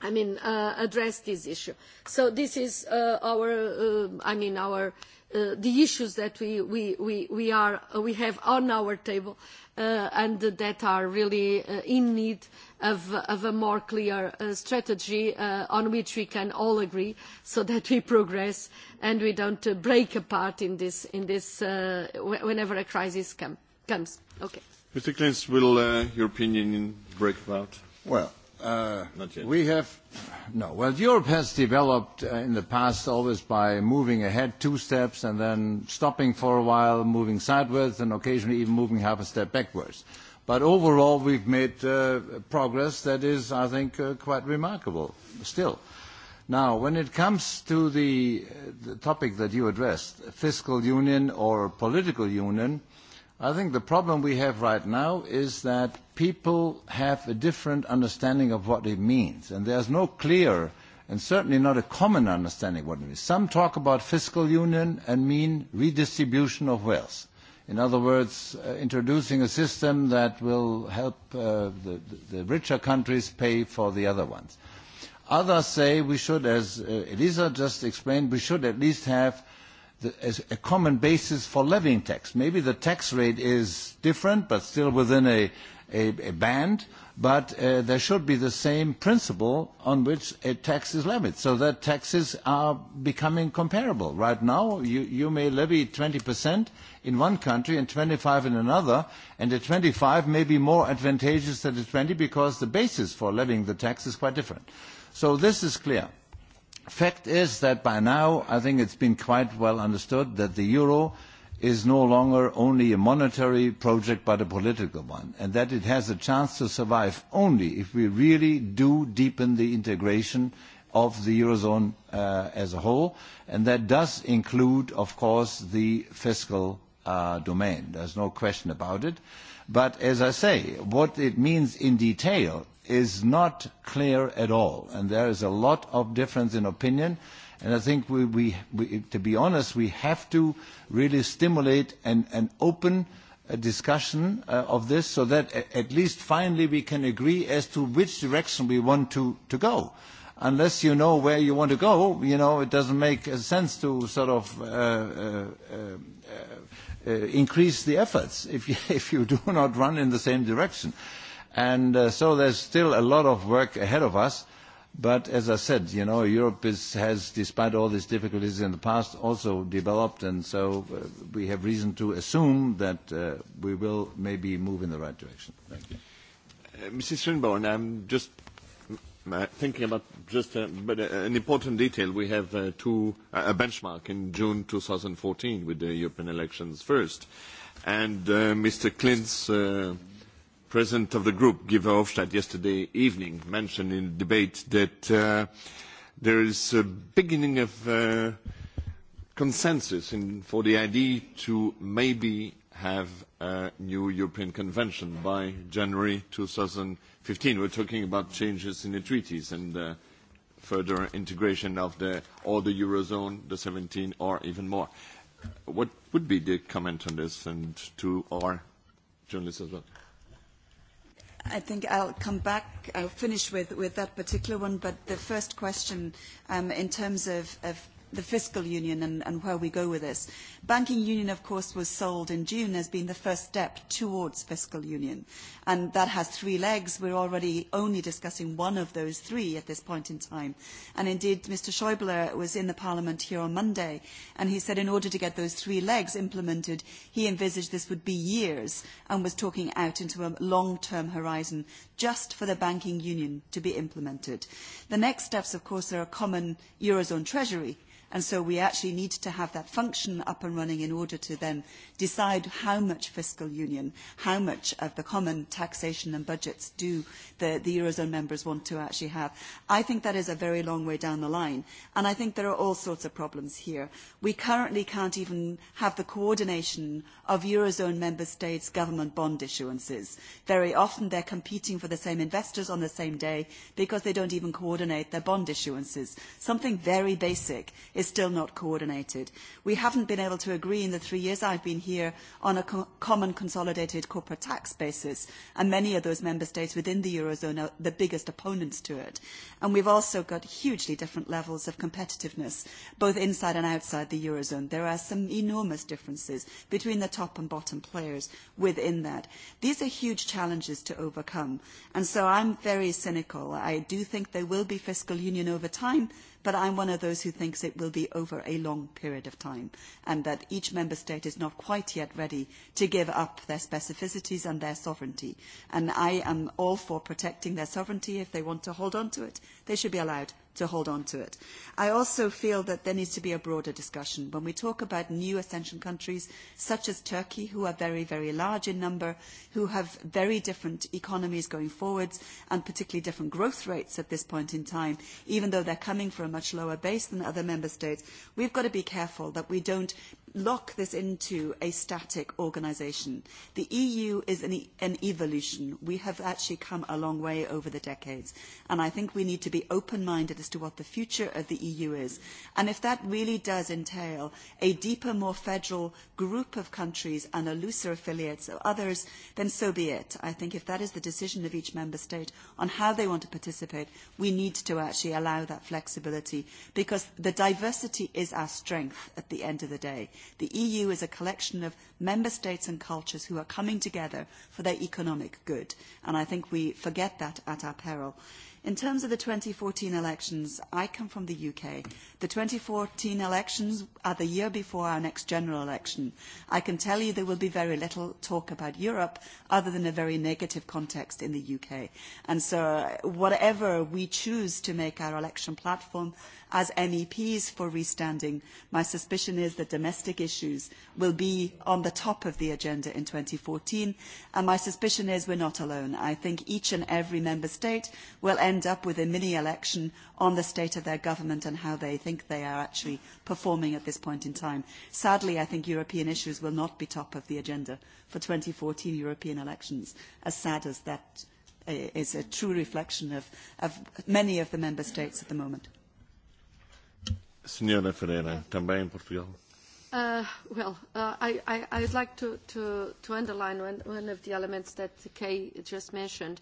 address this issue. So this is our, I mean, our the issues that we have on our table and that are really in need of a more clear strategy on which we can all agree so that we progress and we don't break apart in this whenever a crisis comes. Mr. Klinz, will your opinion break apart? Well, we have no. Well, Europe has developed in the past always by moving ahead two steps and then stopping for a while, moving sideways, and occasionally even moving half a step backwards. But overall, we've made progress that is, I think, quite remarkable still. Now, when it comes to the topic that you addressed, fiscal union or political union, I think the problem we have right now is that people have a different understanding of what it means. And there's no clear and certainly not a common understanding of what it means. Some talk about fiscal union and mean redistribution of wealth. In other words, introducing a system that will help the richer countries pay for the other ones. Others say we should, as Elisa just explained, we should at least have a common basis for levying tax. Maybe the tax rate is different, but still within a band but there should be the same principle on which a tax is levied, so that taxes are becoming comparable. Right now, you may levy 20% in one country and 25 in another, and the 25 may be more advantageous than the 20 because the basis for levying the tax is quite different. So this is clear. Fact is that by now, I think it's been quite well understood that the euro is no longer only a monetary project but a political one, and that it has a chance to survive only if we really do deepen the integration of the Eurozone as a whole, and that does include, of course, the fiscal domain. There is no question about it. But as I say, what it means in detail is not clear at all, and there is a lot of difference in opinion. And I think we, to be honest, we have to really stimulate an, an open discussion of this so that at least finally we can agree as to which direction we want to, go. Unless you know where you want to go, you know, it doesn't make sense to sort of increase the efforts if you, if you do not run in the same direction. And so there's still a lot of work ahead of us But as I said, you know, Europe has, despite all these difficulties in the past, also developed, and so we have reason to assume that we will maybe move in the right direction. Thank you. Mrs. Swinburne, I'm just thinking about just an important detail. We have a benchmark in June 2014 with the European elections first, and Mr. Clint's President of the group, Guy Verhofstadt, yesterday evening mentioned in debate that there is a beginning of consensus for the idea to maybe have a new European Convention by January 2015. We're talking about changes in the treaties and further integration of the or the Eurozone, the 17, or even more. What would be the comment on this and to our journalists as well? I think I'll come back, I'll finish with with that particular one, but the first question in terms of the fiscal union and where we go with this. Banking union, of course, was sold in June as being the first step towards fiscal union, and that has three legs. We're already only discussing one of those three at this point in time. And indeed, Mr. Schäuble was in the Parliament here on Monday, and he said in order to get those three legs implemented, he envisaged this would be years and was talking out into a long-term horizon just for the banking union to be implemented. The next steps, of course, are a common Eurozone treasury And so we actually need to have that function up and running in order to then decide how much fiscal union, how much of the common taxation and budgets do the Eurozone members want to actually have. I think that is a very long way down the line. And I think there are all sorts of problems here. We currently can't even have the coordination of Eurozone member states' government bond issuances. Very often they're competing for the same investors on the same day because they don't even coordinate their bond issuances. Something very basic is still not coordinated. We haven't been able to agree in the three years I've been here on a common consolidated corporate tax basis, and many of those member states within the Eurozone are the biggest opponents to it. And we've also got hugely different levels of competitiveness, both inside and outside the Eurozone. There are some enormous differences between the top and bottom players within that. These are huge challenges to overcome, and so I'm very cynical. I do think there will be fiscal union over time but I'm one of those who thinks it will be over a long period of time and that each member state is not quite yet ready to give up their specificities and their sovereignty. And I am all for protecting their sovereignty. If they want to hold on to it, they should be allowed to hold on to it. I also feel that there needs to be a broader discussion. When we talk about new ascension countries, such as Turkey, who are very, very large in number, who have very different economies going forwards, and particularly different growth rates at this point in time, even though they're coming from a much lower base than other member states, we've got to be careful that we don't lock this into a static organisation. The EU is an evolution. We have actually come a long way over the decades, and I think we need to be open-minded as to what the future of the EU is. And if that really does entail a deeper, more federal group of countries and a looser affiliates of others, then so be it. I think if that is the decision of each member state on how they want to participate, we need to actually allow that flexibility because the diversity is our strength at the end of the day. The EU is a collection of member states and cultures who are coming together for their economic good. And I think we forget that at our peril. In terms of the 2014 elections, I come from the UK. The 2014 elections are the year before our next general election. I can tell you there will be very little talk about Europe other than a very negative context in the UK. And so whatever we choose to make our election platform as MEPs for restanding, my suspicion is that domestic issues will be on the top of the agenda in 2014. And my suspicion is we're not alone. I think each and every member state will end up with a mini-election on the state of their government and how they think they are actually performing at this point in time. Sadly, I think European issues will not be top of the agenda for 2014 European elections, as sad as that is a true reflection of many of the member states at the moment. Senhora Ferreira, também em Portugal. Well, I would like to underline one of the elements that Kay just mentioned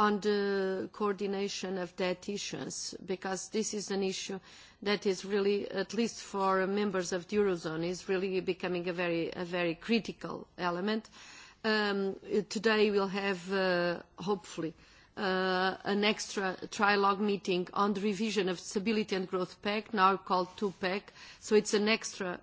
on the coordination of debt issues because this is an issue that is really, at least for members of the Eurozone, is really becoming a very critical element. Today we'll have, hopefully, an extra trilogue meeting on the revision of Stability and Growth Pact, now called 2PAC. So it's an extra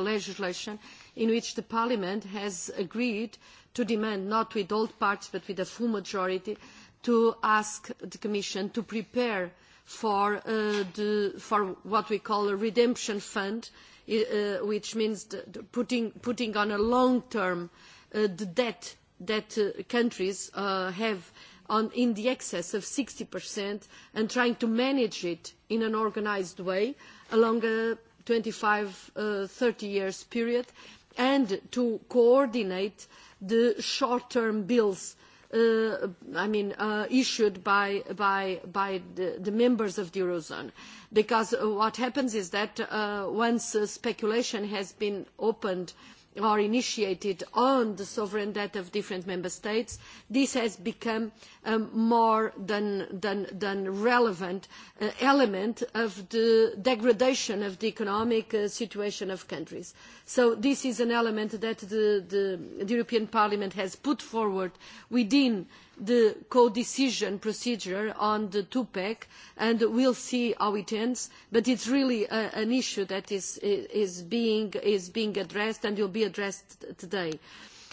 legislation in which the Parliament has agreed to demand, not with all parts but with a full majority, to ask the Commission to prepare for what we call a redemption fund, which means putting on a long term the debt that countries have in the excess of 60% and trying to manage it in an organised way along a 25-30 years period and to coordinate the short-term bills I mean, issued by the members of the eurozone, because what happens is that once speculation has been opened are initiated on the sovereign debt of different member states, this has become a more than relevant element of the degradation of the economic situation of countries. So this is an element that the European Parliament has put forward within the co-decision procedure on the two-pack, and we'll see how it ends. But it's really an issue that is being addressed and will be addressed today.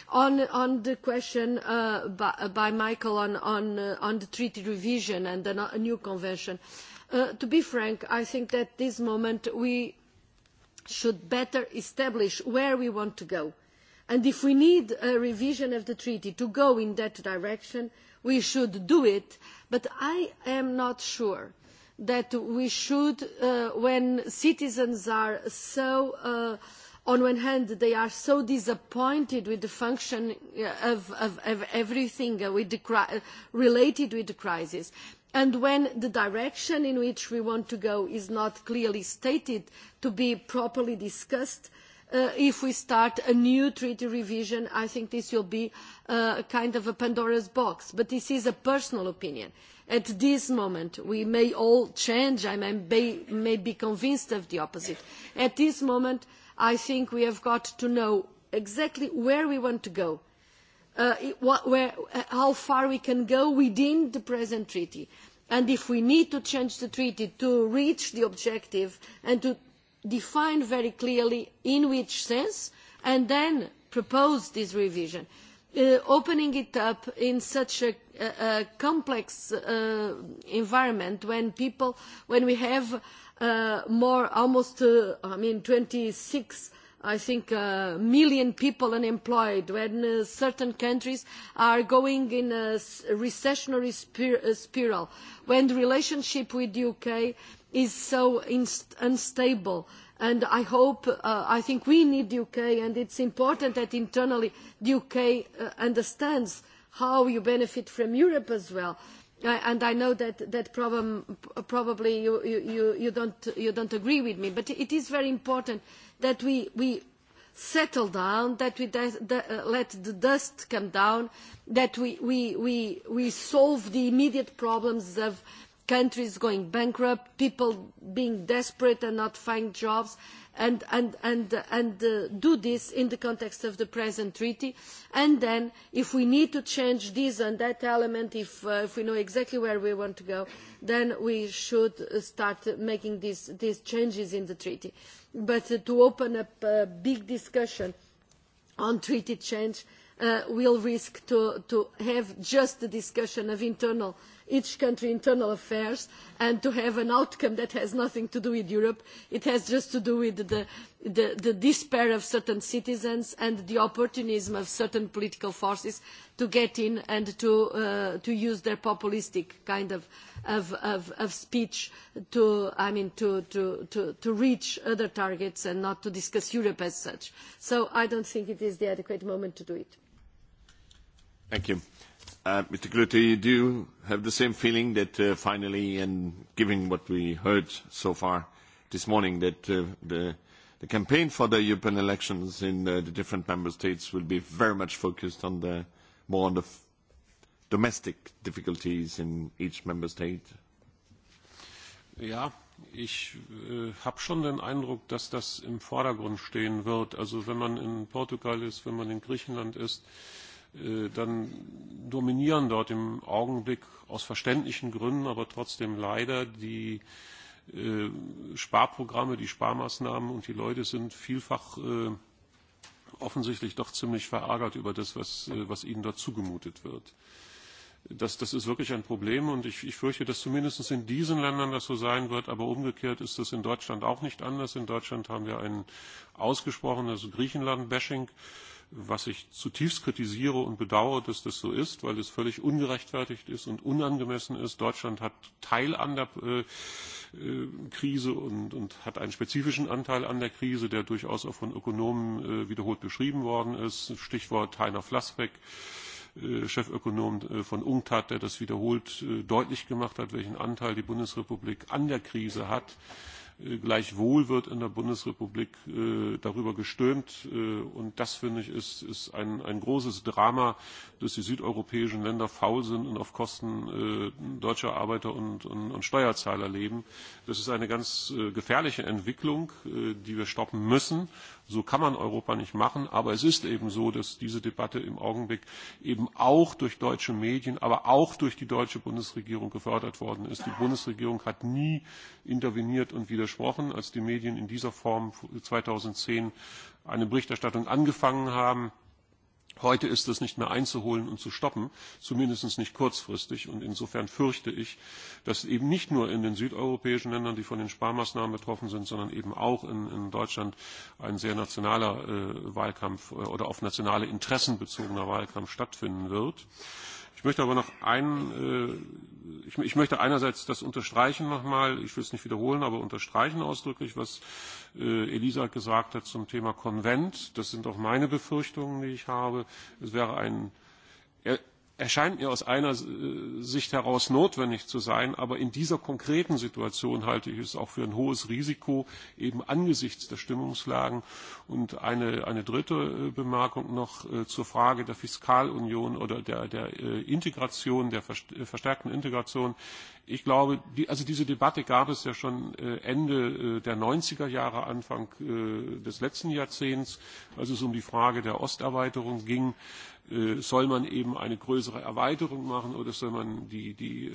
On the question by Michael on the treaty revision and the new convention, to be frank, I think that at this moment we should better establish where we want to go and if we need a revision of the treaty to go in that direction we should do it but i am not sure that we should when citizens are so on one hand they are so disappointed with the function of everything related with the crisis and when the direction in which we want to go is not clearly stated to be properly discussed if we start a new treaty revision, I think this will be a kind of a Pandora's box. But this is a personal opinion. At this moment, we may all change. I may be convinced of the opposite. At this moment, I think we have got to know exactly where we want to go, how far we can go within the present treaty. And if we need to change the treaty to reach the objective and to define very clearly in which sense and then propose this revision. Opening it up in such a complex environment when people, when we have more, almost, I mean, 26, I think, million people unemployed, when certain countries are going in a recessionary spiral, when the relationship with the UK is so unstable and I hope, I think we need the UK and it's important that internally the UK understands how you benefit from Europe as well. And I know that probably you don't agree with me, but it is very important that we settle down, that we let the dust come down, that we solve the immediate problems of countries going bankrupt, people being desperate and not finding jobs, and do this in the context of the present treaty. And then, if we need to change this and that element, if we know exactly where we want to go, then we should start making these changes in the treaty. But to open up a big discussion on treaty change will risk to have just the discussion of internal each country internal affairs and to have an outcome that has nothing to do with Europe. It has just to do with the despair of certain citizens and the opportunism of certain political forces to get in and to use their populistic kind of speech to reach other targets and not to discuss Europe as such. So I don't think it is the adequate moment to do it. Thank you particularly, do you have the same feeling that finally, and given what we heard so far this morning, that the campaign for the European elections in the different member states will be very much focused on the more on the domestic difficulties in each member state? Ja, ich habe schon den Eindruck, dass das im Vordergrund stehen wird. Also wenn man in Portugal ist, wenn man in Griechenland ist dann dominieren dort im Augenblick aus verständlichen Gründen, aber trotzdem leider die Sparprogramme, die Sparmaßnahmen und die Leute sind vielfach offensichtlich doch ziemlich verärgert über das, was, was ihnen dort zugemutet wird. Das, das ist wirklich ein Problem und ich, ich fürchte, dass zumindest in diesen Ländern das so sein wird, aber umgekehrt ist das in Deutschland auch nicht anders. In Deutschland haben wir ein ausgesprochenes Griechenland-Bashing was ich zutiefst kritisiere und bedauere, dass das so ist, weil es völlig ungerechtfertigt ist und unangemessen ist. Deutschland hat Teil an der Krise und hat einen spezifischen Anteil an der Krise, der durchaus auch von Ökonomen wiederholt beschrieben worden ist. Stichwort Heiner Flassbeck. Chefökonom von UNCTAD, der das wiederholt deutlich gemacht hat, welchen Anteil die Bundesrepublik an der Krise hat. Gleichwohl wird in der Bundesrepublik darüber gestürmt. Und das, finde ich, ist ein großes Drama, dass die südeuropäischen Länder faul sind und auf Kosten deutscher Arbeiter und Steuerzahler leben. Das ist eine ganz gefährliche Entwicklung, die wir stoppen müssen. So kann man Europa nicht machen. Aber es ist eben so, dass diese Debatte im Augenblick eben auch durch deutsche Medien, aber auch durch die deutsche Bundesregierung gefördert worden ist. Die Bundesregierung hat nie interveniert und widersprochen, als die Medien in dieser Form 2010 eine Berichterstattung angefangen haben Heute ist es nicht mehr einzuholen und zu stoppen, zumindest nicht kurzfristig. Und insofern fürchte ich, dass eben nicht nur in den südeuropäischen Ländern, die von den Sparmaßnahmen betroffen sind, sondern eben auch in Deutschland ein sehr nationaler Wahlkampf oder auf nationale Interessen bezogener Wahlkampf stattfinden wird. Ich möchte aber noch einen, ich möchte einerseits das unterstreichen nochmal, ich will es nicht wiederholen, aber unterstreichen ausdrücklich, was Elisa gesagt hat zum Thema Konvent. Das sind auch meine Befürchtungen, die ich habe. Es wäre ein erscheint mir aus einer Sicht heraus notwendig zu sein, aber in dieser konkreten Situation halte ich es auch für ein hohes Risiko, eben angesichts der Stimmungslagen. Und eine eine dritte Bemerkung noch zur Frage der Fiskalunion oder der Integration, der verstärkten Integration. Ich glaube, also diese Debatte gab es ja schon Ende der 90er Jahre, Anfang des letzten Jahrzehnts, als es um die Frage der Osterweiterung ging soll man eben eine größere Erweiterung machen oder soll man die, die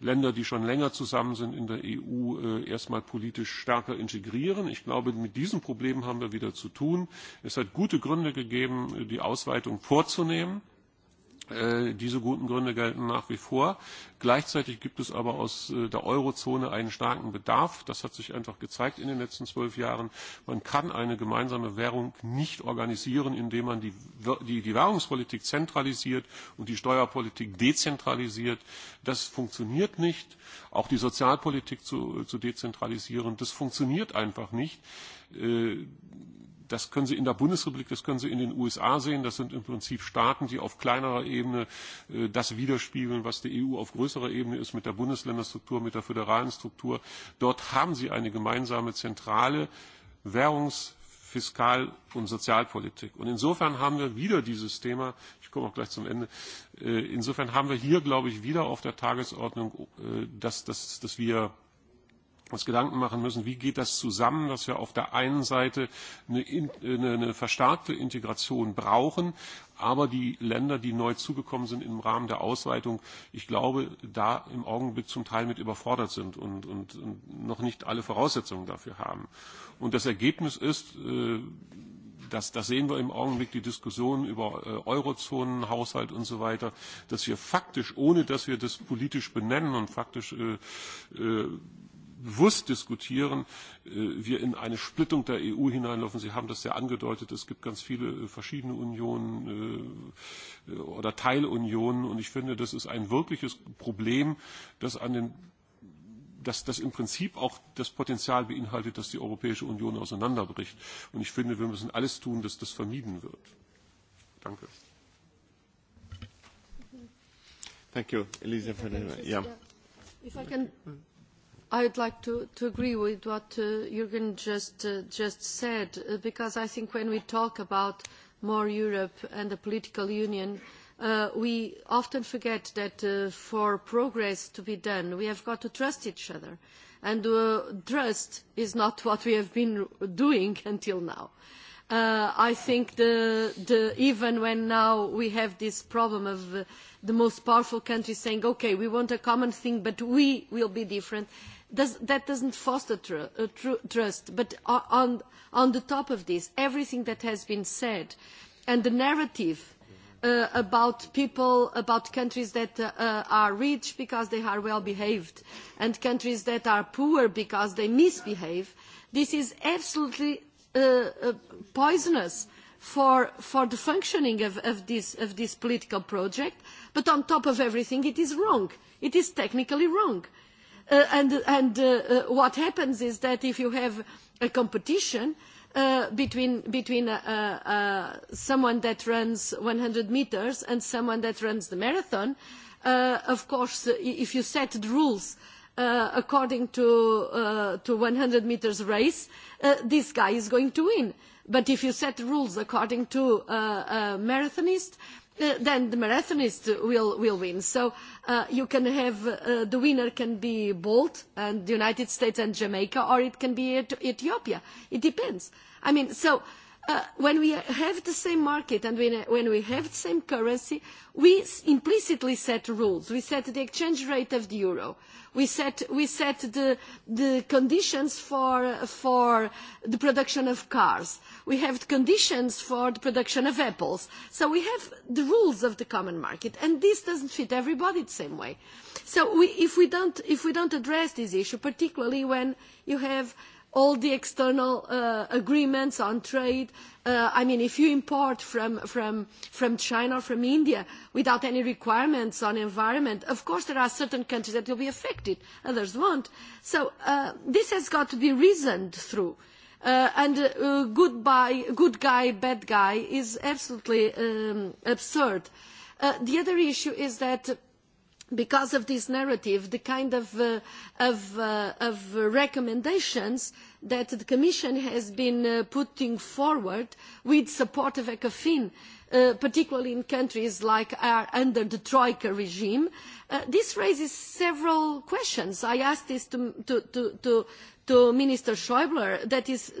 Länder, die schon länger zusammen sind in der EU, erstmal politisch stärker integrieren. Ich glaube, mit diesem Problem haben wir wieder zu tun. Es hat gute Gründe gegeben, die Ausweitung vorzunehmen. Diese guten Gründe gelten nach wie vor. Gleichzeitig gibt es aber aus der Eurozone einen starken Bedarf. Das hat sich einfach gezeigt in den letzten zwölf Jahren. Man kann eine gemeinsame Währung nicht organisieren, indem man die Währungspolitik zentralisiert und die Steuerpolitik dezentralisiert. Das funktioniert nicht. Auch die Sozialpolitik zu dezentralisieren, das funktioniert einfach nicht Das können Sie in der Bundesrepublik, das können Sie in den USA sehen. Das sind im Prinzip Staaten, die auf kleinerer Ebene das widerspiegeln, was die EU auf größerer Ebene ist, mit der Bundesländerstruktur, mit der föderalen Struktur. Dort haben Sie eine gemeinsame zentrale Währungs-, Fiskal- und Sozialpolitik. Und insofern haben wir wieder dieses Thema, ich komme auch gleich zum Ende, insofern haben wir hier, glaube ich, wieder auf der Tagesordnung, dass wir uns Gedanken machen müssen, wie geht das zusammen, dass wir auf der einen Seite eine verstärkte Integration brauchen, aber die Länder, die neu zugekommen sind im Rahmen der Ausweitung, ich glaube, da im Augenblick zum Teil mit überfordert sind und noch nicht alle Voraussetzungen dafür haben. Und das Ergebnis ist, das, das sehen wir im Augenblick, die Diskussion über Eurozonen, Haushalt und so weiter, dass wir faktisch, ohne dass wir das politisch benennen und faktisch bewusst diskutieren, wir in eine Splittung der EU hineinlaufen. Sie haben das ja angedeutet, es gibt ganz viele verschiedene Unionen oder Teilunionen. Und ich finde, das ist ein wirkliches Problem, das an den das im Prinzip auch das Potenzial beinhaltet, dass die Europäische Union auseinanderbricht. Und ich finde, wir müssen alles tun, dass das vermieden wird. Danke. Thank Elisa. I would like to agree with what Jürgen just said, because I think when we talk about more Europe and the political union, we often forget that for progress to be done, we have got to trust each other. And trust is not what we have been doing until now. I think even when now we have this problem of the most powerful countries saying, okay, we want a common thing, but we will be different, That doesn't foster trust. But on the top of this, everything that has been said and the narrative about people, about countries that are rich because they are well behaved and countries that are poor because they misbehave, this is absolutely poisonous for the functioning of this political project. But on top of everything, it is wrong. It is technically wrong and what happens is that if you have a competition between someone that runs 100 meters and someone that runs the marathon, of course, if you set the rules according to 100 meters race, this guy is going to win. But if you set rules according to a marathonist, then the marathonist will will win. So you can have the winner can be Bolt and the United States and Jamaica, or it can be Ethiopia. It depends. I mean, so when we have the same market and when we have the same currency, we implicitly set rules. We set the exchange rate of the euro. We set the conditions for the production of cars. We have the conditions for the production of apples. So we have the rules of the common market, and this doesn't fit everybody the same way. So if we don't address this issue, particularly when you have all the external agreements on trade. I mean, if you import from China or from India without any requirements on environment, of course there are certain countries that will be affected, others won't. So this has got to be reasoned through. And good guy, bad guy is absolutely absurd. The other issue is that because of this narrative, the kind of recommendations that the Commission has been putting forward with support of ECOFIN, particularly in countries like are under the Troika regime, this raises several questions. I asked this to Minister Schäuble. That is,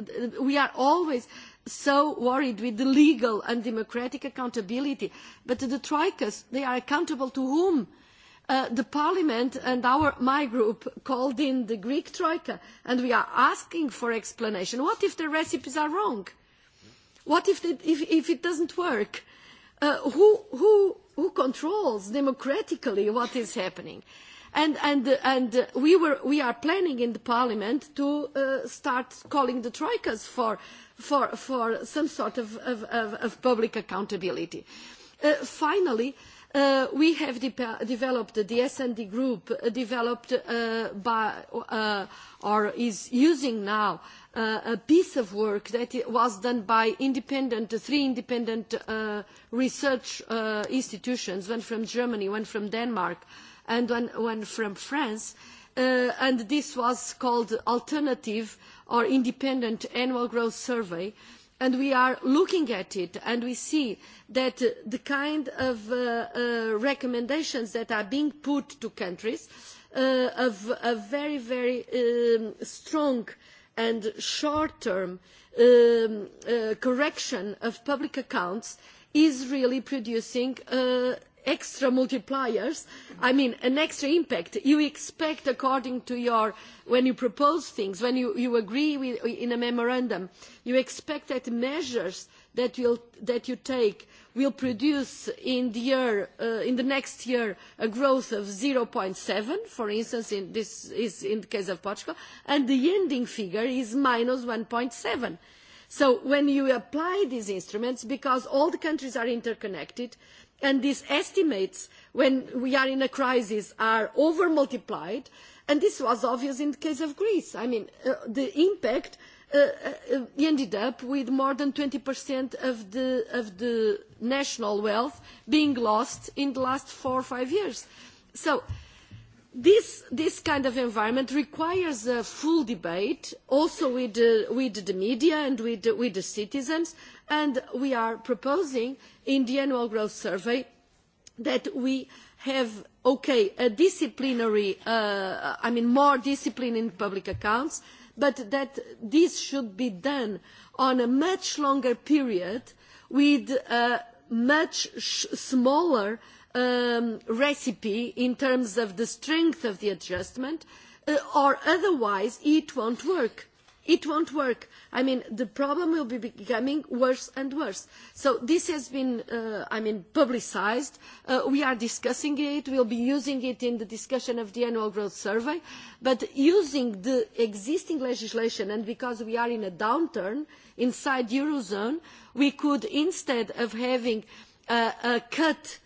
we are always so worried with legal and democratic accountability. But the Troikas, they are accountable to whom? the Parliament and my group called in the Greek Troika and we are asking for explanation. What if the recipes are wrong? What if it doesn't work? Who controls democratically what is happening? And we are planning in the Parliament to start calling the troikas for some sort of public accountability. Finally We have developed the D Group, developed by or is using now a piece of work that was done by independent, three independent research institutions, one from Germany, one from Denmark, and one from France, and this was called Alternative or Independent Annual Growth Survey and we are looking at it and we see that the kind of recommendations that are being put to countries of a very very strong and short term correction of public accounts is really producing extra multipliers, I mean an extra impact. You expect according to your, when you propose things, when you agree in a memorandum, you expect that measures that you take will produce in the next year a growth of 0.7, for instance, this is in the case of Portugal, and the ending figure is minus 1.7. So when you apply these instruments, because all the countries are interconnected, and these estimates when we are in a crisis are over multiplied and this was obvious in the case of greece i mean the impact ended up with more than 20% of the of the national wealth being lost in the last four or five years so this this kind of environment requires a full debate also with the media and with the citizens and we are proposing in the annual growth survey that we have a disciplinary i mean more discipline in public accounts but that this should be done on a much longer period with a much smaller recipe in terms of the strength of the adjustment or otherwise it won't work It won't work. I mean, the problem will be becoming worse and worse. So this has been, I mean, publicised. We are discussing it. We will be using it in the discussion of the annual growth survey. But using the existing legislation, and because we are in a downturn inside the eurozone, we could instead of having a cut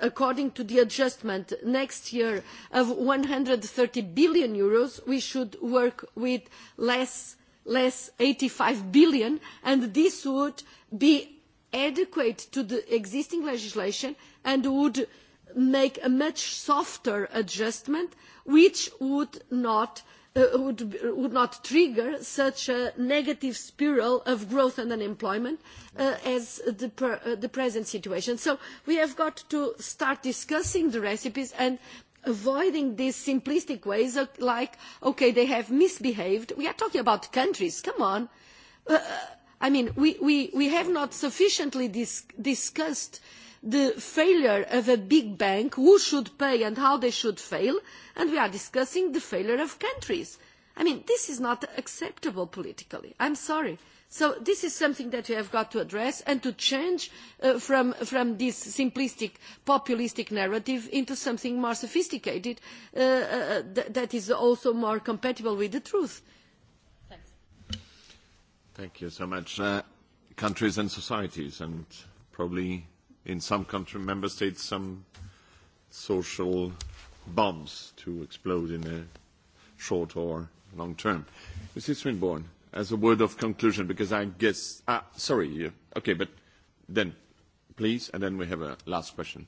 according to the adjustment next year of 130 billion euros, we should work with less 85 billion, and this would be adequate to the existing legislation and would make a much softer adjustment, which would not would not trigger such a negative spiral of growth and unemployment as the present situation. So we have got to start discussing the recipes and avoiding these simplistic ways like, okay, they have misbehaved. We are talking about countries, come on. I mean, we have not sufficiently discussed the failure of a big bank, who should pay and how they should fail, and we are discussing the failure of countries. I mean, this is not acceptable politically. I'm sorry. So this is something that we have got to address and to change from this simplistic, populistic narrative into something more sophisticated that is also more compatible with the truth. Thank you so much. Countries and societies, and probably in some country member states some social bombs to explode in the short or long term. Mrs. Swinburne, as a word of conclusion, because I guess, ah, sorry, okay, but then, please, and then we have a last question.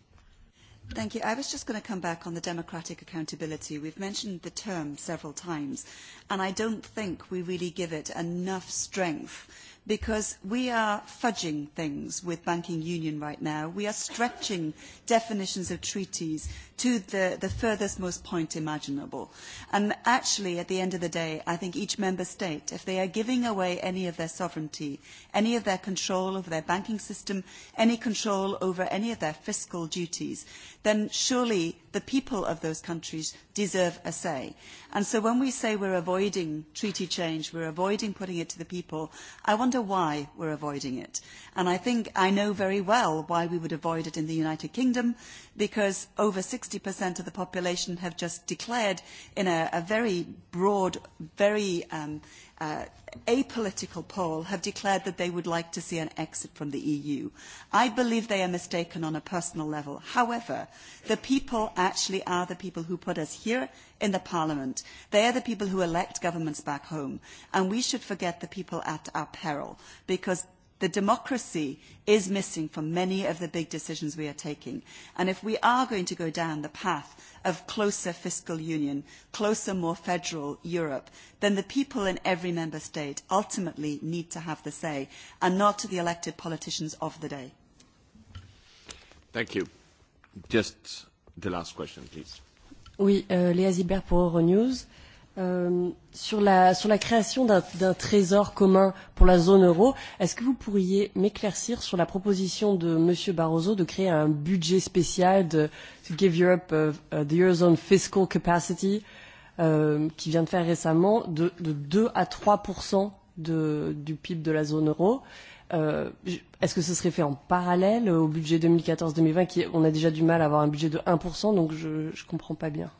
Thank you. I was just going to come back on the democratic accountability. We've mentioned the term several times, and I don't think we really give it enough strength because we are fudging things with banking union right now. We are stretching definitions of treaties to the furthest most point imaginable. And actually, at the end of the day, I think each member state, if they are giving away any of their sovereignty, any of their control over their banking system, any control over any of their fiscal duties, then surely the people of those countries deserve a say. And so when we say we're avoiding treaty change, we're avoiding putting it to the people, I wonder why we're avoiding it. And I think I know very well why we would avoid it in the United Kingdom, because over 60% of the population have just declared in a very broad, very apolitical poll have declared that they would like to see an exit from the EU. I believe they are mistaken on a personal level. However, the people actually are the people who put us here in the Parliament. They are the people who elect governments back home. And we should forget the people at our peril, because The democracy is missing from many of the big decisions we are taking. And if we are going to go down the path of closer fiscal union, closer, more federal Europe, then the people in every member state ultimately need to have the say, and not the elected politicians of the day. Thank you. Just the last question, please. Oui, Léa pour sur la sur la création d'un trésor commun pour la zone euro est-ce que vous pourriez m'éclaircir sur la proposition de M Barroso de créer un budget spécial de to give Europe the eurozone fiscal capacity qui vient de faire récemment de de 2 à 3 de du PIB de la zone euro Est-ce que ce serait fait en parallèle au budget 2014-2020 qui on a déjà du mal à avoir un budget de 1% donc je ne comprends pas bien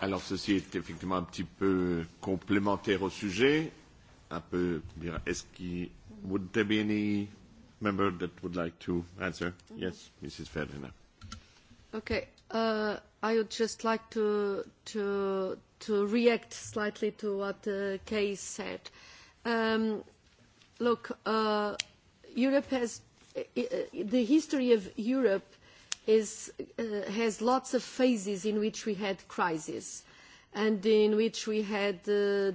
Alors ceci est effectivement un petit peu complémentaire au sujet. Un peu, est-ce qu'il would there be any member that would like to answer? Yes, Mrs. Ferdinand. Okay, uh, I would just like to to to react slightly to what uh, Kay said. Um, look, uh, Europe has the history of Europe has lots of phases in which we had crises and in which we had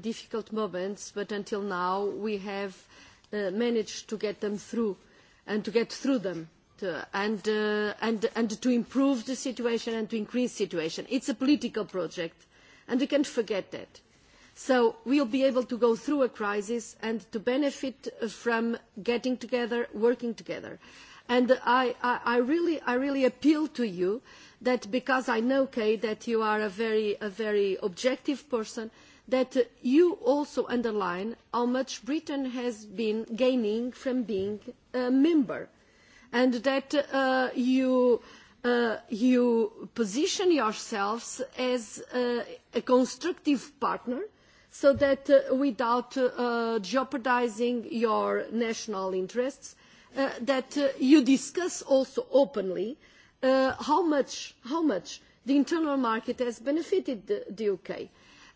difficult moments, but until now we have managed to get them through and to get through them and to improve the situation and to increase the situation. It's a political project and we can't forget that. So we will be able to go through a crisis and to benefit from getting together, working together. And I really appeal to you that because I know, Kay, that you are a very objective person, that you also underline how much Britain has been gaining from being a member and that you position yourselves as a constructive partner so that without jeopardising your national interests that you discuss also openly how much the internal market has benefited the UK.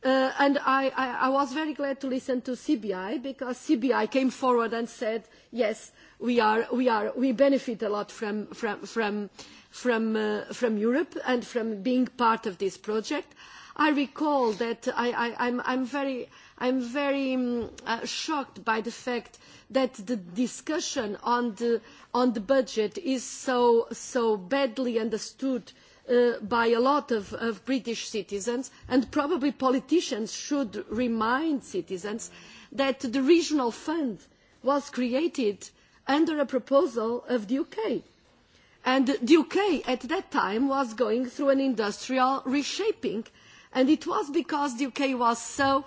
And I was very glad to listen to CBI because CBI came forward and said, yes, we benefit a lot from Europe and from being part of this project. I recall that I I'm very I am very shocked by the fact that the discussion on the budget is so badly understood by a lot of British citizens, and probably politicians should remind citizens that the regional fund was created under a proposal of the UK. And the UK at that time was going through an industrial reshaping and it was because the uk was so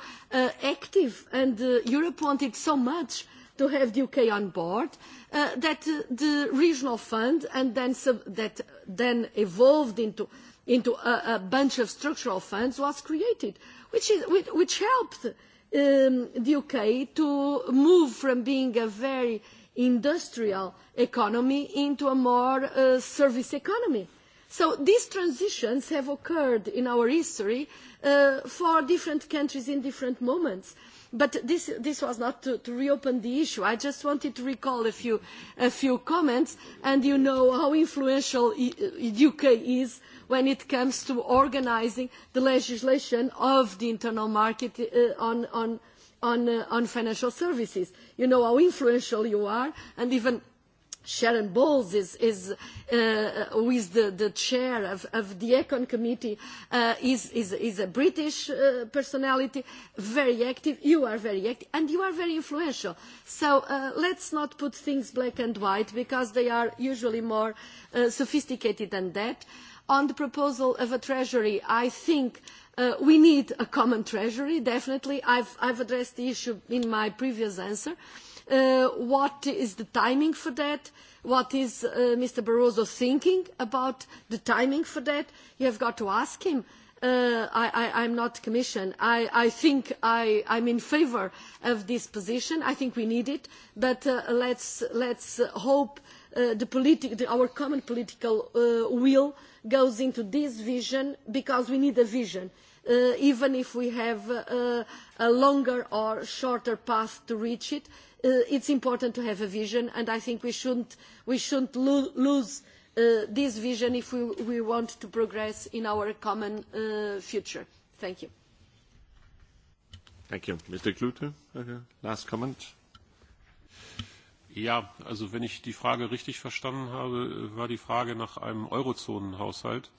active and europe wanted so much to have the uk on board that the regional fund and that then evolved into a bunch of structural funds was created which helped the uk to move from being a very industrial economy into a more service economy So these transitions have occurred in our history for different countries in different moments. But this was not to reopen the issue. I just wanted to recall a few comments, and you know how influential the UK is when it comes to organising the legislation of the internal market on financial services. You know how influential you are, and even Sharon Bowles is is who is the chair of the Econ Committee is is a British personality, very active. You are very active and you are very influential. So let's not put things black and white because they are usually more sophisticated than that. On the proposal of a treasury, I think we need a common treasury. Definitely, I've addressed the issue in my previous answer What is the timing for that? What is Mr. Barroso thinking about the timing for that? You have got to ask him. I am not Commission. I think I am in favour of this position. I think we need it, but let's hope our common political will goes into this vision because we need a vision, even if we have a longer or shorter path to reach it it's important to have a vision, and I think we shouldn't lose this vision if we want to progress in our common future. Thank you. Thank you. Mr. Klute, last comment. Ja, also wenn ich die Frage richtig verstanden habe, war die Frage nach einem Eurozonenhaushalt.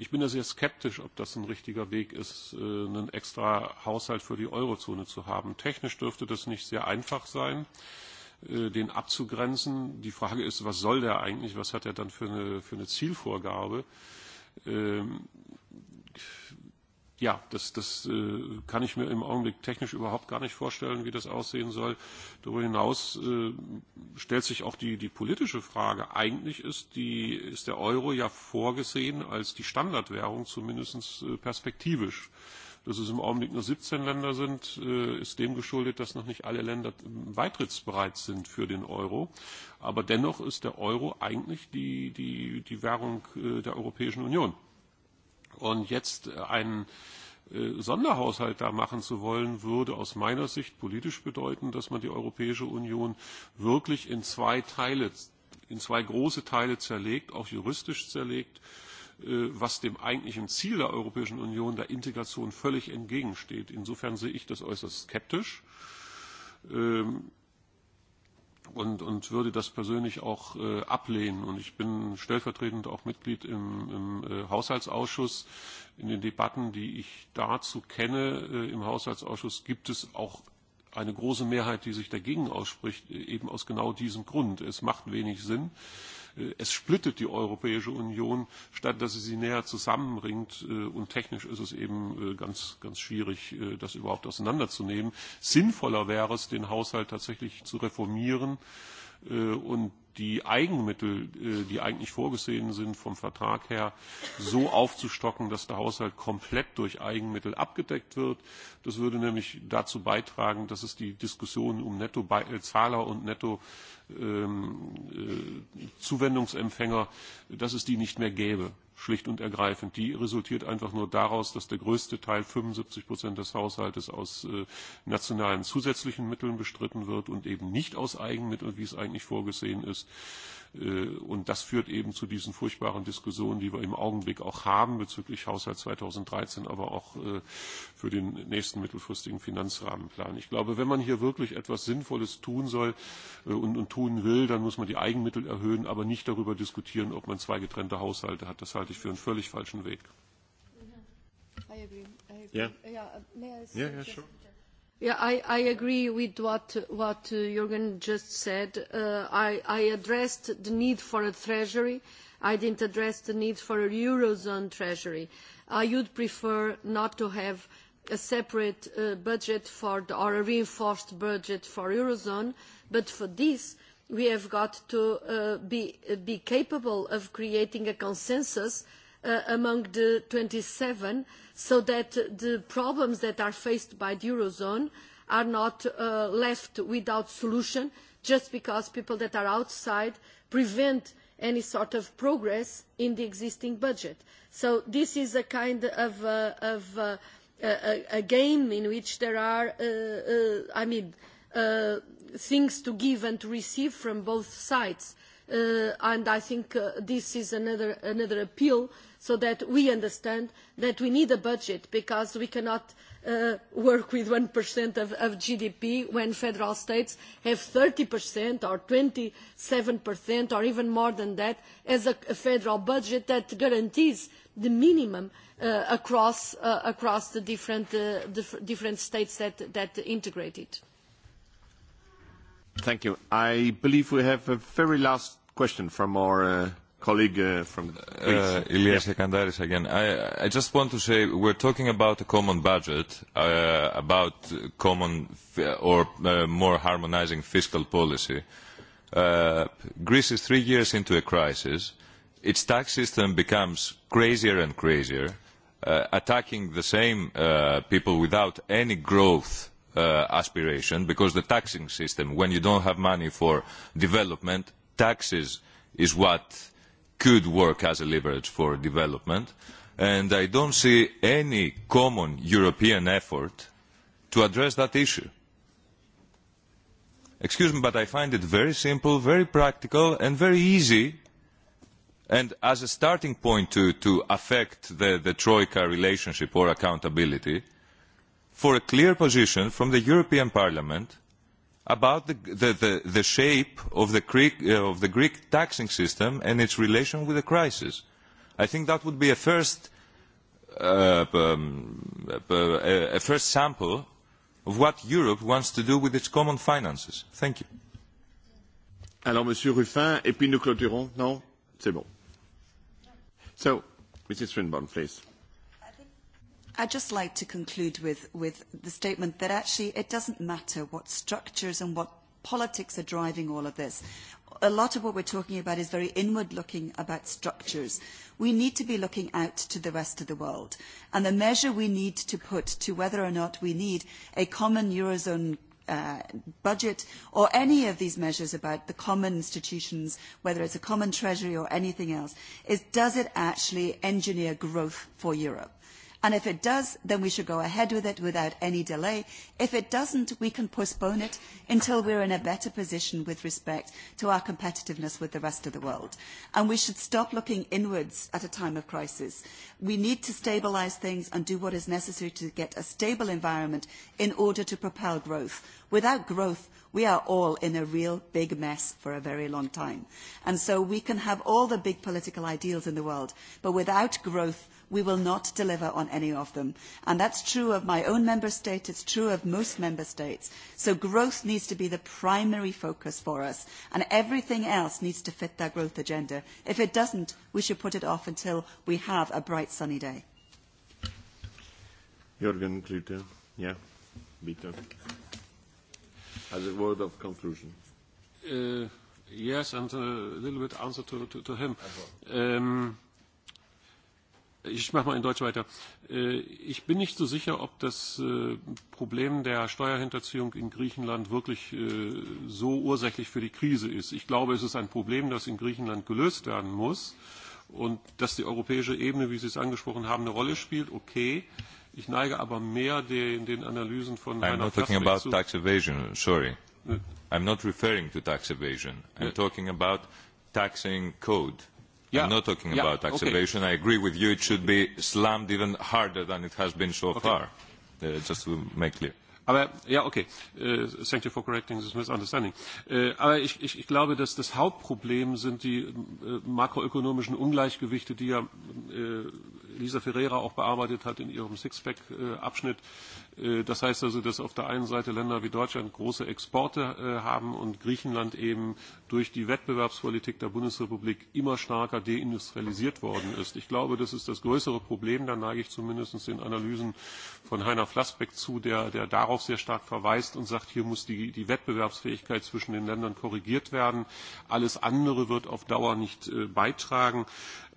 Ich bin da sehr skeptisch, ob das ein richtiger Weg ist, einen extra Haushalt für die Eurozone zu haben. Technisch dürfte das nicht sehr einfach sein, den abzugrenzen. Die Frage ist, was soll der eigentlich? Was hat er dann für eine Zielvorgabe? ja, das, das kann ich mir im Augenblick technisch überhaupt gar nicht vorstellen, wie das aussehen soll. Darüber hinaus stellt sich auch die, die politische Frage. Eigentlich ist, die, ist der Euro ja vorgesehen als die Standardwährung, zumindest perspektivisch. Dass es im Augenblick nur 17 Länder sind, ist dem geschuldet, dass noch nicht alle Länder beitrittsbereit sind für den Euro. Aber dennoch ist der Euro eigentlich die, die, die Währung der Europäischen Union. Und jetzt einen Sonderhaushalt da machen zu wollen, würde aus meiner Sicht politisch bedeuten, dass man die Europäische Union wirklich in zwei Teile, in zwei große Teile zerlegt, auch juristisch zerlegt, was dem eigentlichen Ziel der Europäischen Union, der Integration, völlig entgegensteht. Insofern sehe ich das äußerst skeptisch und, und würde das persönlich auch ablehnen. Und ich bin stellvertretend auch Mitglied im, im Haushaltsausschuss. In den Debatten, die ich dazu kenne im Haushaltsausschuss, gibt es auch eine große Mehrheit, die sich dagegen ausspricht, eben aus genau diesem Grund. Es macht wenig Sinn es splittet die Europäische Union, statt dass sie sie näher zusammenbringt. Und technisch ist es eben ganz, ganz schwierig, das überhaupt auseinanderzunehmen. Sinnvoller wäre es, den Haushalt tatsächlich zu reformieren und die Eigenmittel, die eigentlich vorgesehen sind vom Vertrag her, so aufzustocken, dass der Haushalt komplett durch Eigenmittel abgedeckt wird. Das würde nämlich dazu beitragen, dass es die Diskussion um Nettozahler und Netto Zuwendungsempfänger, dass es die nicht mehr gäbe, schlicht und ergreifend. Die resultiert einfach nur daraus, dass der größte Teil, 75 Prozent des Haushaltes, aus nationalen zusätzlichen Mitteln bestritten wird und eben nicht aus Eigenmitteln, wie es eigentlich vorgesehen ist. Und das führt eben zu diesen furchtbaren Diskussionen, die wir im Augenblick auch haben bezüglich Haushalt 2013, aber auch für den nächsten mittelfristigen Finanzrahmenplan. Ich glaube, wenn man hier wirklich etwas Sinnvolles tun soll und tun will, dann muss man die Eigenmittel erhöhen, aber nicht darüber diskutieren, ob man zwei getrennte Haushalte hat. Das halte ich für einen völlig falschen Weg. I I agree with what Jürgen just said. I addressed the need for a treasury. I did not address the need for a eurozone treasury. I would prefer not to have a separate budget or a reinforced budget for the eurozone, but for this we have got to be capable of creating a consensus among the 27 so that the problems that are faced by the Eurozone are not left without solution just because people that are outside prevent any sort of progress in the existing budget. So this is a kind of a game in which there are, I mean, things to give and to receive from both sides. And I think this is another appeal so that we understand that we need a budget because we cannot work with 1% of GDP when federal states have 30% or 27% or even more than that as a federal budget that guarantees the minimum across the different states that integrate it. Thank you. I believe we have a very last question from our colleague from Ilias again. I just want to say we're talking about a common budget, about common or more harmonizing fiscal policy. Greece is three years into a crisis. Its tax system becomes crazier and crazier, attacking the same people without any growth aspiration, because the taxing system, when you don't have money for development, taxes is what could work as a leverage for development and I don't see any common European effort to address that issue. Excuse me, but I find it very simple, very practical and very easy and as a starting point to affect the Troika relationship or accountability for a clear position from the European Parliament about the shape of the Greek taxing system and its relation with the crisis. I think that would be a first sample of what Europe wants to do with its common finances. Thank you. Alors, Monsieur Ruffin, et puis nous clôturons. Non, c'est bon. So, Mrs. Swinburne, please. I'd just like to conclude with the statement that actually it doesn't matter what structures and what politics are driving all of this. A lot of what we're talking about is very inward-looking about structures. We need to be looking out to the rest of the world. And the measure we need to put to whether or not we need a common Eurozone budget or any of these measures about the common institutions, whether it's a common treasury or anything else, is does it actually engineer growth for Europe? And if it does, then we should go ahead with it without any delay. If it doesn't, we can postpone it until we're in a better position with respect to our competitiveness with the rest of the world. And we should stop looking inwards at a time of crisis. We need to stabilise things and do what is necessary to get a stable environment in order to propel growth. Without growth, we are all in a real big mess for a very long time. And so we can have all the big political ideals in the world, but without growth, we will not deliver on any of them. And that's true of my own member state. It's true of most member states. So growth needs to be the primary focus for us. And everything else needs to fit that growth agenda. If it doesn't, we should put it off until we have a bright sunny day. Jürgen Klüter, yeah, bitte. As a word of conclusion. Yes, and a little bit answer to him. Ich mache mal in Deutsch weiter. Ich bin nicht so sicher, ob das Problem der Steuerhinterziehung in Griechenland wirklich so ursächlich für die Krise ist. Ich glaube, es ist ein Problem, das in Griechenland gelöst werden muss und dass die europäische Ebene, wie Sie es angesprochen haben, eine Rolle spielt, okay. Ich neige aber mehr den Analysen von Rainer I'm not talking about tax evasion, sorry. I'm not referring to tax evasion. I'm talking about taxing code I'm not talking about acceleration. I agree with you. It should be slammed even harder than it has been so far. Just to make clear. Aber ja, okay. Thank you for correcting this misunderstanding. Aber ich ich, glaube, dass das Hauptproblem sind die makroökonomischen Ungleichgewichte, die ja Lisa Ferreira auch bearbeitet hat in ihrem Sixpack-Abschnitt. Das heißt also, dass auf der einen Seite Länder wie Deutschland große Exporte haben und Griechenland eben durch die Wettbewerbspolitik der Bundesrepublik immer stärker deindustrialisiert worden ist. Ich glaube, das ist das größere Problem. Da neige ich zumindest den Analysen von Heiner Flassbeck zu, der darauf sehr stark verweist und sagt, hier muss die Wettbewerbsfähigkeit zwischen den Ländern korrigiert werden. Alles andere wird auf Dauer nicht beitragen.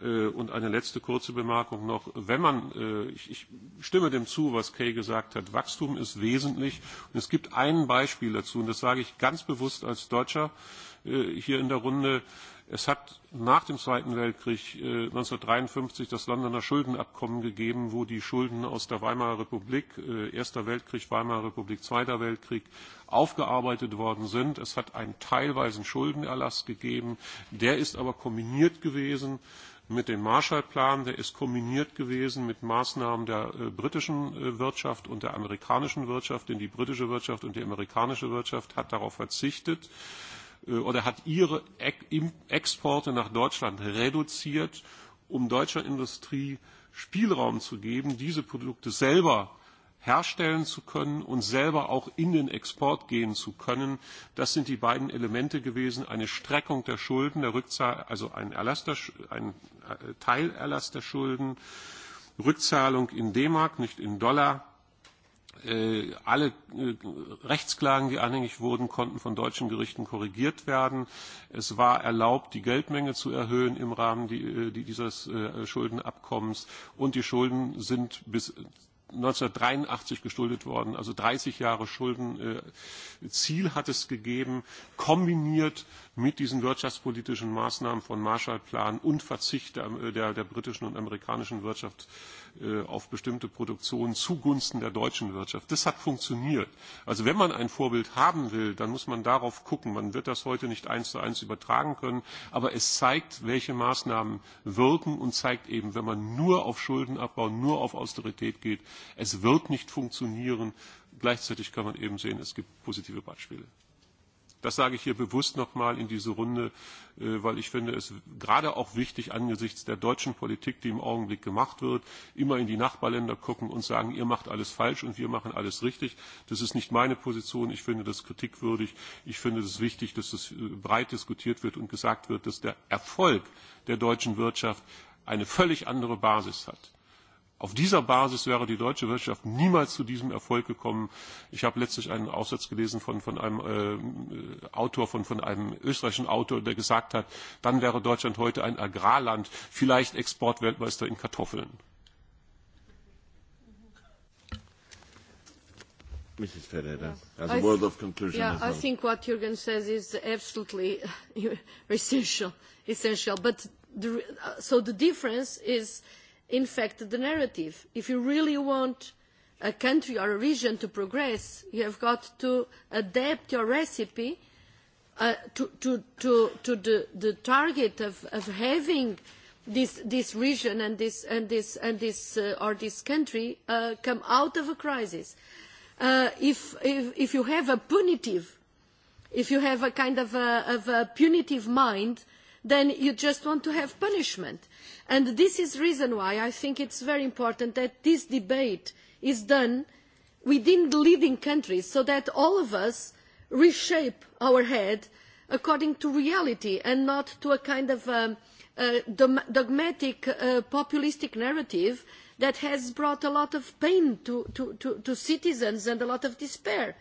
Und eine letzte kurze Bemerkung noch. Wenn man, ich stimme dem zu, was Kay gesagt hat, Wachstum ist wesentlich. Und es gibt ein Beispiel dazu, und das sage ich ganz bewusst als Deutscher hier in der Runde. Es hat nach dem Zweiten Weltkrieg 1953 das Londoner Schuldenabkommen gegeben, wo die Schulden aus der Weimarer Republik, Erster Weltkrieg, Weimarer Republik, Zweiter Weltkrieg, aufgearbeitet worden sind. Es hat einen teilweisen Schuldenerlass gegeben. Der ist aber kombiniert gewesen mit dem Marshallplan, der ist kombiniert gewesen mit Maßnahmen der britischen Wirtschaft und der amerikanischen Wirtschaft, denn die britische Wirtschaft und die amerikanische Wirtschaft hat darauf verzichtet oder hat ihre Exporte nach Deutschland reduziert, um deutscher Industrie Spielraum zu geben, diese Produkte selber herstellen zu können und selber auch in den Export gehen zu können. Das sind die beiden Elemente gewesen, eine Streckung der Schulden, der Rückzahl, also ein, ein Teilerlass der Schulden, Rückzahlung in D-Mark, nicht in Dollar. Alle Rechtsklagen, die anhängig wurden, konnten von deutschen Gerichten korrigiert werden. Es war erlaubt, die Geldmenge zu erhöhen im Rahmen dieses Schuldenabkommens. Und die Schulden sind bis 1983 geschuldet worden, also 30 Jahre Schulden. Ziel hat es gegeben, kombiniert mit diesen wirtschaftspolitischen Maßnahmen von Marshallplan und Verzicht der britischen und amerikanischen Wirtschaft auf bestimmte Produktionen zugunsten der deutschen Wirtschaft. Das hat funktioniert. Also wenn man ein Vorbild haben will, dann muss man darauf gucken. Man wird das heute nicht eins zu eins übertragen können, aber es zeigt, welche Maßnahmen wirken und zeigt eben, wenn man nur auf Schuldenabbau, nur auf Austerität geht, es wird nicht funktionieren. Gleichzeitig kann man eben sehen, es gibt positive Beispiele. Das sage ich hier bewusst noch mal in diese Runde, weil ich finde es gerade auch wichtig angesichts der deutschen Politik, die im Augenblick gemacht wird, immer in die Nachbarländer gucken und sagen, ihr macht alles falsch und wir machen alles richtig. Das ist nicht meine Position. Ich finde das kritikwürdig. Ich finde es wichtig, dass es breit diskutiert wird und gesagt wird, dass der Erfolg der deutschen Wirtschaft eine völlig andere Basis hat Auf dieser Basis wäre die deutsche Wirtschaft niemals zu diesem Erfolg gekommen. Ich habe letztlich einen Aufsatz gelesen von einem Autor, von einem österreichischen Autor, der gesagt hat, dann wäre Deutschland heute ein Agrarland, vielleicht Exportweltmeister in Kartoffeln. Mrs. as a word of conclusion. I think what Jürgen says is absolutely essential. but the difference is in fact the narrative. If you really want a country or a region to progress, you have got to adapt your recipe to the target of having this region and this or this country come out of a crisis. If you have a punitive, if you have a kind of a punitive mind, then you just want to have punishment. And this is the reason why I think it's very important that this debate is done within the leading countries so that all of us reshape our head according to reality and not to a kind of dogmatic populistic narrative that has brought a lot of pain to citizens and a lot of despair.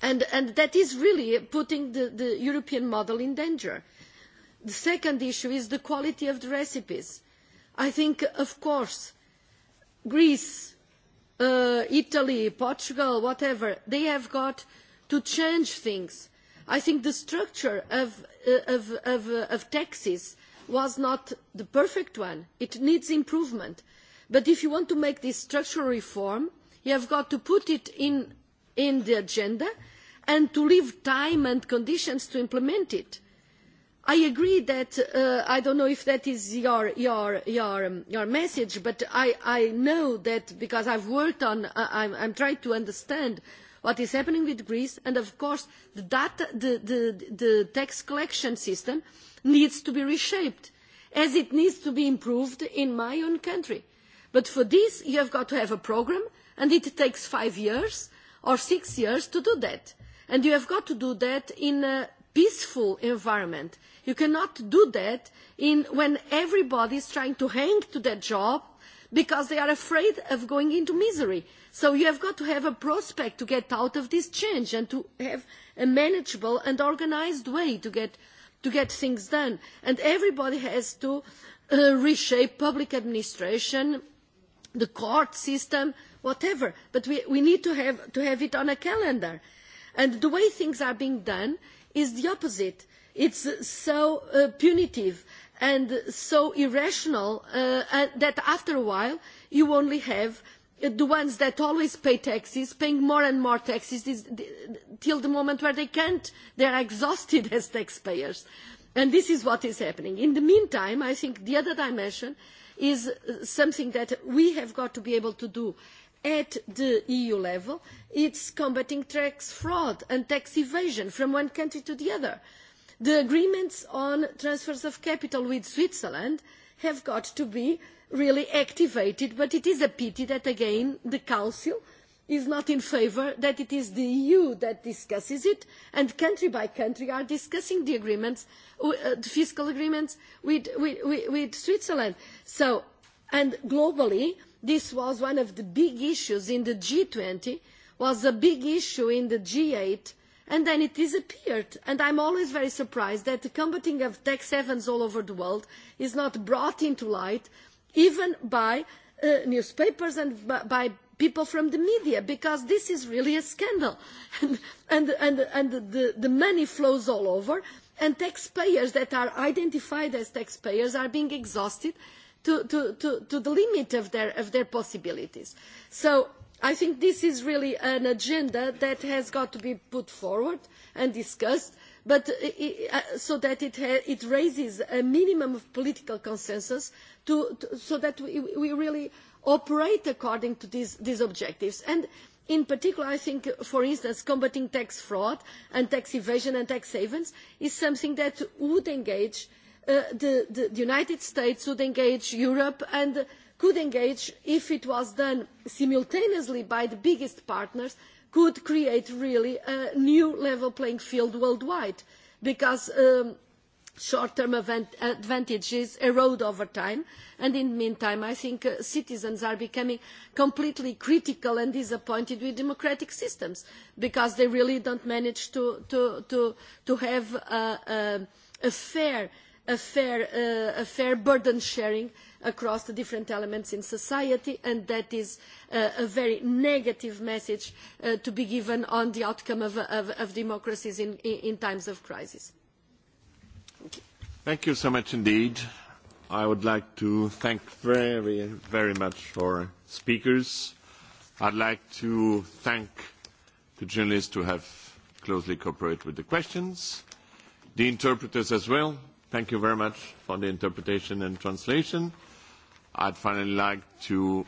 And that is really putting the European model in danger. The second issue is the quality of the recipes. I think, of course, Greece, Italy, Portugal, whatever, they have got to change things. I think the structure of taxes was not the perfect one. It needs improvement. But if you want to make this structural reform, you have got to put it in the agenda and to leave time and conditions to implement it. I agree that I don't know if that is your message, but I know that because I've worked on, I'm trying to understand what is happening with Greece, and of course the tax collection system needs to be reshaped, as it needs to be improved in my own country. But for this you have got to have a programme, and it takes five years or six years to do that, and you have got to do that in peaceful environment. You cannot do that when everybody is trying to hang to their job because they are afraid of going into misery. So you have got to have a prospect to get out of this change and to have a manageable and organised way to get things done. And everybody has to reshape public administration, the court system, whatever. But we need to have it on a calendar. And the way things are being done is the opposite. It's so punitive and so irrational that after a while you only have the ones that always pay taxes paying more and more taxes till the moment where they can't. They are exhausted as taxpayers. And this is what is happening. In the meantime, I think the other dimension is something that we have got to be able to do at the EU level, it's combating tax fraud and tax evasion from one country to the other. The agreements on transfers of capital with Switzerland have got to be really activated, but it is a pity that, again, the Council is not in favour, that it is the EU that discusses it, and country by country are discussing the agreements, the fiscal agreements with Switzerland. So, and globally, This was one of the big issues in the G20, was a big issue in the G8, and then it disappeared. And I'm always very surprised that the combating of tax havens all over the world is not brought into light, even by newspapers and by people from the media, because this is really a scandal. And the money flows all over, and taxpayers that are identified as taxpayers are being exhausted to the limit of their possibilities. So I think this is really an agenda that has got to be put forward and discussed, but so that it raises a minimum of political consensus so that we really operate according to these objectives. And in particular, I think, for instance, combating tax fraud and tax evasion and tax havens is something that would engage the United States would engage Europe and could engage, if it was done simultaneously by the biggest partners, could create really a new level playing field worldwide, because short-term advantages erode over time, and in the meantime, I think citizens are becoming completely critical and disappointed with democratic systems, because they really don't manage to have a fair a fair burden sharing across the different elements in society and that is a very negative message to be given on the outcome of democracies in times of crisis. Thank you so much indeed. I would like to thank very, very much our speakers. I'd like to thank the journalists who have closely cooperated with the questions, the interpreters as well Thank you very much for the interpretation and translation. I'd finally like to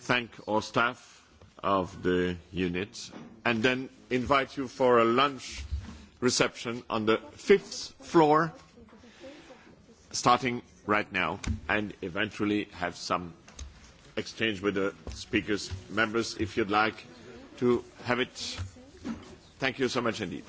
thank all staff of the unit and then invite you for a lunch reception on the fifth floor, starting right now, and eventually have some exchange with the speakers, members, if you'd like to have it. Thank you so much indeed.